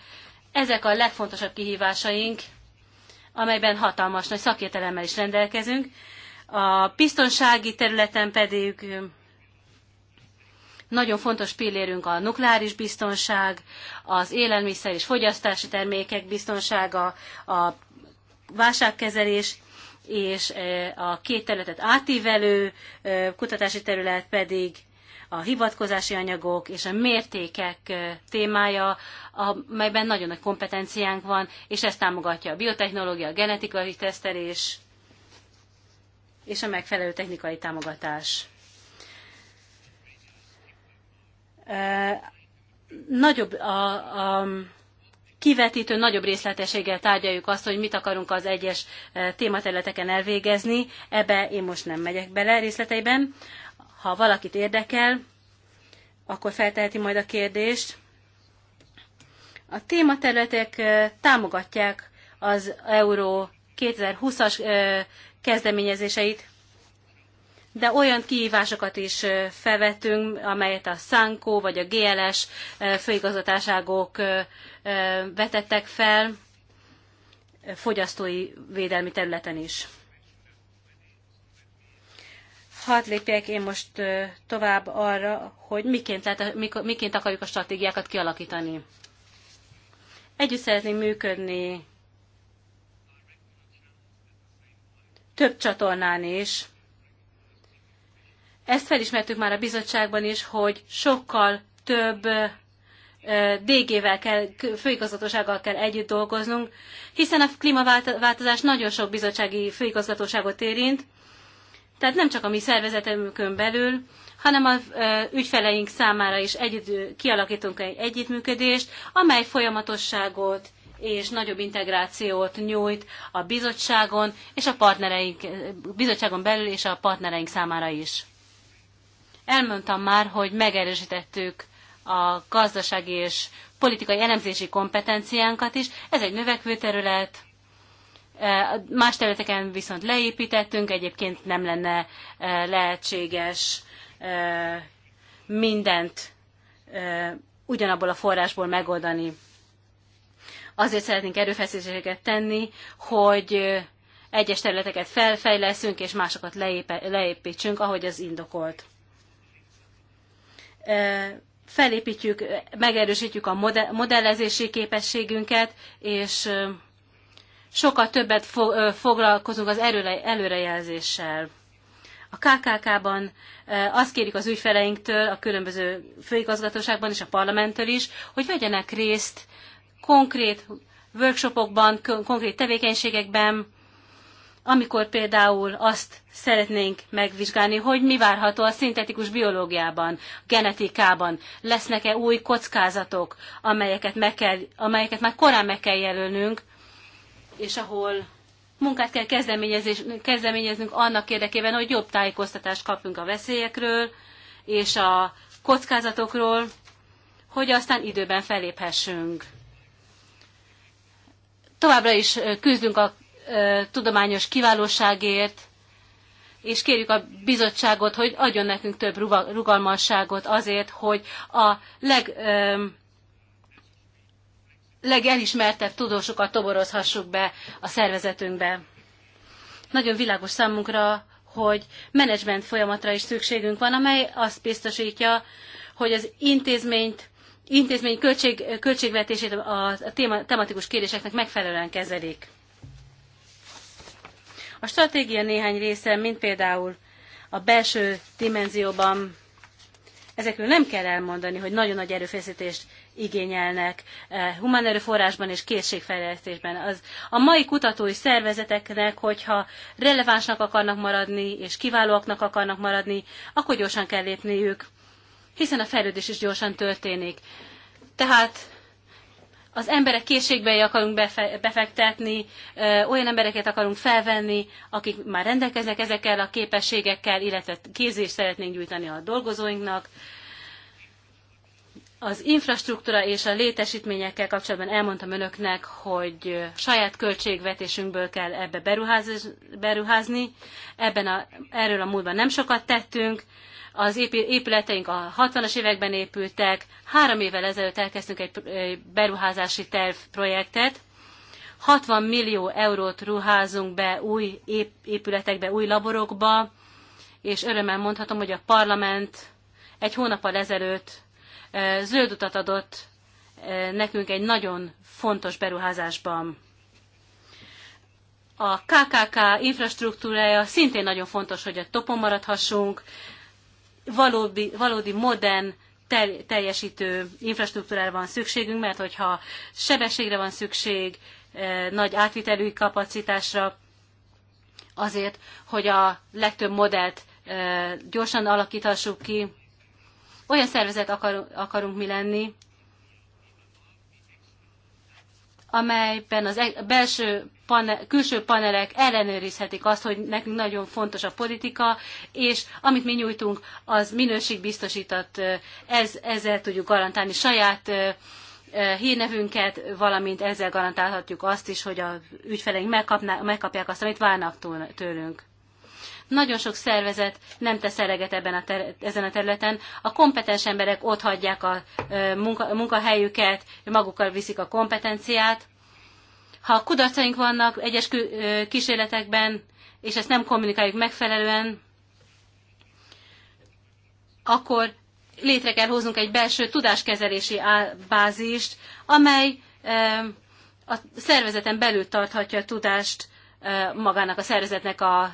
Ezek a legfontosabb kihívásaink, amelyben hatalmas nagy szakértelemmel is rendelkezünk, a biztonsági területen pedig nagyon fontos pillérünk a nukleáris biztonság, az élelmiszer és fogyasztási termékek biztonsága, a válságkezelés, és a két területet átívelő kutatási terület pedig a hivatkozási anyagok és a mértékek témája, amelyben nagyon nagy kompetenciánk van, és ezt támogatja a biotechnológia, a genetikai tesztelés, és a megfelelő technikai támogatás. Nagyobb a, a kivetítő nagyobb részletességgel tárgyaljuk azt, hogy mit akarunk az egyes tématerületeken elvégezni. Ebbe én most nem megyek bele részleteiben. Ha valakit érdekel, akkor felteheti majd a kérdést. A tématerületek támogatják az Euró 2020-as kezdeményezéseit, de olyan kihívásokat is felvetünk, amelyet a Szánkó vagy a GLS főigazgatáságok vetettek fel fogyasztói védelmi területen is. Hadd lépjek én most tovább arra, hogy miként, lehet, miként akarjuk a stratégiákat kialakítani. Együtt szeretnénk működni több csatornán is. Ezt felismertük már a bizottságban is, hogy sokkal több DG-vel kell, főigazgatósággal kell együtt dolgoznunk, hiszen a klímaváltozás nagyon sok bizottsági főigazgatóságot érint, tehát nem csak a mi szervezetemükön belül, hanem az ügyfeleink számára is együtt kialakítunk egy együttműködést, amely folyamatosságot és nagyobb integrációt nyújt a bizottságon és a partnereink, bizottságon belül és a partnereink számára is. Elmondtam már, hogy megerősítettük a gazdasági és politikai elemzési kompetenciánkat is. Ez egy növekvő terület, e, Más területeken viszont leépítettünk, egyébként nem lenne e, lehetséges e, mindent ugyanabból a forrásból megoldani. Azért szeretnénk erőfeszítéseket tenni, hogy egyes területeket felfejleszünk, és másokat leépítsünk, ahogy az indokolt. Felépítjük, megerősítjük a modellezési képességünket, és sokkal többet foglalkozunk az előrejelzéssel. A KKK-ban azt kérjük az ügyfeleinktől, a különböző főigazgatóságban és a parlamenttől is, hogy vegyenek részt konkrét workshopokban, konkrét tevékenységekben, amikor például azt szeretnénk megvizsgálni, hogy mi várható a szintetikus biológiában, genetikában, lesznek-e új kockázatok, amelyeket, meg kell, amelyeket már korán meg kell jelölnünk, és ahol munkát kell kezdeményeznünk annak érdekében, hogy jobb tájékoztatást kapjunk a veszélyekről és a kockázatokról, hogy aztán időben feléphessünk. Továbbra is küzdünk a tudományos kiválóságért, és kérjük a bizottságot, hogy adjon nekünk több rugalmasságot azért, hogy a leg, legelismertebb tudósokat toborozhassuk be a szervezetünkbe. Nagyon világos számunkra, hogy menedzsment folyamatra is szükségünk van, amely azt biztosítja, hogy az intézményt intézményi költség, költségvetését a, a téma, tematikus kérdéseknek megfelelően kezelik. A stratégia néhány része, mint például a belső dimenzióban, ezekről nem kell elmondani, hogy nagyon nagy erőfeszítést igényelnek eh, humán erőforrásban és készségfejlesztésben. Az a mai kutatói szervezeteknek, hogyha relevánsnak akarnak maradni és kiválóaknak akarnak maradni, akkor gyorsan kell lépniük hiszen a fejlődés is gyorsan történik. Tehát az emberek készségbei akarunk befektetni, olyan embereket akarunk felvenni, akik már rendelkeznek ezekkel a képességekkel, illetve kézést szeretnénk gyújtani a dolgozóinknak, az infrastruktúra és a létesítményekkel kapcsolatban elmondtam önöknek, hogy saját költségvetésünkből kell ebbe beruházni. Ebben a, erről a múltban nem sokat tettünk. Az épületeink a 60-as években épültek. Három évvel ezelőtt elkezdtünk egy beruházási terv projektet. 60 millió eurót ruházunk be új épületekbe, új laborokba, és örömmel mondhatom, hogy a parlament egy hónappal ezelőtt zöld utat adott nekünk egy nagyon fontos beruházásban. A KKK infrastruktúrája szintén nagyon fontos, hogy a topon maradhassunk, valódi, valódi modern, tel, teljesítő infrastruktúrára van szükségünk, mert hogyha sebességre van szükség, nagy átvitelű kapacitásra, azért, hogy a legtöbb modellt gyorsan alakíthassuk ki, olyan szervezet akarunk mi lenni, amelyben az e- belső panel, külső panelek ellenőrizhetik azt, hogy nekünk nagyon fontos a politika, és amit mi nyújtunk, az minőségbiztosítat, ez, ezzel tudjuk garantálni saját hírnevünket, valamint ezzel garantálhatjuk azt is, hogy a ügyfeleink megkapják azt, amit várnak tőlünk. Nagyon sok szervezet nem tesz eleget ebben a ter- ezen a területen. A kompetens emberek ott hagyják a munka- munkahelyüket, magukkal viszik a kompetenciát. Ha kudarcaink vannak egyes kísérletekben, és ezt nem kommunikáljuk megfelelően, akkor létre kell hoznunk egy belső tudáskezelési bázist, amely a szervezeten belül tarthatja a tudást magának a szervezetnek a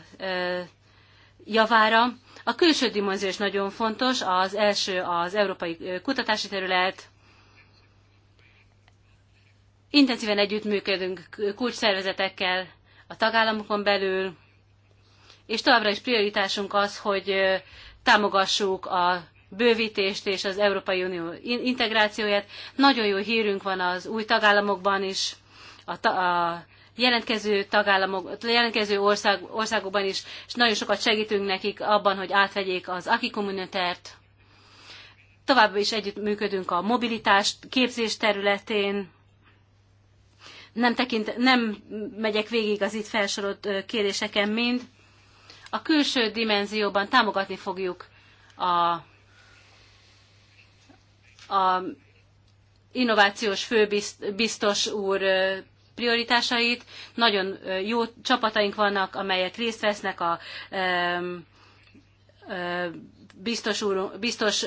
javára. A külső dimenzió is nagyon fontos, az első az európai kutatási terület, Intenzíven együttműködünk kulcsszervezetekkel a tagállamokon belül, és továbbra is prioritásunk az, hogy támogassuk a bővítést és az Európai Unió integrációját. Nagyon jó hírünk van az új tagállamokban is, a, ta- a jelentkező tagállamok, jelentkező ország, országokban is, és nagyon sokat segítünk nekik abban, hogy átvegyék az aki kommunitert. Továbbá is együttműködünk a mobilitás képzés területén. Nem, tekint, nem megyek végig az itt felsorolt kéréseken mind. A külső dimenzióban támogatni fogjuk a, a innovációs főbiztos úr prioritásait. Nagyon jó csapataink vannak, amelyek részt vesznek a biztos, úr, biztos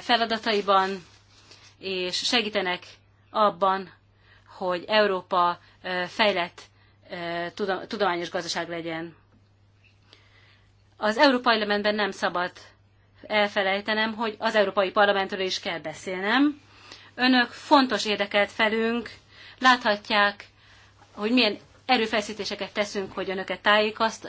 feladataiban, és segítenek abban, hogy Európa fejlett tudományos gazdaság legyen. Az Európai Parlamentben nem szabad elfelejtenem, hogy az Európai Parlamentről is kell beszélnem. Önök fontos érdekelt felünk, Láthatják, hogy milyen erőfeszítéseket teszünk, hogy önöket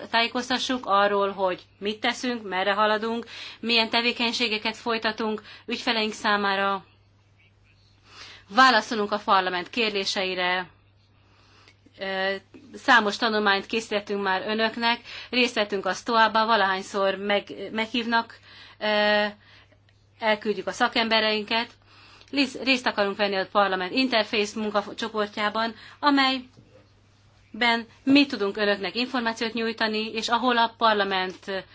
tájékoztassuk arról, hogy mit teszünk, merre haladunk, milyen tevékenységeket folytatunk ügyfeleink számára. Válaszolunk a parlament kérdéseire, számos tanulmányt készítettünk már önöknek, részt vettünk a stoa valahányszor meg, meghívnak, elküldjük a szakembereinket, részt akarunk venni a parlament interfész munkacsoportjában, amelyben mi tudunk önöknek információt nyújtani, és ahol a parlament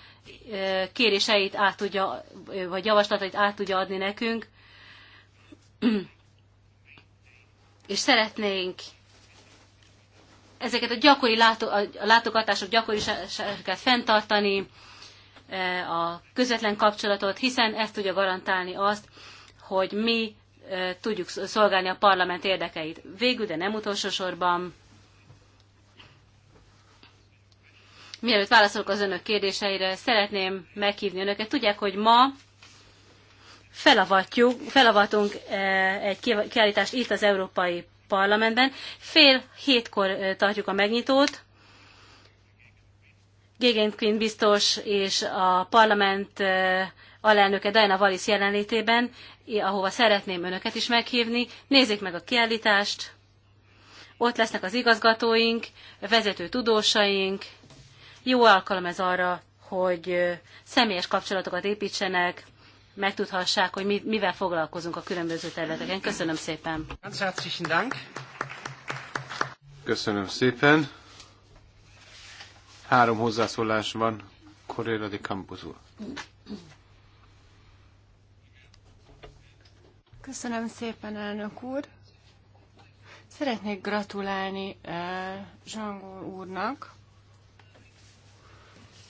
kéréseit át tudja, vagy javaslatait át tudja adni nekünk. És szeretnénk ezeket a gyakori látó, a látogatások gyakoriságát fenntartani, a közvetlen kapcsolatot, hiszen ez tudja garantálni azt, hogy mi tudjuk szolgálni a parlament érdekeit. Végül, de nem utolsó sorban, mielőtt válaszolok az önök kérdéseire, szeretném meghívni önöket. Tudják, hogy ma felavatjuk, felavatunk egy kiállítást itt az Európai Parlamentben. Fél hétkor tartjuk a megnyitót. Gégenként biztos és a parlament alelnöke Diana Wallis jelenlétében, ahova szeretném önöket is meghívni. Nézzék meg a kiállítást, ott lesznek az igazgatóink, vezető tudósaink. Jó alkalom ez arra, hogy személyes kapcsolatokat építsenek, megtudhassák, hogy mi, mivel foglalkozunk a különböző területeken. Köszönöm szépen! Köszönöm szépen! Három hozzászólás van. Correra de Campos úr. Köszönöm szépen, elnök úr. Szeretnék gratulálni eh, Zsangó úrnak.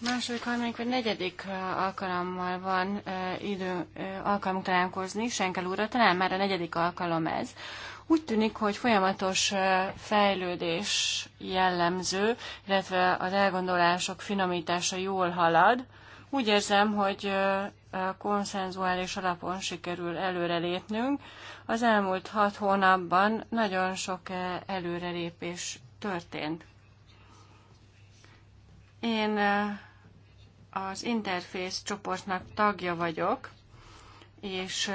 Második, harmadik vagy negyedik eh, alkalommal van eh, idő, alkalmunk találkozni, Senkel úrra, talán már a negyedik alkalom ez. Úgy tűnik, hogy folyamatos fejlődés jellemző, illetve az elgondolások finomítása jól halad. Úgy érzem, hogy konszenzuális alapon sikerül előrelépnünk. Az elmúlt hat hónapban nagyon sok e, előrelépés történt. Én az interfész csoportnak tagja vagyok, és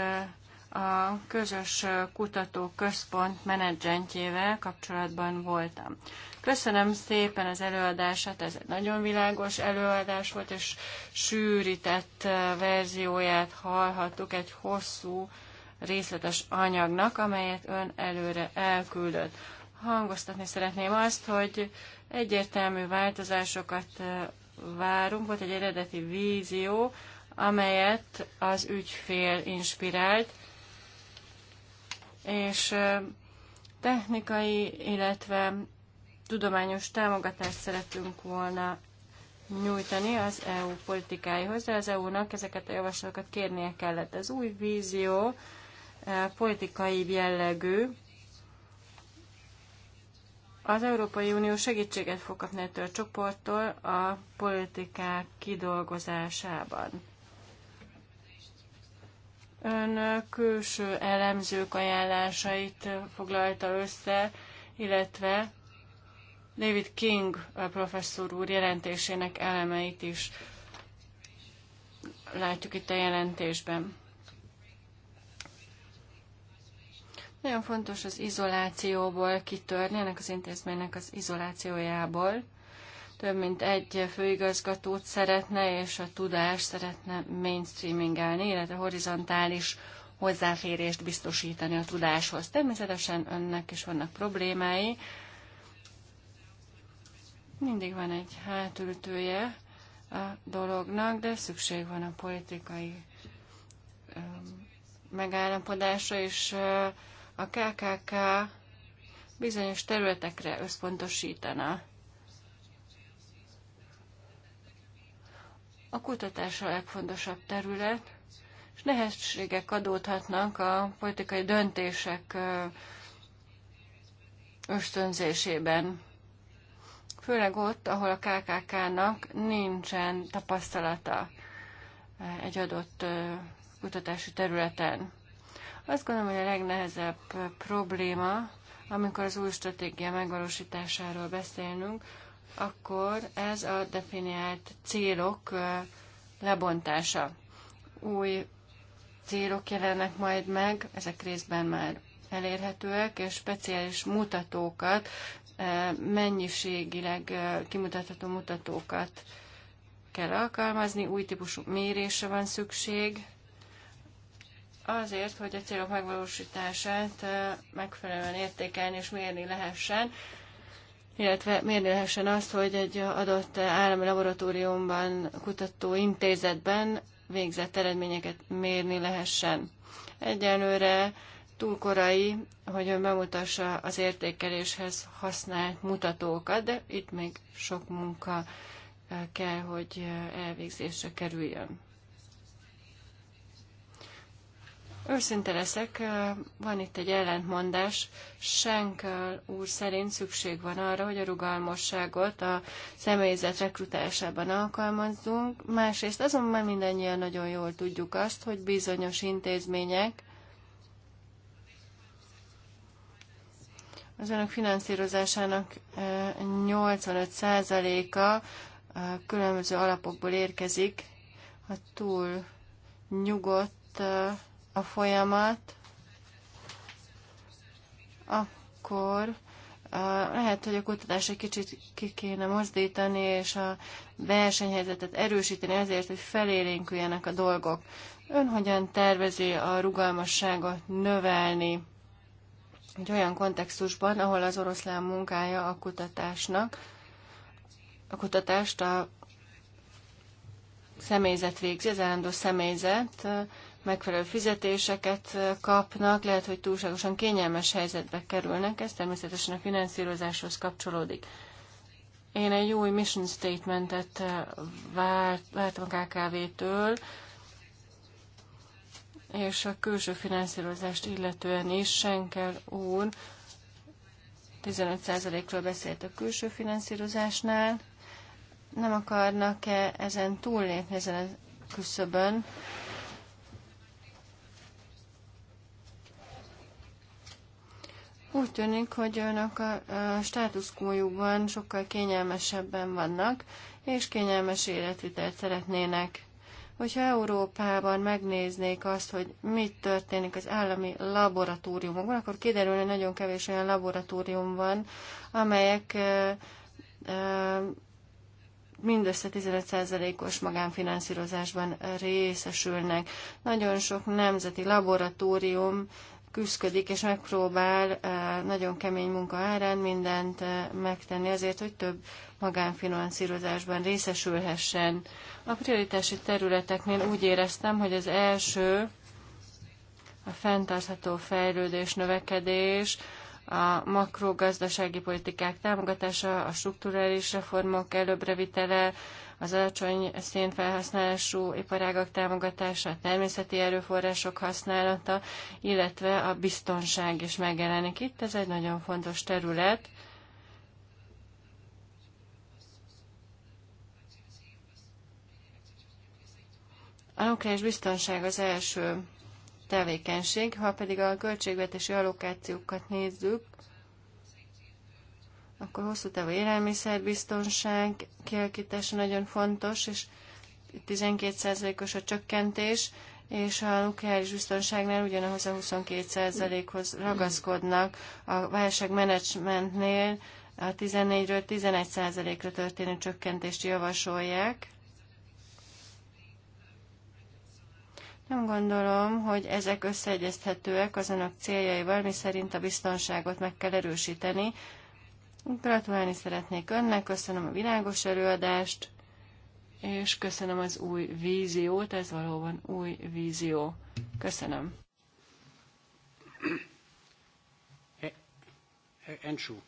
a közös kutatóközpont menedzsentjével kapcsolatban voltam. Köszönöm szépen az előadását, ez egy nagyon világos előadás volt, és sűrített verzióját hallhattuk egy hosszú részletes anyagnak, amelyet ön előre elküldött. Hangoztatni szeretném azt, hogy egyértelmű változásokat várunk, volt egy eredeti vízió, amelyet az ügyfél inspirált, és technikai, illetve tudományos támogatást szeretünk volna nyújtani az EU politikáihoz, de az EU-nak ezeket a javaslatokat kérnie kellett. Az új vízió politikai jellegű. Az Európai Unió segítséget fog kapni ettől a csoporttól a politikák kidolgozásában. Ön külső elemzők ajánlásait foglalta össze, illetve David King professzor úr jelentésének elemeit is látjuk itt a jelentésben. Nagyon fontos az izolációból kitörni, ennek az intézménynek az izolációjából több mint egy főigazgatót szeretne, és a tudást szeretne mainstreamingelni, illetve horizontális hozzáférést biztosítani a tudáshoz. Természetesen önnek is vannak problémái. Mindig van egy hátültője a dolognak, de szükség van a politikai megállapodásra, és a KKK bizonyos területekre összpontosítana. A kutatás a legfontosabb terület, és nehézségek adódhatnak a politikai döntések ösztönzésében. Főleg ott, ahol a KKK-nak nincsen tapasztalata egy adott kutatási területen. Azt gondolom, hogy a legnehezebb probléma, amikor az új stratégia megvalósításáról beszélünk, akkor ez a definiált célok lebontása. Új célok jelennek majd meg, ezek részben már elérhetőek, és speciális mutatókat, mennyiségileg kimutatható mutatókat kell alkalmazni, új típusú mérésre van szükség, azért, hogy a célok megvalósítását megfelelően értékelni és mérni lehessen, illetve mérni lehessen azt, hogy egy adott állami laboratóriumban, kutató intézetben végzett eredményeket mérni lehessen. Egyelőre túl korai, hogy ön bemutassa az értékeléshez használt mutatókat, de itt még sok munka kell, hogy elvégzésre kerüljön. Őszinte leszek, van itt egy ellentmondás. Senkel úr szerint szükség van arra, hogy a rugalmasságot a személyzet rekrutálásában alkalmazzunk. Másrészt azonban mindannyian nagyon jól tudjuk azt, hogy bizonyos intézmények az önök finanszírozásának 85%-a különböző alapokból érkezik, ha túl nyugodt a folyamat, akkor lehet, hogy a kutatás egy kicsit ki kéne mozdítani, és a versenyhelyzetet erősíteni azért, hogy felélénküljenek a dolgok. Ön hogyan tervezi a rugalmasságot növelni egy olyan kontextusban, ahol az oroszlán munkája a kutatásnak, a kutatást a személyzet végzi, az állandó személyzet, megfelelő fizetéseket kapnak, lehet, hogy túlságosan kényelmes helyzetbe kerülnek, ez természetesen a finanszírozáshoz kapcsolódik. Én egy új mission statementet eh, vártam a KKV-től, és a külső finanszírozást illetően is Senkel úr 15%-ról beszélt a külső finanszírozásnál. Nem akarnak-e ezen túllépni, ezen a küszöbön, Úgy tűnik, hogy önök a, a státuszkójukban sokkal kényelmesebben vannak, és kényelmes életvitelt szeretnének. Hogyha Európában megnéznék azt, hogy mit történik az állami laboratóriumokban, akkor kiderülne, hogy nagyon kevés olyan laboratórium van, amelyek e, e, mindössze 15%-os magánfinanszírozásban részesülnek. Nagyon sok nemzeti laboratórium küzdik, és megpróbál eh, nagyon kemény munka árán mindent eh, megtenni azért, hogy több magánfinanszírozásban részesülhessen. A prioritási területeknél úgy éreztem, hogy az első a fenntartható fejlődés, növekedés, a makrogazdasági politikák támogatása, a strukturális reformok előbrevitele, az alacsony szénfelhasználású iparágak támogatása, a természeti erőforrások használata, illetve a biztonság is megjelenik itt. Ez egy nagyon fontos terület. A nukleáris biztonság az első tevékenység. Ha pedig a költségvetési allokációkat nézzük, akkor hosszú távú élelmiszerbiztonság kialakítása nagyon fontos, és 12%-os a csökkentés, és a nukleáris biztonságnál ugyanahoz a 22%-hoz ragaszkodnak. A válságmenedzsmentnél a 14-ről 11%-ra történő csökkentést javasolják. Nem gondolom, hogy ezek összeegyezthetőek az önök céljaival, mi szerint a biztonságot meg kell erősíteni. Gratulálni szeretnék önnek, köszönöm a világos előadást, és köszönöm az új víziót, ez valóban új vízió. Köszönöm. hey, Encsú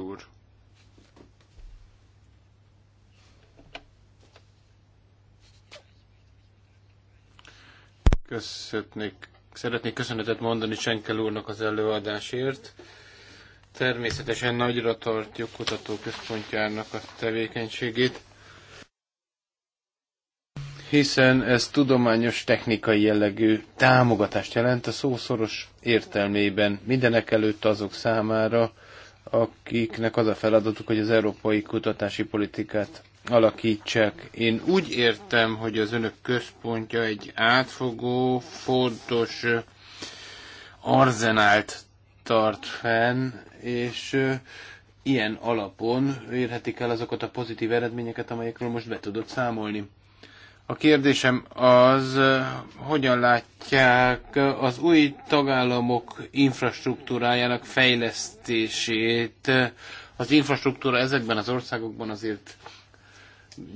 úr. Köszötnék, szeretnék köszönetet mondani Senkel úrnak az előadásért. Természetesen nagyra tartjuk kutatóközpontjának a tevékenységét, hiszen ez tudományos technikai jellegű támogatást jelent a szószoros értelmében mindenek előtt azok számára, akiknek az a feladatuk, hogy az európai kutatási politikát alakítsák. Én úgy értem, hogy az önök központja egy átfogó, fontos arzenált tart fenn, és ilyen alapon érhetik el azokat a pozitív eredményeket, amelyekről most be tudott számolni. A kérdésem az, hogyan látják az új tagállamok infrastruktúrájának fejlesztését? Az infrastruktúra ezekben az országokban azért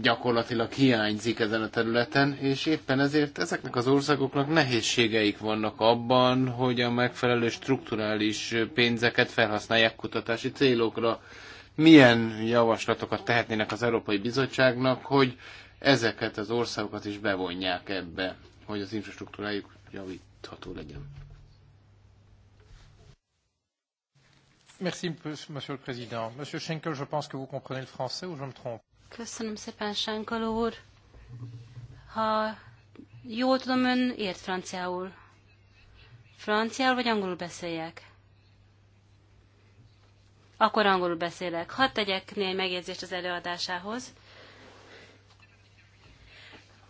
gyakorlatilag hiányzik ezen a területen, és éppen ezért ezeknek az országoknak nehézségeik vannak abban, hogy a megfelelő strukturális pénzeket felhasználják kutatási célokra. Milyen javaslatokat tehetnének az Európai Bizottságnak, hogy ezeket az országokat is bevonják ebbe, hogy az infrastruktúrájuk javítható legyen? Merci, Monsieur le Président. Monsieur Schenkel, je pense que vous comprenez le français ou je me trompe? Köszönöm szépen, Sánkaló úr. Ha jól tudom, ön ért franciául. Franciául vagy angolul beszéljek? Akkor angolul beszélek. Hadd tegyek néhány megjegyzést az előadásához.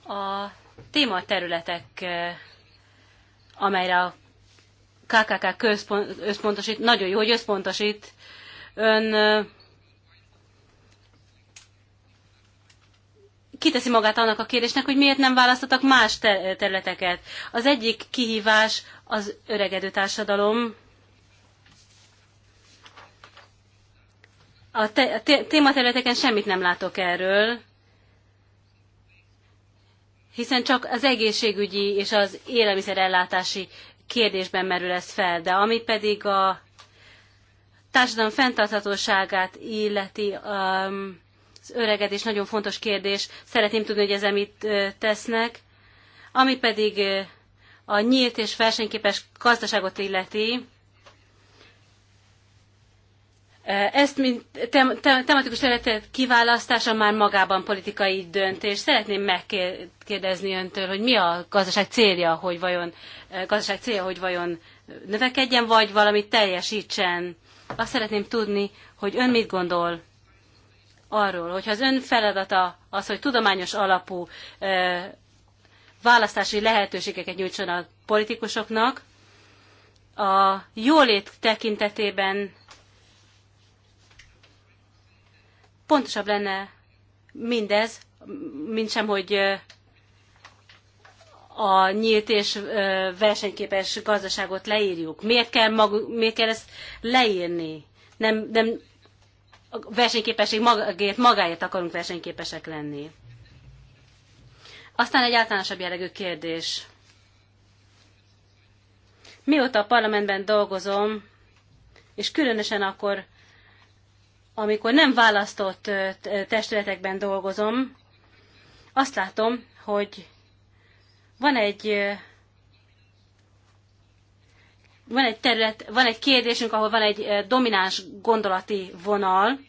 A téma területek, eh, amelyre a KKK központ, összpontosít, nagyon jó, hogy összpontosít. Ön eh, kiteszi magát annak a kérdésnek, hogy miért nem választottak más területeket. Az egyik kihívás az öregedő társadalom. A, te, a tématerületeken semmit nem látok erről, hiszen csak az egészségügyi és az élelmiszerellátási kérdésben merül ez fel, de ami pedig a társadalom fenntarthatóságát illeti, um, öregedés nagyon fontos kérdés. Szeretném tudni, hogy ezzel mit tesznek. Ami pedig a nyílt és versenyképes gazdaságot illeti, ezt, mint tem- tem- tematikus területet kiválasztása már magában politikai döntés. Szeretném megkérdezni öntől, hogy mi a gazdaság célja, hogy vajon, gazdaság célja, hogy vajon növekedjen, vagy valamit teljesítsen. Azt szeretném tudni, hogy ön mit gondol arról, hogyha az ön feladata az, hogy tudományos alapú választási lehetőségeket nyújtson a politikusoknak, a jólét tekintetében pontosabb lenne mindez, mint sem, hogy a nyílt és versenyképes gazdaságot leírjuk. Miért kell, maguk, miért kell ezt leírni? Nem, nem a versenyképesség magáért, magáért akarunk versenyképesek lenni. Aztán egy általánosabb jellegű kérdés. Mióta a parlamentben dolgozom, és különösen akkor, amikor nem választott testületekben dolgozom, azt látom, hogy van egy van egy terület, van egy kérdésünk, ahol van egy eh, domináns gondolati vonal,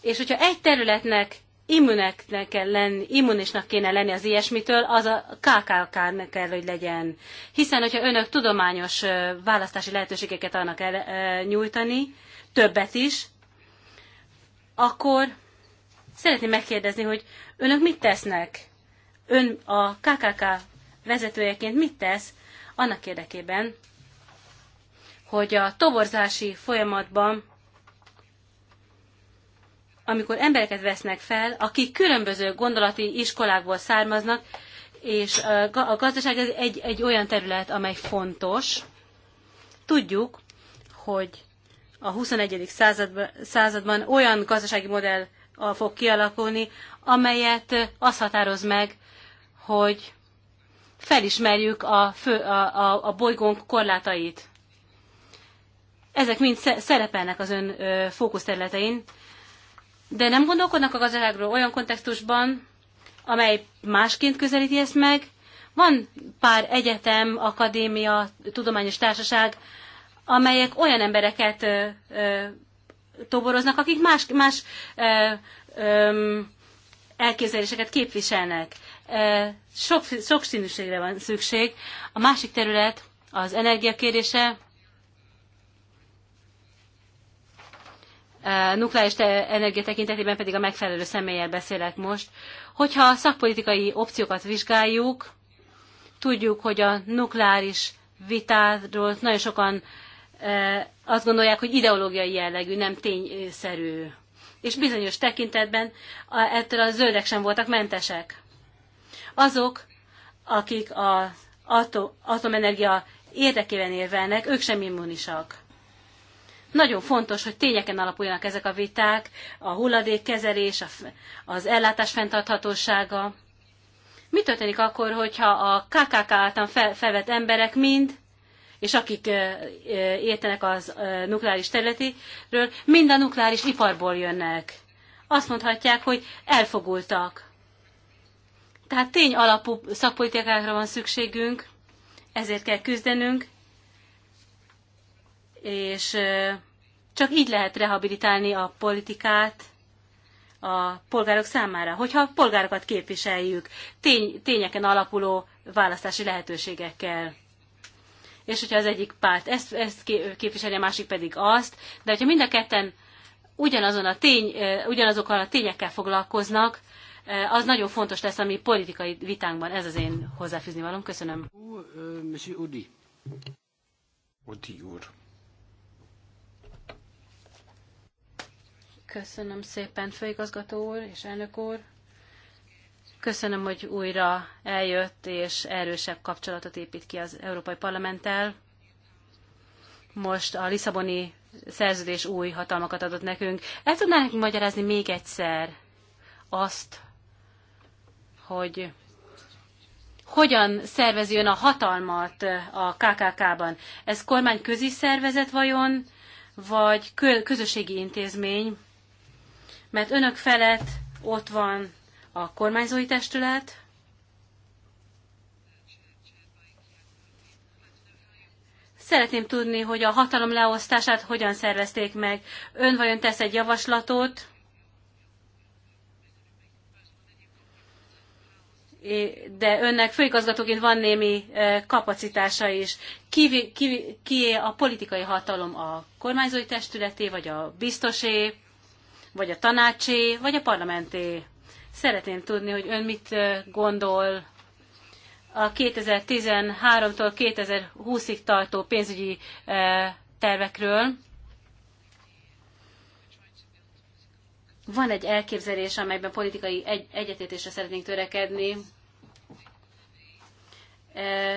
és hogyha egy területnek immuneknek kell lenni, immunisnak kéne lenni az ilyesmitől, az a KKK-nek kell, hogy legyen. Hiszen, hogyha önök tudományos eh, választási lehetőségeket annak el, eh, nyújtani, többet is, akkor szeretném megkérdezni, hogy önök mit tesznek? Ön a KKK vezetőjeként mit tesz, annak érdekében, hogy a toborzási folyamatban, amikor embereket vesznek fel, akik különböző gondolati iskolákból származnak, és a gazdaság egy, egy olyan terület, amely fontos. Tudjuk, hogy a 21. Században, században olyan gazdasági modell fog kialakulni, amelyet az határoz meg, hogy felismerjük a, fő, a, a, a bolygónk korlátait. Ezek mind szerepelnek az ön fókuszterületein, de nem gondolkodnak a gazdaságról olyan kontextusban, amely másként közelíti ezt meg. Van pár egyetem, akadémia, tudományos társaság, amelyek olyan embereket ö, ö, toboroznak, akik más, más ö, ö, elképzeléseket képviselnek sok, színűségre van szükség. A másik terület az energiakérdése, nukleáris energia tekintetében pedig a megfelelő személlyel beszélek most. Hogyha a szakpolitikai opciókat vizsgáljuk, tudjuk, hogy a nukleáris vitáról nagyon sokan azt gondolják, hogy ideológiai jellegű, nem tényszerű. És bizonyos tekintetben ettől a zöldek sem voltak mentesek. Azok, akik az atom, atomenergia érdekében érvelnek, ők sem immunisak. Nagyon fontos, hogy tényeken alapuljanak ezek a viták, a hulladékkezelés, az ellátás fenntarthatósága. Mi történik akkor, hogyha a KKK által felvett emberek mind, és akik értenek az nukleáris területéről, mind a nukleáris iparból jönnek? Azt mondhatják, hogy elfogultak tehát tény alapú szakpolitikákra van szükségünk, ezért kell küzdenünk, és csak így lehet rehabilitálni a politikát a polgárok számára, hogyha a polgárokat képviseljük tény, tényeken alapuló választási lehetőségekkel. És hogyha az egyik párt ezt, ezt képviseli, a másik pedig azt, de hogyha mind a ketten ugyanazon a tény, ugyanazokkal a tényekkel foglalkoznak, Eh, az nagyon fontos lesz a mi politikai vitánkban. Ez az én hozzáfűzni valom. Köszönöm. Monsieur Odi. Odi úr. Köszönöm szépen, főigazgató úr és elnök úr. Köszönöm, hogy újra eljött és erősebb kapcsolatot épít ki az Európai Parlamenttel. Most a Lisszaboni szerződés új hatalmakat adott nekünk. El tudná nekünk magyarázni még egyszer azt, hogy hogyan szervezi ön a hatalmat a KKK-ban. Ez kormányközi szervezet vajon, vagy közösségi intézmény? Mert önök felett ott van a kormányzói testület, Szeretném tudni, hogy a hatalom leosztását hogyan szervezték meg. Ön vajon tesz egy javaslatot de önnek főigazgatóként van némi e, kapacitása is. Ki, ki, ki a politikai hatalom a kormányzói testületé, vagy a biztosé, vagy a tanácsé, vagy a parlamenté? Szeretném tudni, hogy ön mit e, gondol a 2013-tól 2020-ig tartó pénzügyi e, tervekről Van egy elképzelés, amelyben politikai egy, egyetértésre szeretnénk törekedni, e,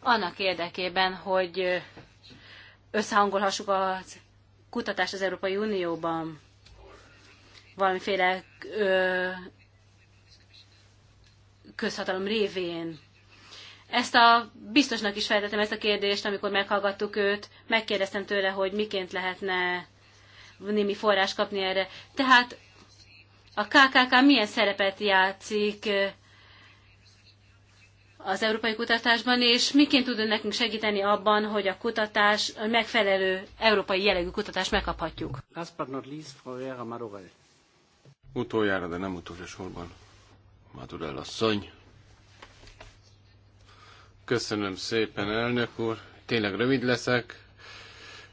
annak érdekében, hogy összehangolhassuk a kutatást az Európai Unióban valamiféle ö, közhatalom révén. Ezt a biztosnak is feltettem ezt a kérdést, amikor meghallgattuk őt, megkérdeztem tőle, hogy miként lehetne némi forrás kapni erre. Tehát a KKK milyen szerepet játszik az európai kutatásban, és miként tud nekünk segíteni abban, hogy a kutatás, a megfelelő európai jellegű kutatást megkaphatjuk? Utoljára, de nem utolsó sorban. Madurell asszony. Köszönöm szépen, elnök úr. Tényleg rövid leszek.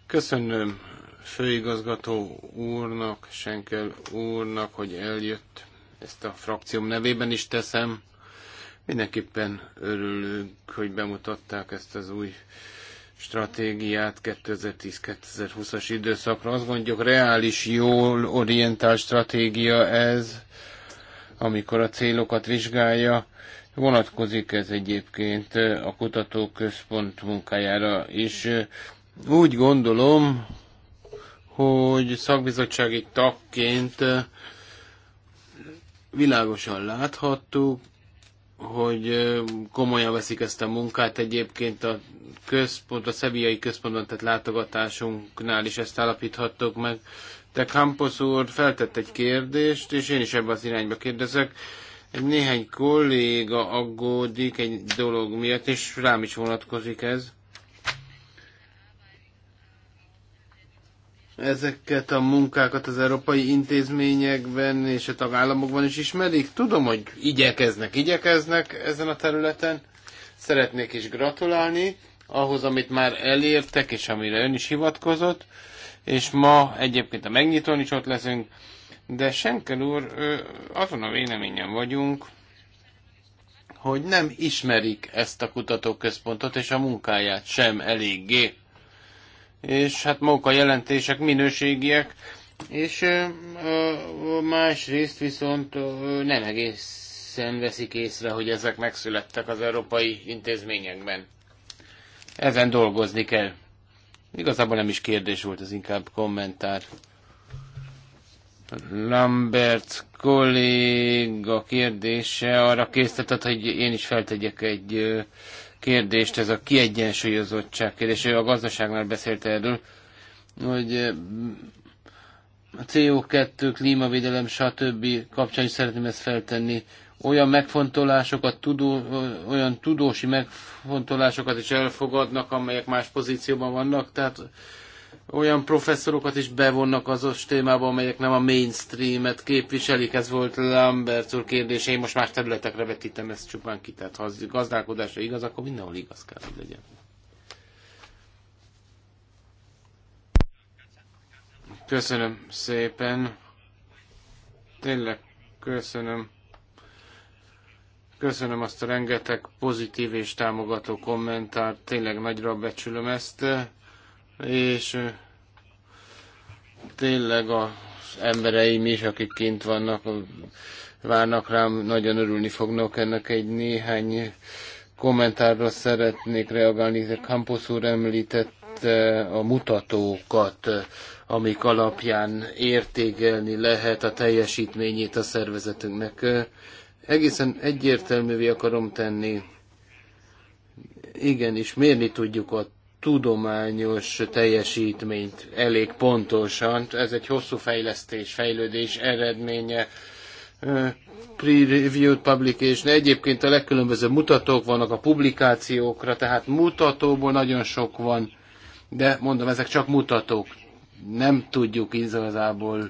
Köszönöm főigazgató úrnak, Senkel úrnak, hogy eljött. Ezt a frakcióm nevében is teszem. Mindenképpen örülünk, hogy bemutatták ezt az új stratégiát 2010-2020-as időszakra. Azt mondjuk, reális, jól orientált stratégia ez, amikor a célokat vizsgálja. Vonatkozik ez egyébként a kutatóközpont munkájára, is. úgy gondolom, hogy szakbizottsági tagként világosan láthattuk, hogy komolyan veszik ezt a munkát. Egyébként a központ, a szeviai központban tett látogatásunknál is ezt állapíthattuk meg. De Campos úr feltett egy kérdést, és én is ebbe az irányba kérdezek. Egy néhány kolléga aggódik egy dolog miatt, és rám is vonatkozik ez. ezeket a munkákat az európai intézményekben és a tagállamokban is ismerik. Tudom, hogy igyekeznek, igyekeznek ezen a területen. Szeretnék is gratulálni ahhoz, amit már elértek, és amire ön is hivatkozott. És ma egyébként a megnyitón is ott leszünk. De Senkel úr, azon a véleményen vagyunk, hogy nem ismerik ezt a kutatóközpontot és a munkáját sem eléggé és hát maguk a jelentések minőségiek, és másrészt viszont nem egészen veszik észre, hogy ezek megszülettek az európai intézményekben. Ezen dolgozni kell. Igazából nem is kérdés volt, az inkább kommentár. Lambert kolléga kérdése arra késztetett, hogy én is feltegyek egy kérdést, ez a kiegyensúlyozottság kérdés. Ő a gazdaságnál beszélt erről, hogy eh, a CO2, klímavédelem, stb. kapcsán is szeretném ezt feltenni. Olyan megfontolásokat, tudó, olyan tudósi megfontolásokat is elfogadnak, amelyek más pozícióban vannak, tehát olyan professzorokat is bevonnak azos témába, amelyek nem a mainstreamet képviselik. Ez volt Lambert úr kérdése, én most más területekre vetítem ezt csupán ki. Tehát ha az gazdálkodásra igaz, akkor mindenhol igaz kell, hogy legyen. Köszönöm szépen. Tényleg köszönöm. Köszönöm azt a rengeteg pozitív és támogató kommentárt. Tényleg nagyra becsülöm ezt és tényleg az embereim is, akik kint vannak, várnak rám, nagyon örülni fognak ennek egy néhány kommentárra szeretnék reagálni. Campos úr említette a mutatókat, amik alapján értékelni lehet a teljesítményét a szervezetünknek. Egészen egyértelművé akarom tenni, igenis mérni tudjuk a tudományos teljesítményt elég pontosan. Ez egy hosszú fejlesztés, fejlődés eredménye. Pre-reviewed publication. Egyébként a legkülönbözőbb mutatók vannak a publikációkra, tehát mutatóból nagyon sok van, de mondom, ezek csak mutatók. Nem tudjuk igazából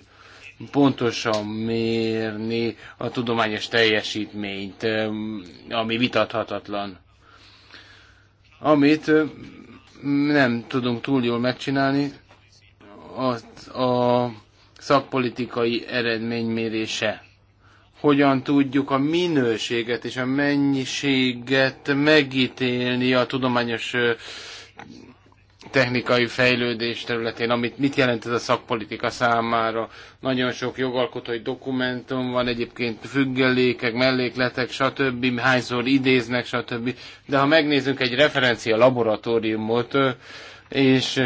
pontosan mérni a tudományos teljesítményt, ami vitathatatlan. Amit nem tudunk túl jól megcsinálni, az a szakpolitikai eredménymérése. Hogyan tudjuk a minőséget és a mennyiséget megítélni a tudományos technikai fejlődés területén, amit mit jelent ez a szakpolitika számára. Nagyon sok jogalkotói dokumentum van, egyébként függelékek, mellékletek, stb. Hányszor idéznek, stb. De ha megnézzünk egy referencia laboratóriumot, és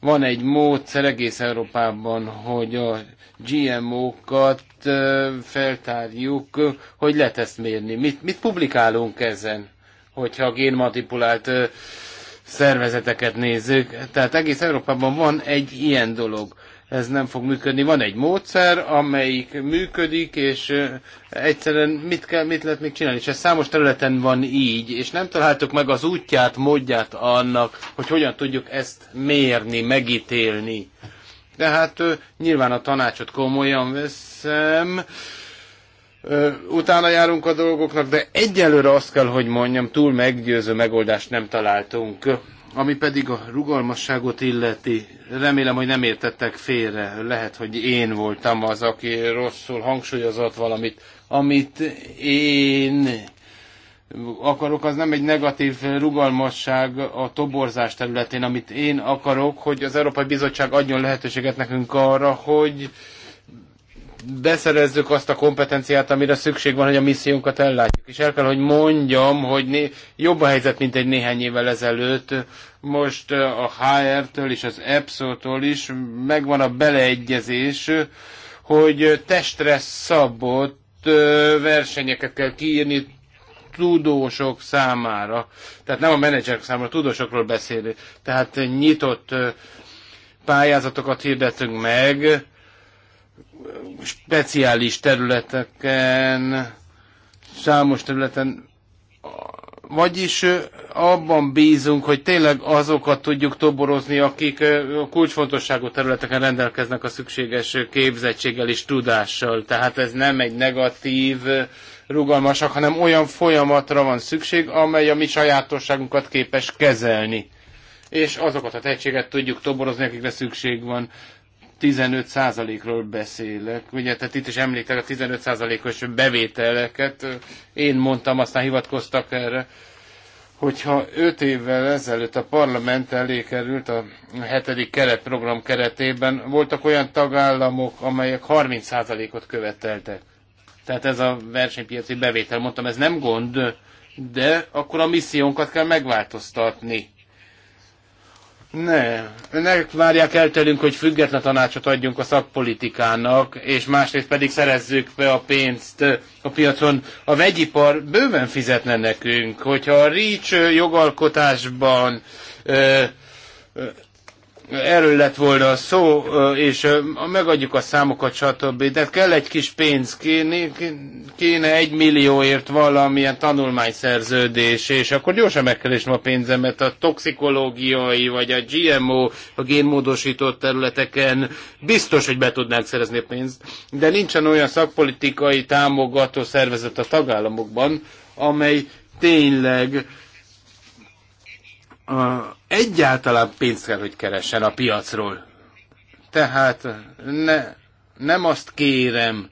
van egy módszer egész Európában, hogy a GMO-kat feltárjuk, hogy lehet ezt mérni. Mit, mit publikálunk ezen, hogyha a génmanipulált szervezeteket nézzük. Tehát egész Európában van egy ilyen dolog. Ez nem fog működni. Van egy módszer, amelyik működik, és egyszerűen mit, kell, mit lehet még csinálni? És ez számos területen van így, és nem találtuk meg az útját, módját annak, hogy hogyan tudjuk ezt mérni, megítélni. De hát nyilván a tanácsot komolyan veszem, utána járunk a dolgoknak, de egyelőre azt kell, hogy mondjam, túl meggyőző megoldást nem találtunk. Ami pedig a rugalmasságot illeti, remélem, hogy nem értettek félre. Lehet, hogy én voltam az, aki rosszul hangsúlyozott valamit. Amit én akarok, az nem egy negatív rugalmasság a toborzás területén. Amit én akarok, hogy az Európai Bizottság adjon lehetőséget nekünk arra, hogy beszerezzük azt a kompetenciát, amire szükség van, hogy a missziónkat ellátjuk. És el kell, hogy mondjam, hogy né- jobb a helyzet, mint egy néhány évvel ezelőtt. Most a HR-től és az epso tól is megvan a beleegyezés, hogy testre szabott versenyeket kell kiírni tudósok számára. Tehát nem a menedzserek számára, a tudósokról beszélünk. Tehát nyitott pályázatokat hirdetünk meg, speciális területeken, számos területen, vagyis abban bízunk, hogy tényleg azokat tudjuk toborozni, akik a kulcsfontosságú területeken rendelkeznek a szükséges képzettséggel és tudással. Tehát ez nem egy negatív rugalmasak, hanem olyan folyamatra van szükség, amely a mi sajátosságunkat képes kezelni. És azokat a tehetséget tudjuk toborozni, akikre szükség van. 15%-ról beszélek, ugye, tehát itt is említek a 15%-os bevételeket, én mondtam, aztán hivatkoztak erre, hogyha 5 évvel ezelőtt a parlament elé került a 7. keretprogram keretében, voltak olyan tagállamok, amelyek 30%-ot követeltek. Tehát ez a versenypiaci bevétel, mondtam, ez nem gond, de akkor a missziónkat kell megváltoztatni ne, ne várják el tőlünk, hogy független tanácsot adjunk a szakpolitikának, és másrészt pedig szerezzük be a pénzt a piacon. A vegyipar bőven fizetne nekünk, hogyha a REACH jogalkotásban ö, ö, erről lett volna szó, és megadjuk a számokat, stb. De kell egy kis pénz, kéne, kéne egy millióért valamilyen tanulmányszerződés, és akkor gyorsan kell a pénzemet a toxikológiai, vagy a GMO, a génmódosított területeken. Biztos, hogy be tudnánk szerezni a pénzt. De nincsen olyan szakpolitikai támogató szervezet a tagállamokban, amely tényleg egyáltalán pénzt kell, hogy keressen a piacról. Tehát ne, nem azt kérem,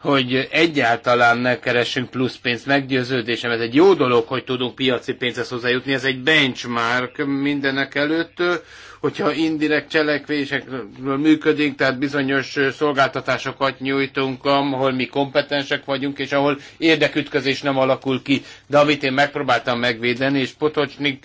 hogy egyáltalán ne keressünk plusz pénzt. Meggyőződésem, ez egy jó dolog, hogy tudunk piaci pénzhez hozzájutni, ez egy benchmark mindenek előtt, hogyha indirekt cselekvésekről működünk, tehát bizonyos szolgáltatásokat nyújtunk, ahol mi kompetensek vagyunk, és ahol érdekütközés nem alakul ki. De amit én megpróbáltam megvédeni, és Potocsnik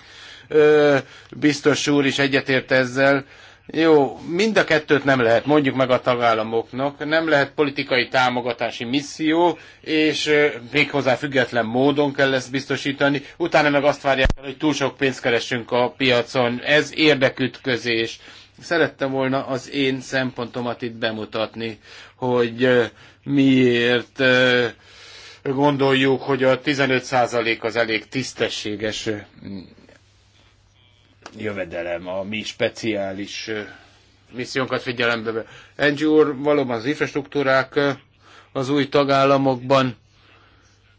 biztos úr is egyetért ezzel, jó, mind a kettőt nem lehet, mondjuk meg a tagállamoknak, nem lehet politikai támogatási misszió, és méghozzá független módon kell ezt biztosítani, utána meg azt várják el, hogy túl sok pénzt keressünk a piacon, ez érdekütközés. Szerettem volna az én szempontomat itt bemutatni, hogy miért gondoljuk, hogy a 15% az elég tisztességes jövedelem, a mi speciális missziónkat figyelembe be. Angie úr, valóban az infrastruktúrák az új tagállamokban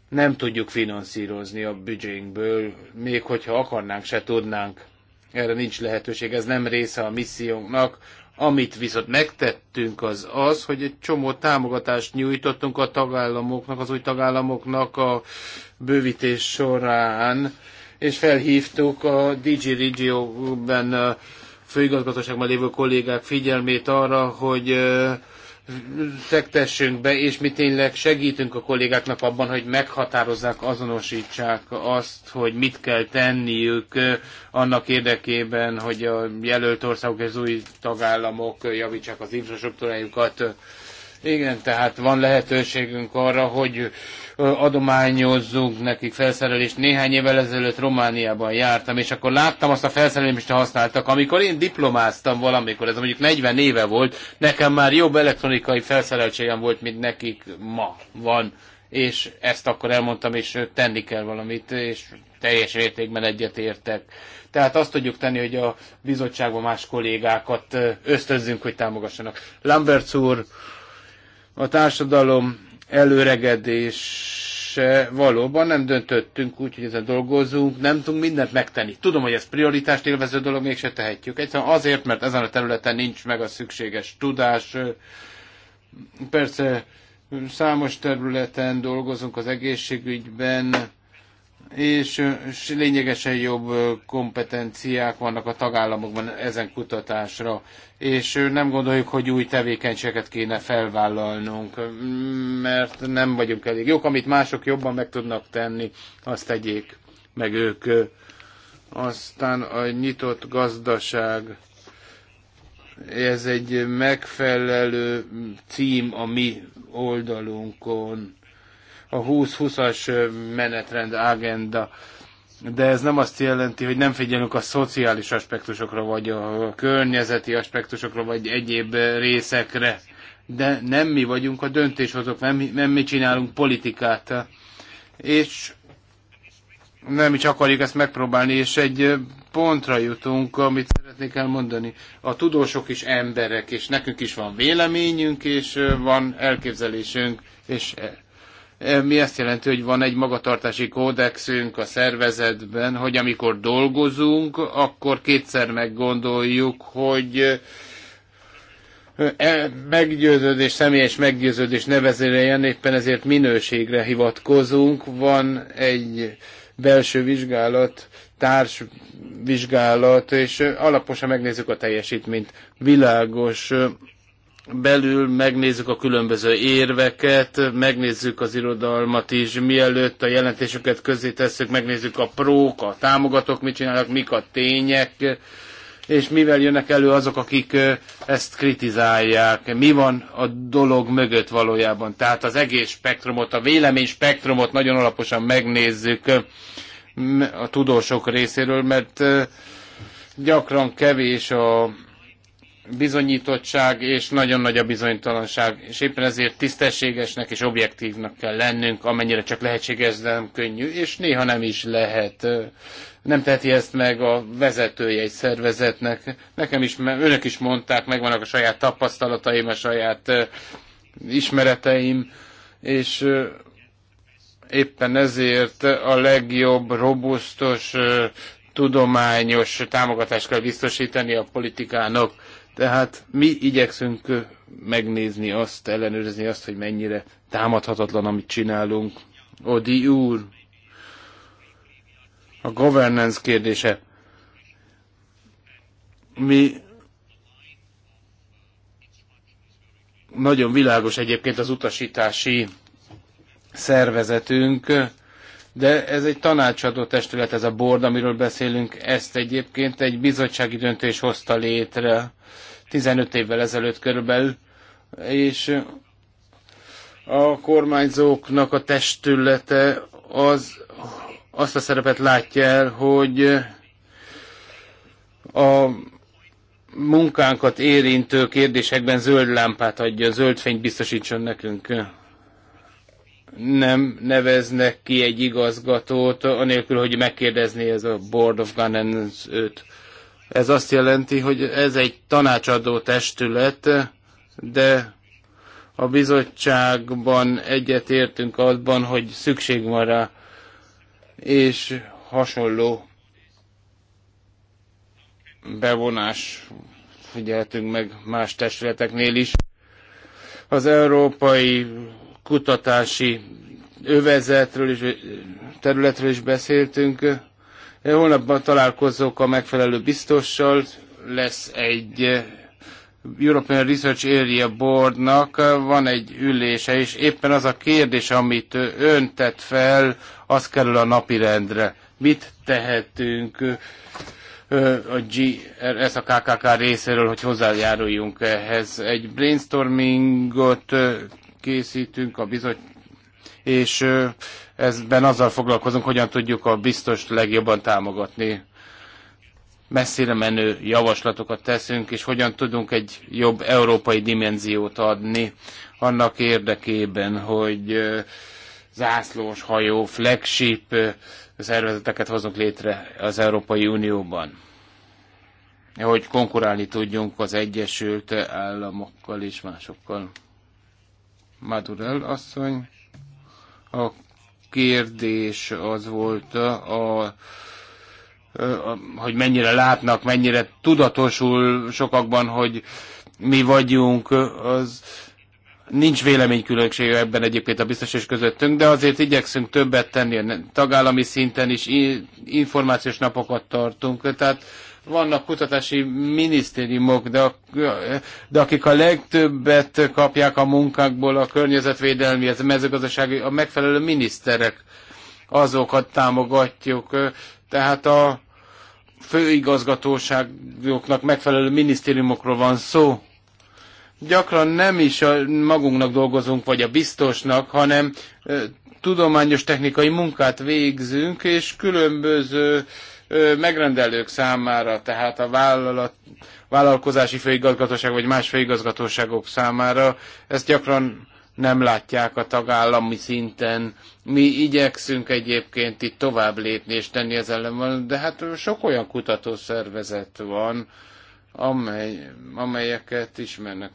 nem tudjuk finanszírozni a büdzsénkből, még hogyha akarnánk, se tudnánk. Erre nincs lehetőség, ez nem része a missziónknak. Amit viszont megtettünk az az, hogy egy csomó támogatást nyújtottunk a tagállamoknak, az új tagállamoknak a bővítés során, és felhívtuk a DG Regio-ben főigazgatóságban lévő kollégák figyelmét arra, hogy szektessünk be, és mi tényleg segítünk a kollégáknak abban, hogy meghatározzák, azonosítsák azt, hogy mit kell tenniük annak érdekében, hogy a jelölt országok és az új tagállamok javítsák az infrastruktúrájukat. Igen, tehát van lehetőségünk arra, hogy adományozzunk nekik felszerelést. Néhány évvel ezelőtt Romániában jártam, és akkor láttam azt a felszerelést, használtak. Amikor én diplomáztam valamikor, ez mondjuk 40 éve volt, nekem már jobb elektronikai felszereltségem volt, mint nekik ma van. És ezt akkor elmondtam, és tenni kell valamit, és teljes értékben egyetértek. Tehát azt tudjuk tenni, hogy a bizottságban más kollégákat ösztönzünk, hogy támogassanak. Lambert úr, a társadalom előregedése valóban nem döntöttünk úgy, hogy ezen dolgozunk, nem tudunk mindent megtenni. Tudom, hogy ez prioritást élvező dolog, mégse tehetjük. Egyszerűen azért, mert ezen a területen nincs meg a szükséges tudás. Persze számos területen dolgozunk az egészségügyben, és és lényegesen jobb kompetenciák vannak a tagállamokban ezen kutatásra, és nem gondoljuk, hogy új tevékenységet kéne felvállalnunk, mert nem vagyunk elég jók, amit mások jobban meg tudnak tenni, azt tegyék meg ők. Aztán a nyitott gazdaság, ez egy megfelelő cím a mi oldalunkon a 20-20-as menetrend agenda. De ez nem azt jelenti, hogy nem figyelünk a szociális aspektusokra, vagy a környezeti aspektusokra, vagy egyéb részekre. De nem mi vagyunk a döntéshozók, nem, nem mi csinálunk politikát. És nem is akarjuk ezt megpróbálni, és egy pontra jutunk, amit szeretnék elmondani. A tudósok is emberek, és nekünk is van véleményünk, és van elképzelésünk, és mi azt jelenti, hogy van egy magatartási kódexünk a szervezetben, hogy amikor dolgozunk, akkor kétszer meggondoljuk, hogy e, meggyőződés, személyes meggyőződés nevezőjelén éppen ezért minőségre hivatkozunk. Van egy belső vizsgálat, társ vizsgálat, és alaposan megnézzük a teljesítményt. Világos belül megnézzük a különböző érveket, megnézzük az irodalmat is, mielőtt a jelentésüket közé tesszük, megnézzük a prók, a támogatók mit csinálnak, mik a tények, és mivel jönnek elő azok, akik ezt kritizálják, mi van a dolog mögött valójában. Tehát az egész spektrumot, a vélemény spektrumot nagyon alaposan megnézzük a tudósok részéről, mert gyakran kevés a bizonyítottság, és nagyon nagy a bizonytalanság, és éppen ezért tisztességesnek és objektívnak kell lennünk, amennyire csak lehetséges, de nem könnyű, és néha nem is lehet. Nem teheti ezt meg a vezetője egy szervezetnek. Nekem is, önök is mondták, megvannak a saját tapasztalataim, a saját ismereteim, és éppen ezért a legjobb, robusztos, tudományos támogatást kell biztosítani a politikának tehát mi igyekszünk megnézni azt, ellenőrizni azt, hogy mennyire támadhatatlan, amit csinálunk. Odi úr, a governance kérdése. Mi nagyon világos egyébként az utasítási szervezetünk, de ez egy tanácsadó testület, ez a board, amiről beszélünk, ezt egyébként egy bizottsági döntés hozta létre 15 évvel ezelőtt körülbelül, és a kormányzóknak a testülete az azt a szerepet látja el, hogy a munkánkat érintő kérdésekben zöld lámpát adja, zöld fényt biztosítson nekünk. Nem neveznek ki egy igazgatót, anélkül, hogy megkérdezné ez a Board of Governance őt. Ez azt jelenti, hogy ez egy tanácsadó testület, de a bizottságban egyetértünk abban, hogy szükség van rá, és hasonló bevonás figyeltünk meg más testületeknél is. Az európai kutatási övezetről és területről is beszéltünk. Holnap találkozok a megfelelő biztossal, lesz egy eh, European Research Area Boardnak eh, van egy ülése, és éppen az a kérdés, amit eh, ön tett fel, az kerül a napirendre. Mit tehetünk a GRS, a KKK részéről, hogy hozzájáruljunk ehhez? Egy brainstormingot készítünk a bizottság és ezben azzal foglalkozunk, hogyan tudjuk a biztos legjobban támogatni. Messzire menő javaslatokat teszünk, és hogyan tudunk egy jobb európai dimenziót adni annak érdekében, hogy zászlós hajó, flagship szervezeteket hozunk létre az Európai Unióban hogy konkurálni tudjunk az Egyesült Államokkal és másokkal. Madurell asszony. A kérdés az volt a, a hogy mennyire látnak, mennyire tudatosul sokakban, hogy mi vagyunk, az nincs véleménykülönbség ebben egyébként a biztos és közöttünk, de azért igyekszünk többet tenni, tagállami szinten is információs napokat tartunk, tehát vannak kutatási minisztériumok, de, de akik a legtöbbet kapják a munkákból, a környezetvédelmi, a mezőgazdasági, a megfelelő miniszterek, azokat támogatjuk. Tehát a főigazgatóságoknak megfelelő minisztériumokról van szó. Gyakran nem is a magunknak dolgozunk, vagy a biztosnak, hanem tudományos technikai munkát végzünk, és különböző megrendelők számára, tehát a vállalat, vállalkozási főigazgatóság vagy más főigazgatóságok számára. Ezt gyakran nem látják a tagállami szinten. Mi igyekszünk egyébként itt tovább lépni és tenni ez ellen van, de hát sok olyan kutatószervezet van, amely, amelyeket ismernek.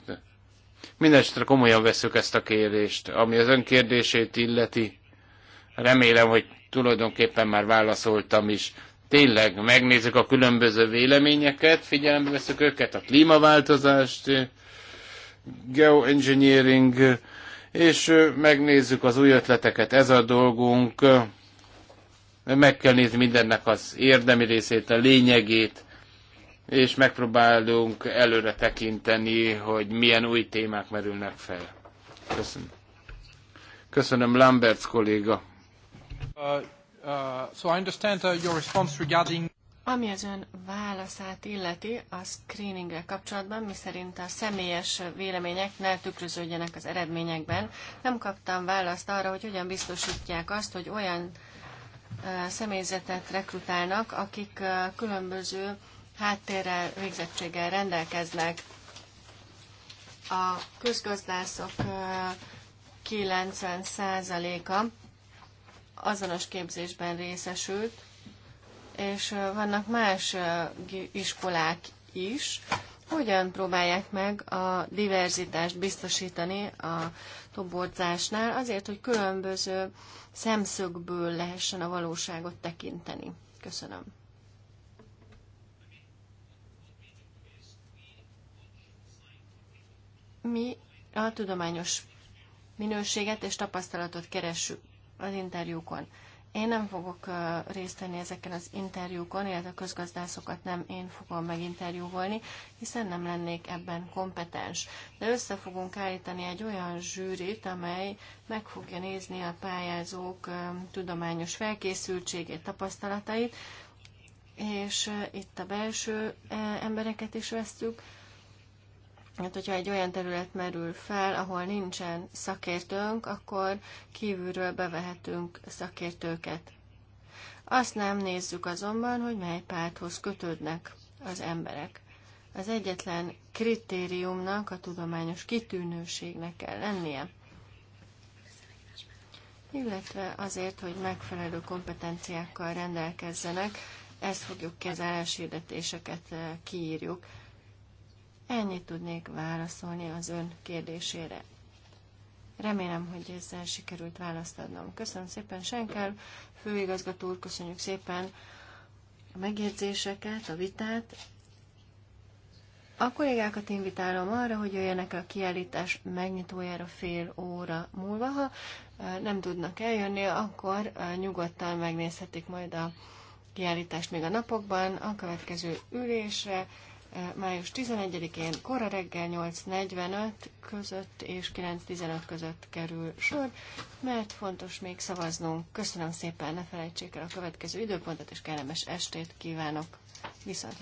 Mindenesetre komolyan veszük ezt a kérést, ami az kérdését illeti. Remélem, hogy tulajdonképpen már válaszoltam is tényleg megnézzük a különböző véleményeket, figyelembe veszük őket, a klímaváltozást, geoengineering, és megnézzük az új ötleteket, ez a dolgunk, meg kell nézni mindennek az érdemi részét, a lényegét, és megpróbálunk előre tekinteni, hogy milyen új témák merülnek fel. Köszönöm. Köszönöm, Lamberts kolléga. Uh, so I understand uh, your response regarding ami az ön válaszát illeti a screeninggel kapcsolatban, miszerint a személyes vélemények ne tükröződjenek az eredményekben, nem kaptam választ arra, hogy hogyan biztosítják azt, hogy olyan uh, személyzetet rekrutálnak, akik uh, különböző háttérrel, végzettséggel rendelkeznek. A közgazdászok 90%-a azonos képzésben részesült, és vannak más iskolák is, hogyan próbálják meg a diverzitást biztosítani a toborzásnál, azért, hogy különböző szemszögből lehessen a valóságot tekinteni. Köszönöm. Mi a tudományos minőséget és tapasztalatot keressük az interjúkon. Én nem fogok részt venni ezeken az interjúkon, illetve a közgazdászokat nem én fogom meginterjúvolni, hiszen nem lennék ebben kompetens. De össze fogunk állítani egy olyan zsűrit, amely meg fogja nézni a pályázók tudományos felkészültségét, tapasztalatait, és itt a belső embereket is vesztük, Hát, hogyha egy olyan terület merül fel, ahol nincsen szakértőnk, akkor kívülről bevehetünk szakértőket. Azt nem nézzük azonban, hogy mely párthoz kötődnek az emberek. Az egyetlen kritériumnak a tudományos kitűnőségnek kell lennie, illetve azért, hogy megfelelő kompetenciákkal rendelkezzenek, ezt fogjuk kezelni, hirdetéseket eh, kiírjuk. Ennyit tudnék válaszolni az ön kérdésére. Remélem, hogy ezzel sikerült választ adnom. Köszönöm szépen, Senkel főigazgató úr, köszönjük szépen a megjegyzéseket, a vitát. A kollégákat invitálom arra, hogy jöjjenek a kiállítás megnyitójára fél óra múlva. Ha nem tudnak eljönni, akkor nyugodtan megnézhetik majd a kiállítást még a napokban, a következő ülésre május 11-én korra reggel 8.45 között és 9.15 között kerül sor, mert fontos még szavaznunk. Köszönöm szépen, ne felejtsék el a következő időpontot, és kellemes estét kívánok. Viszont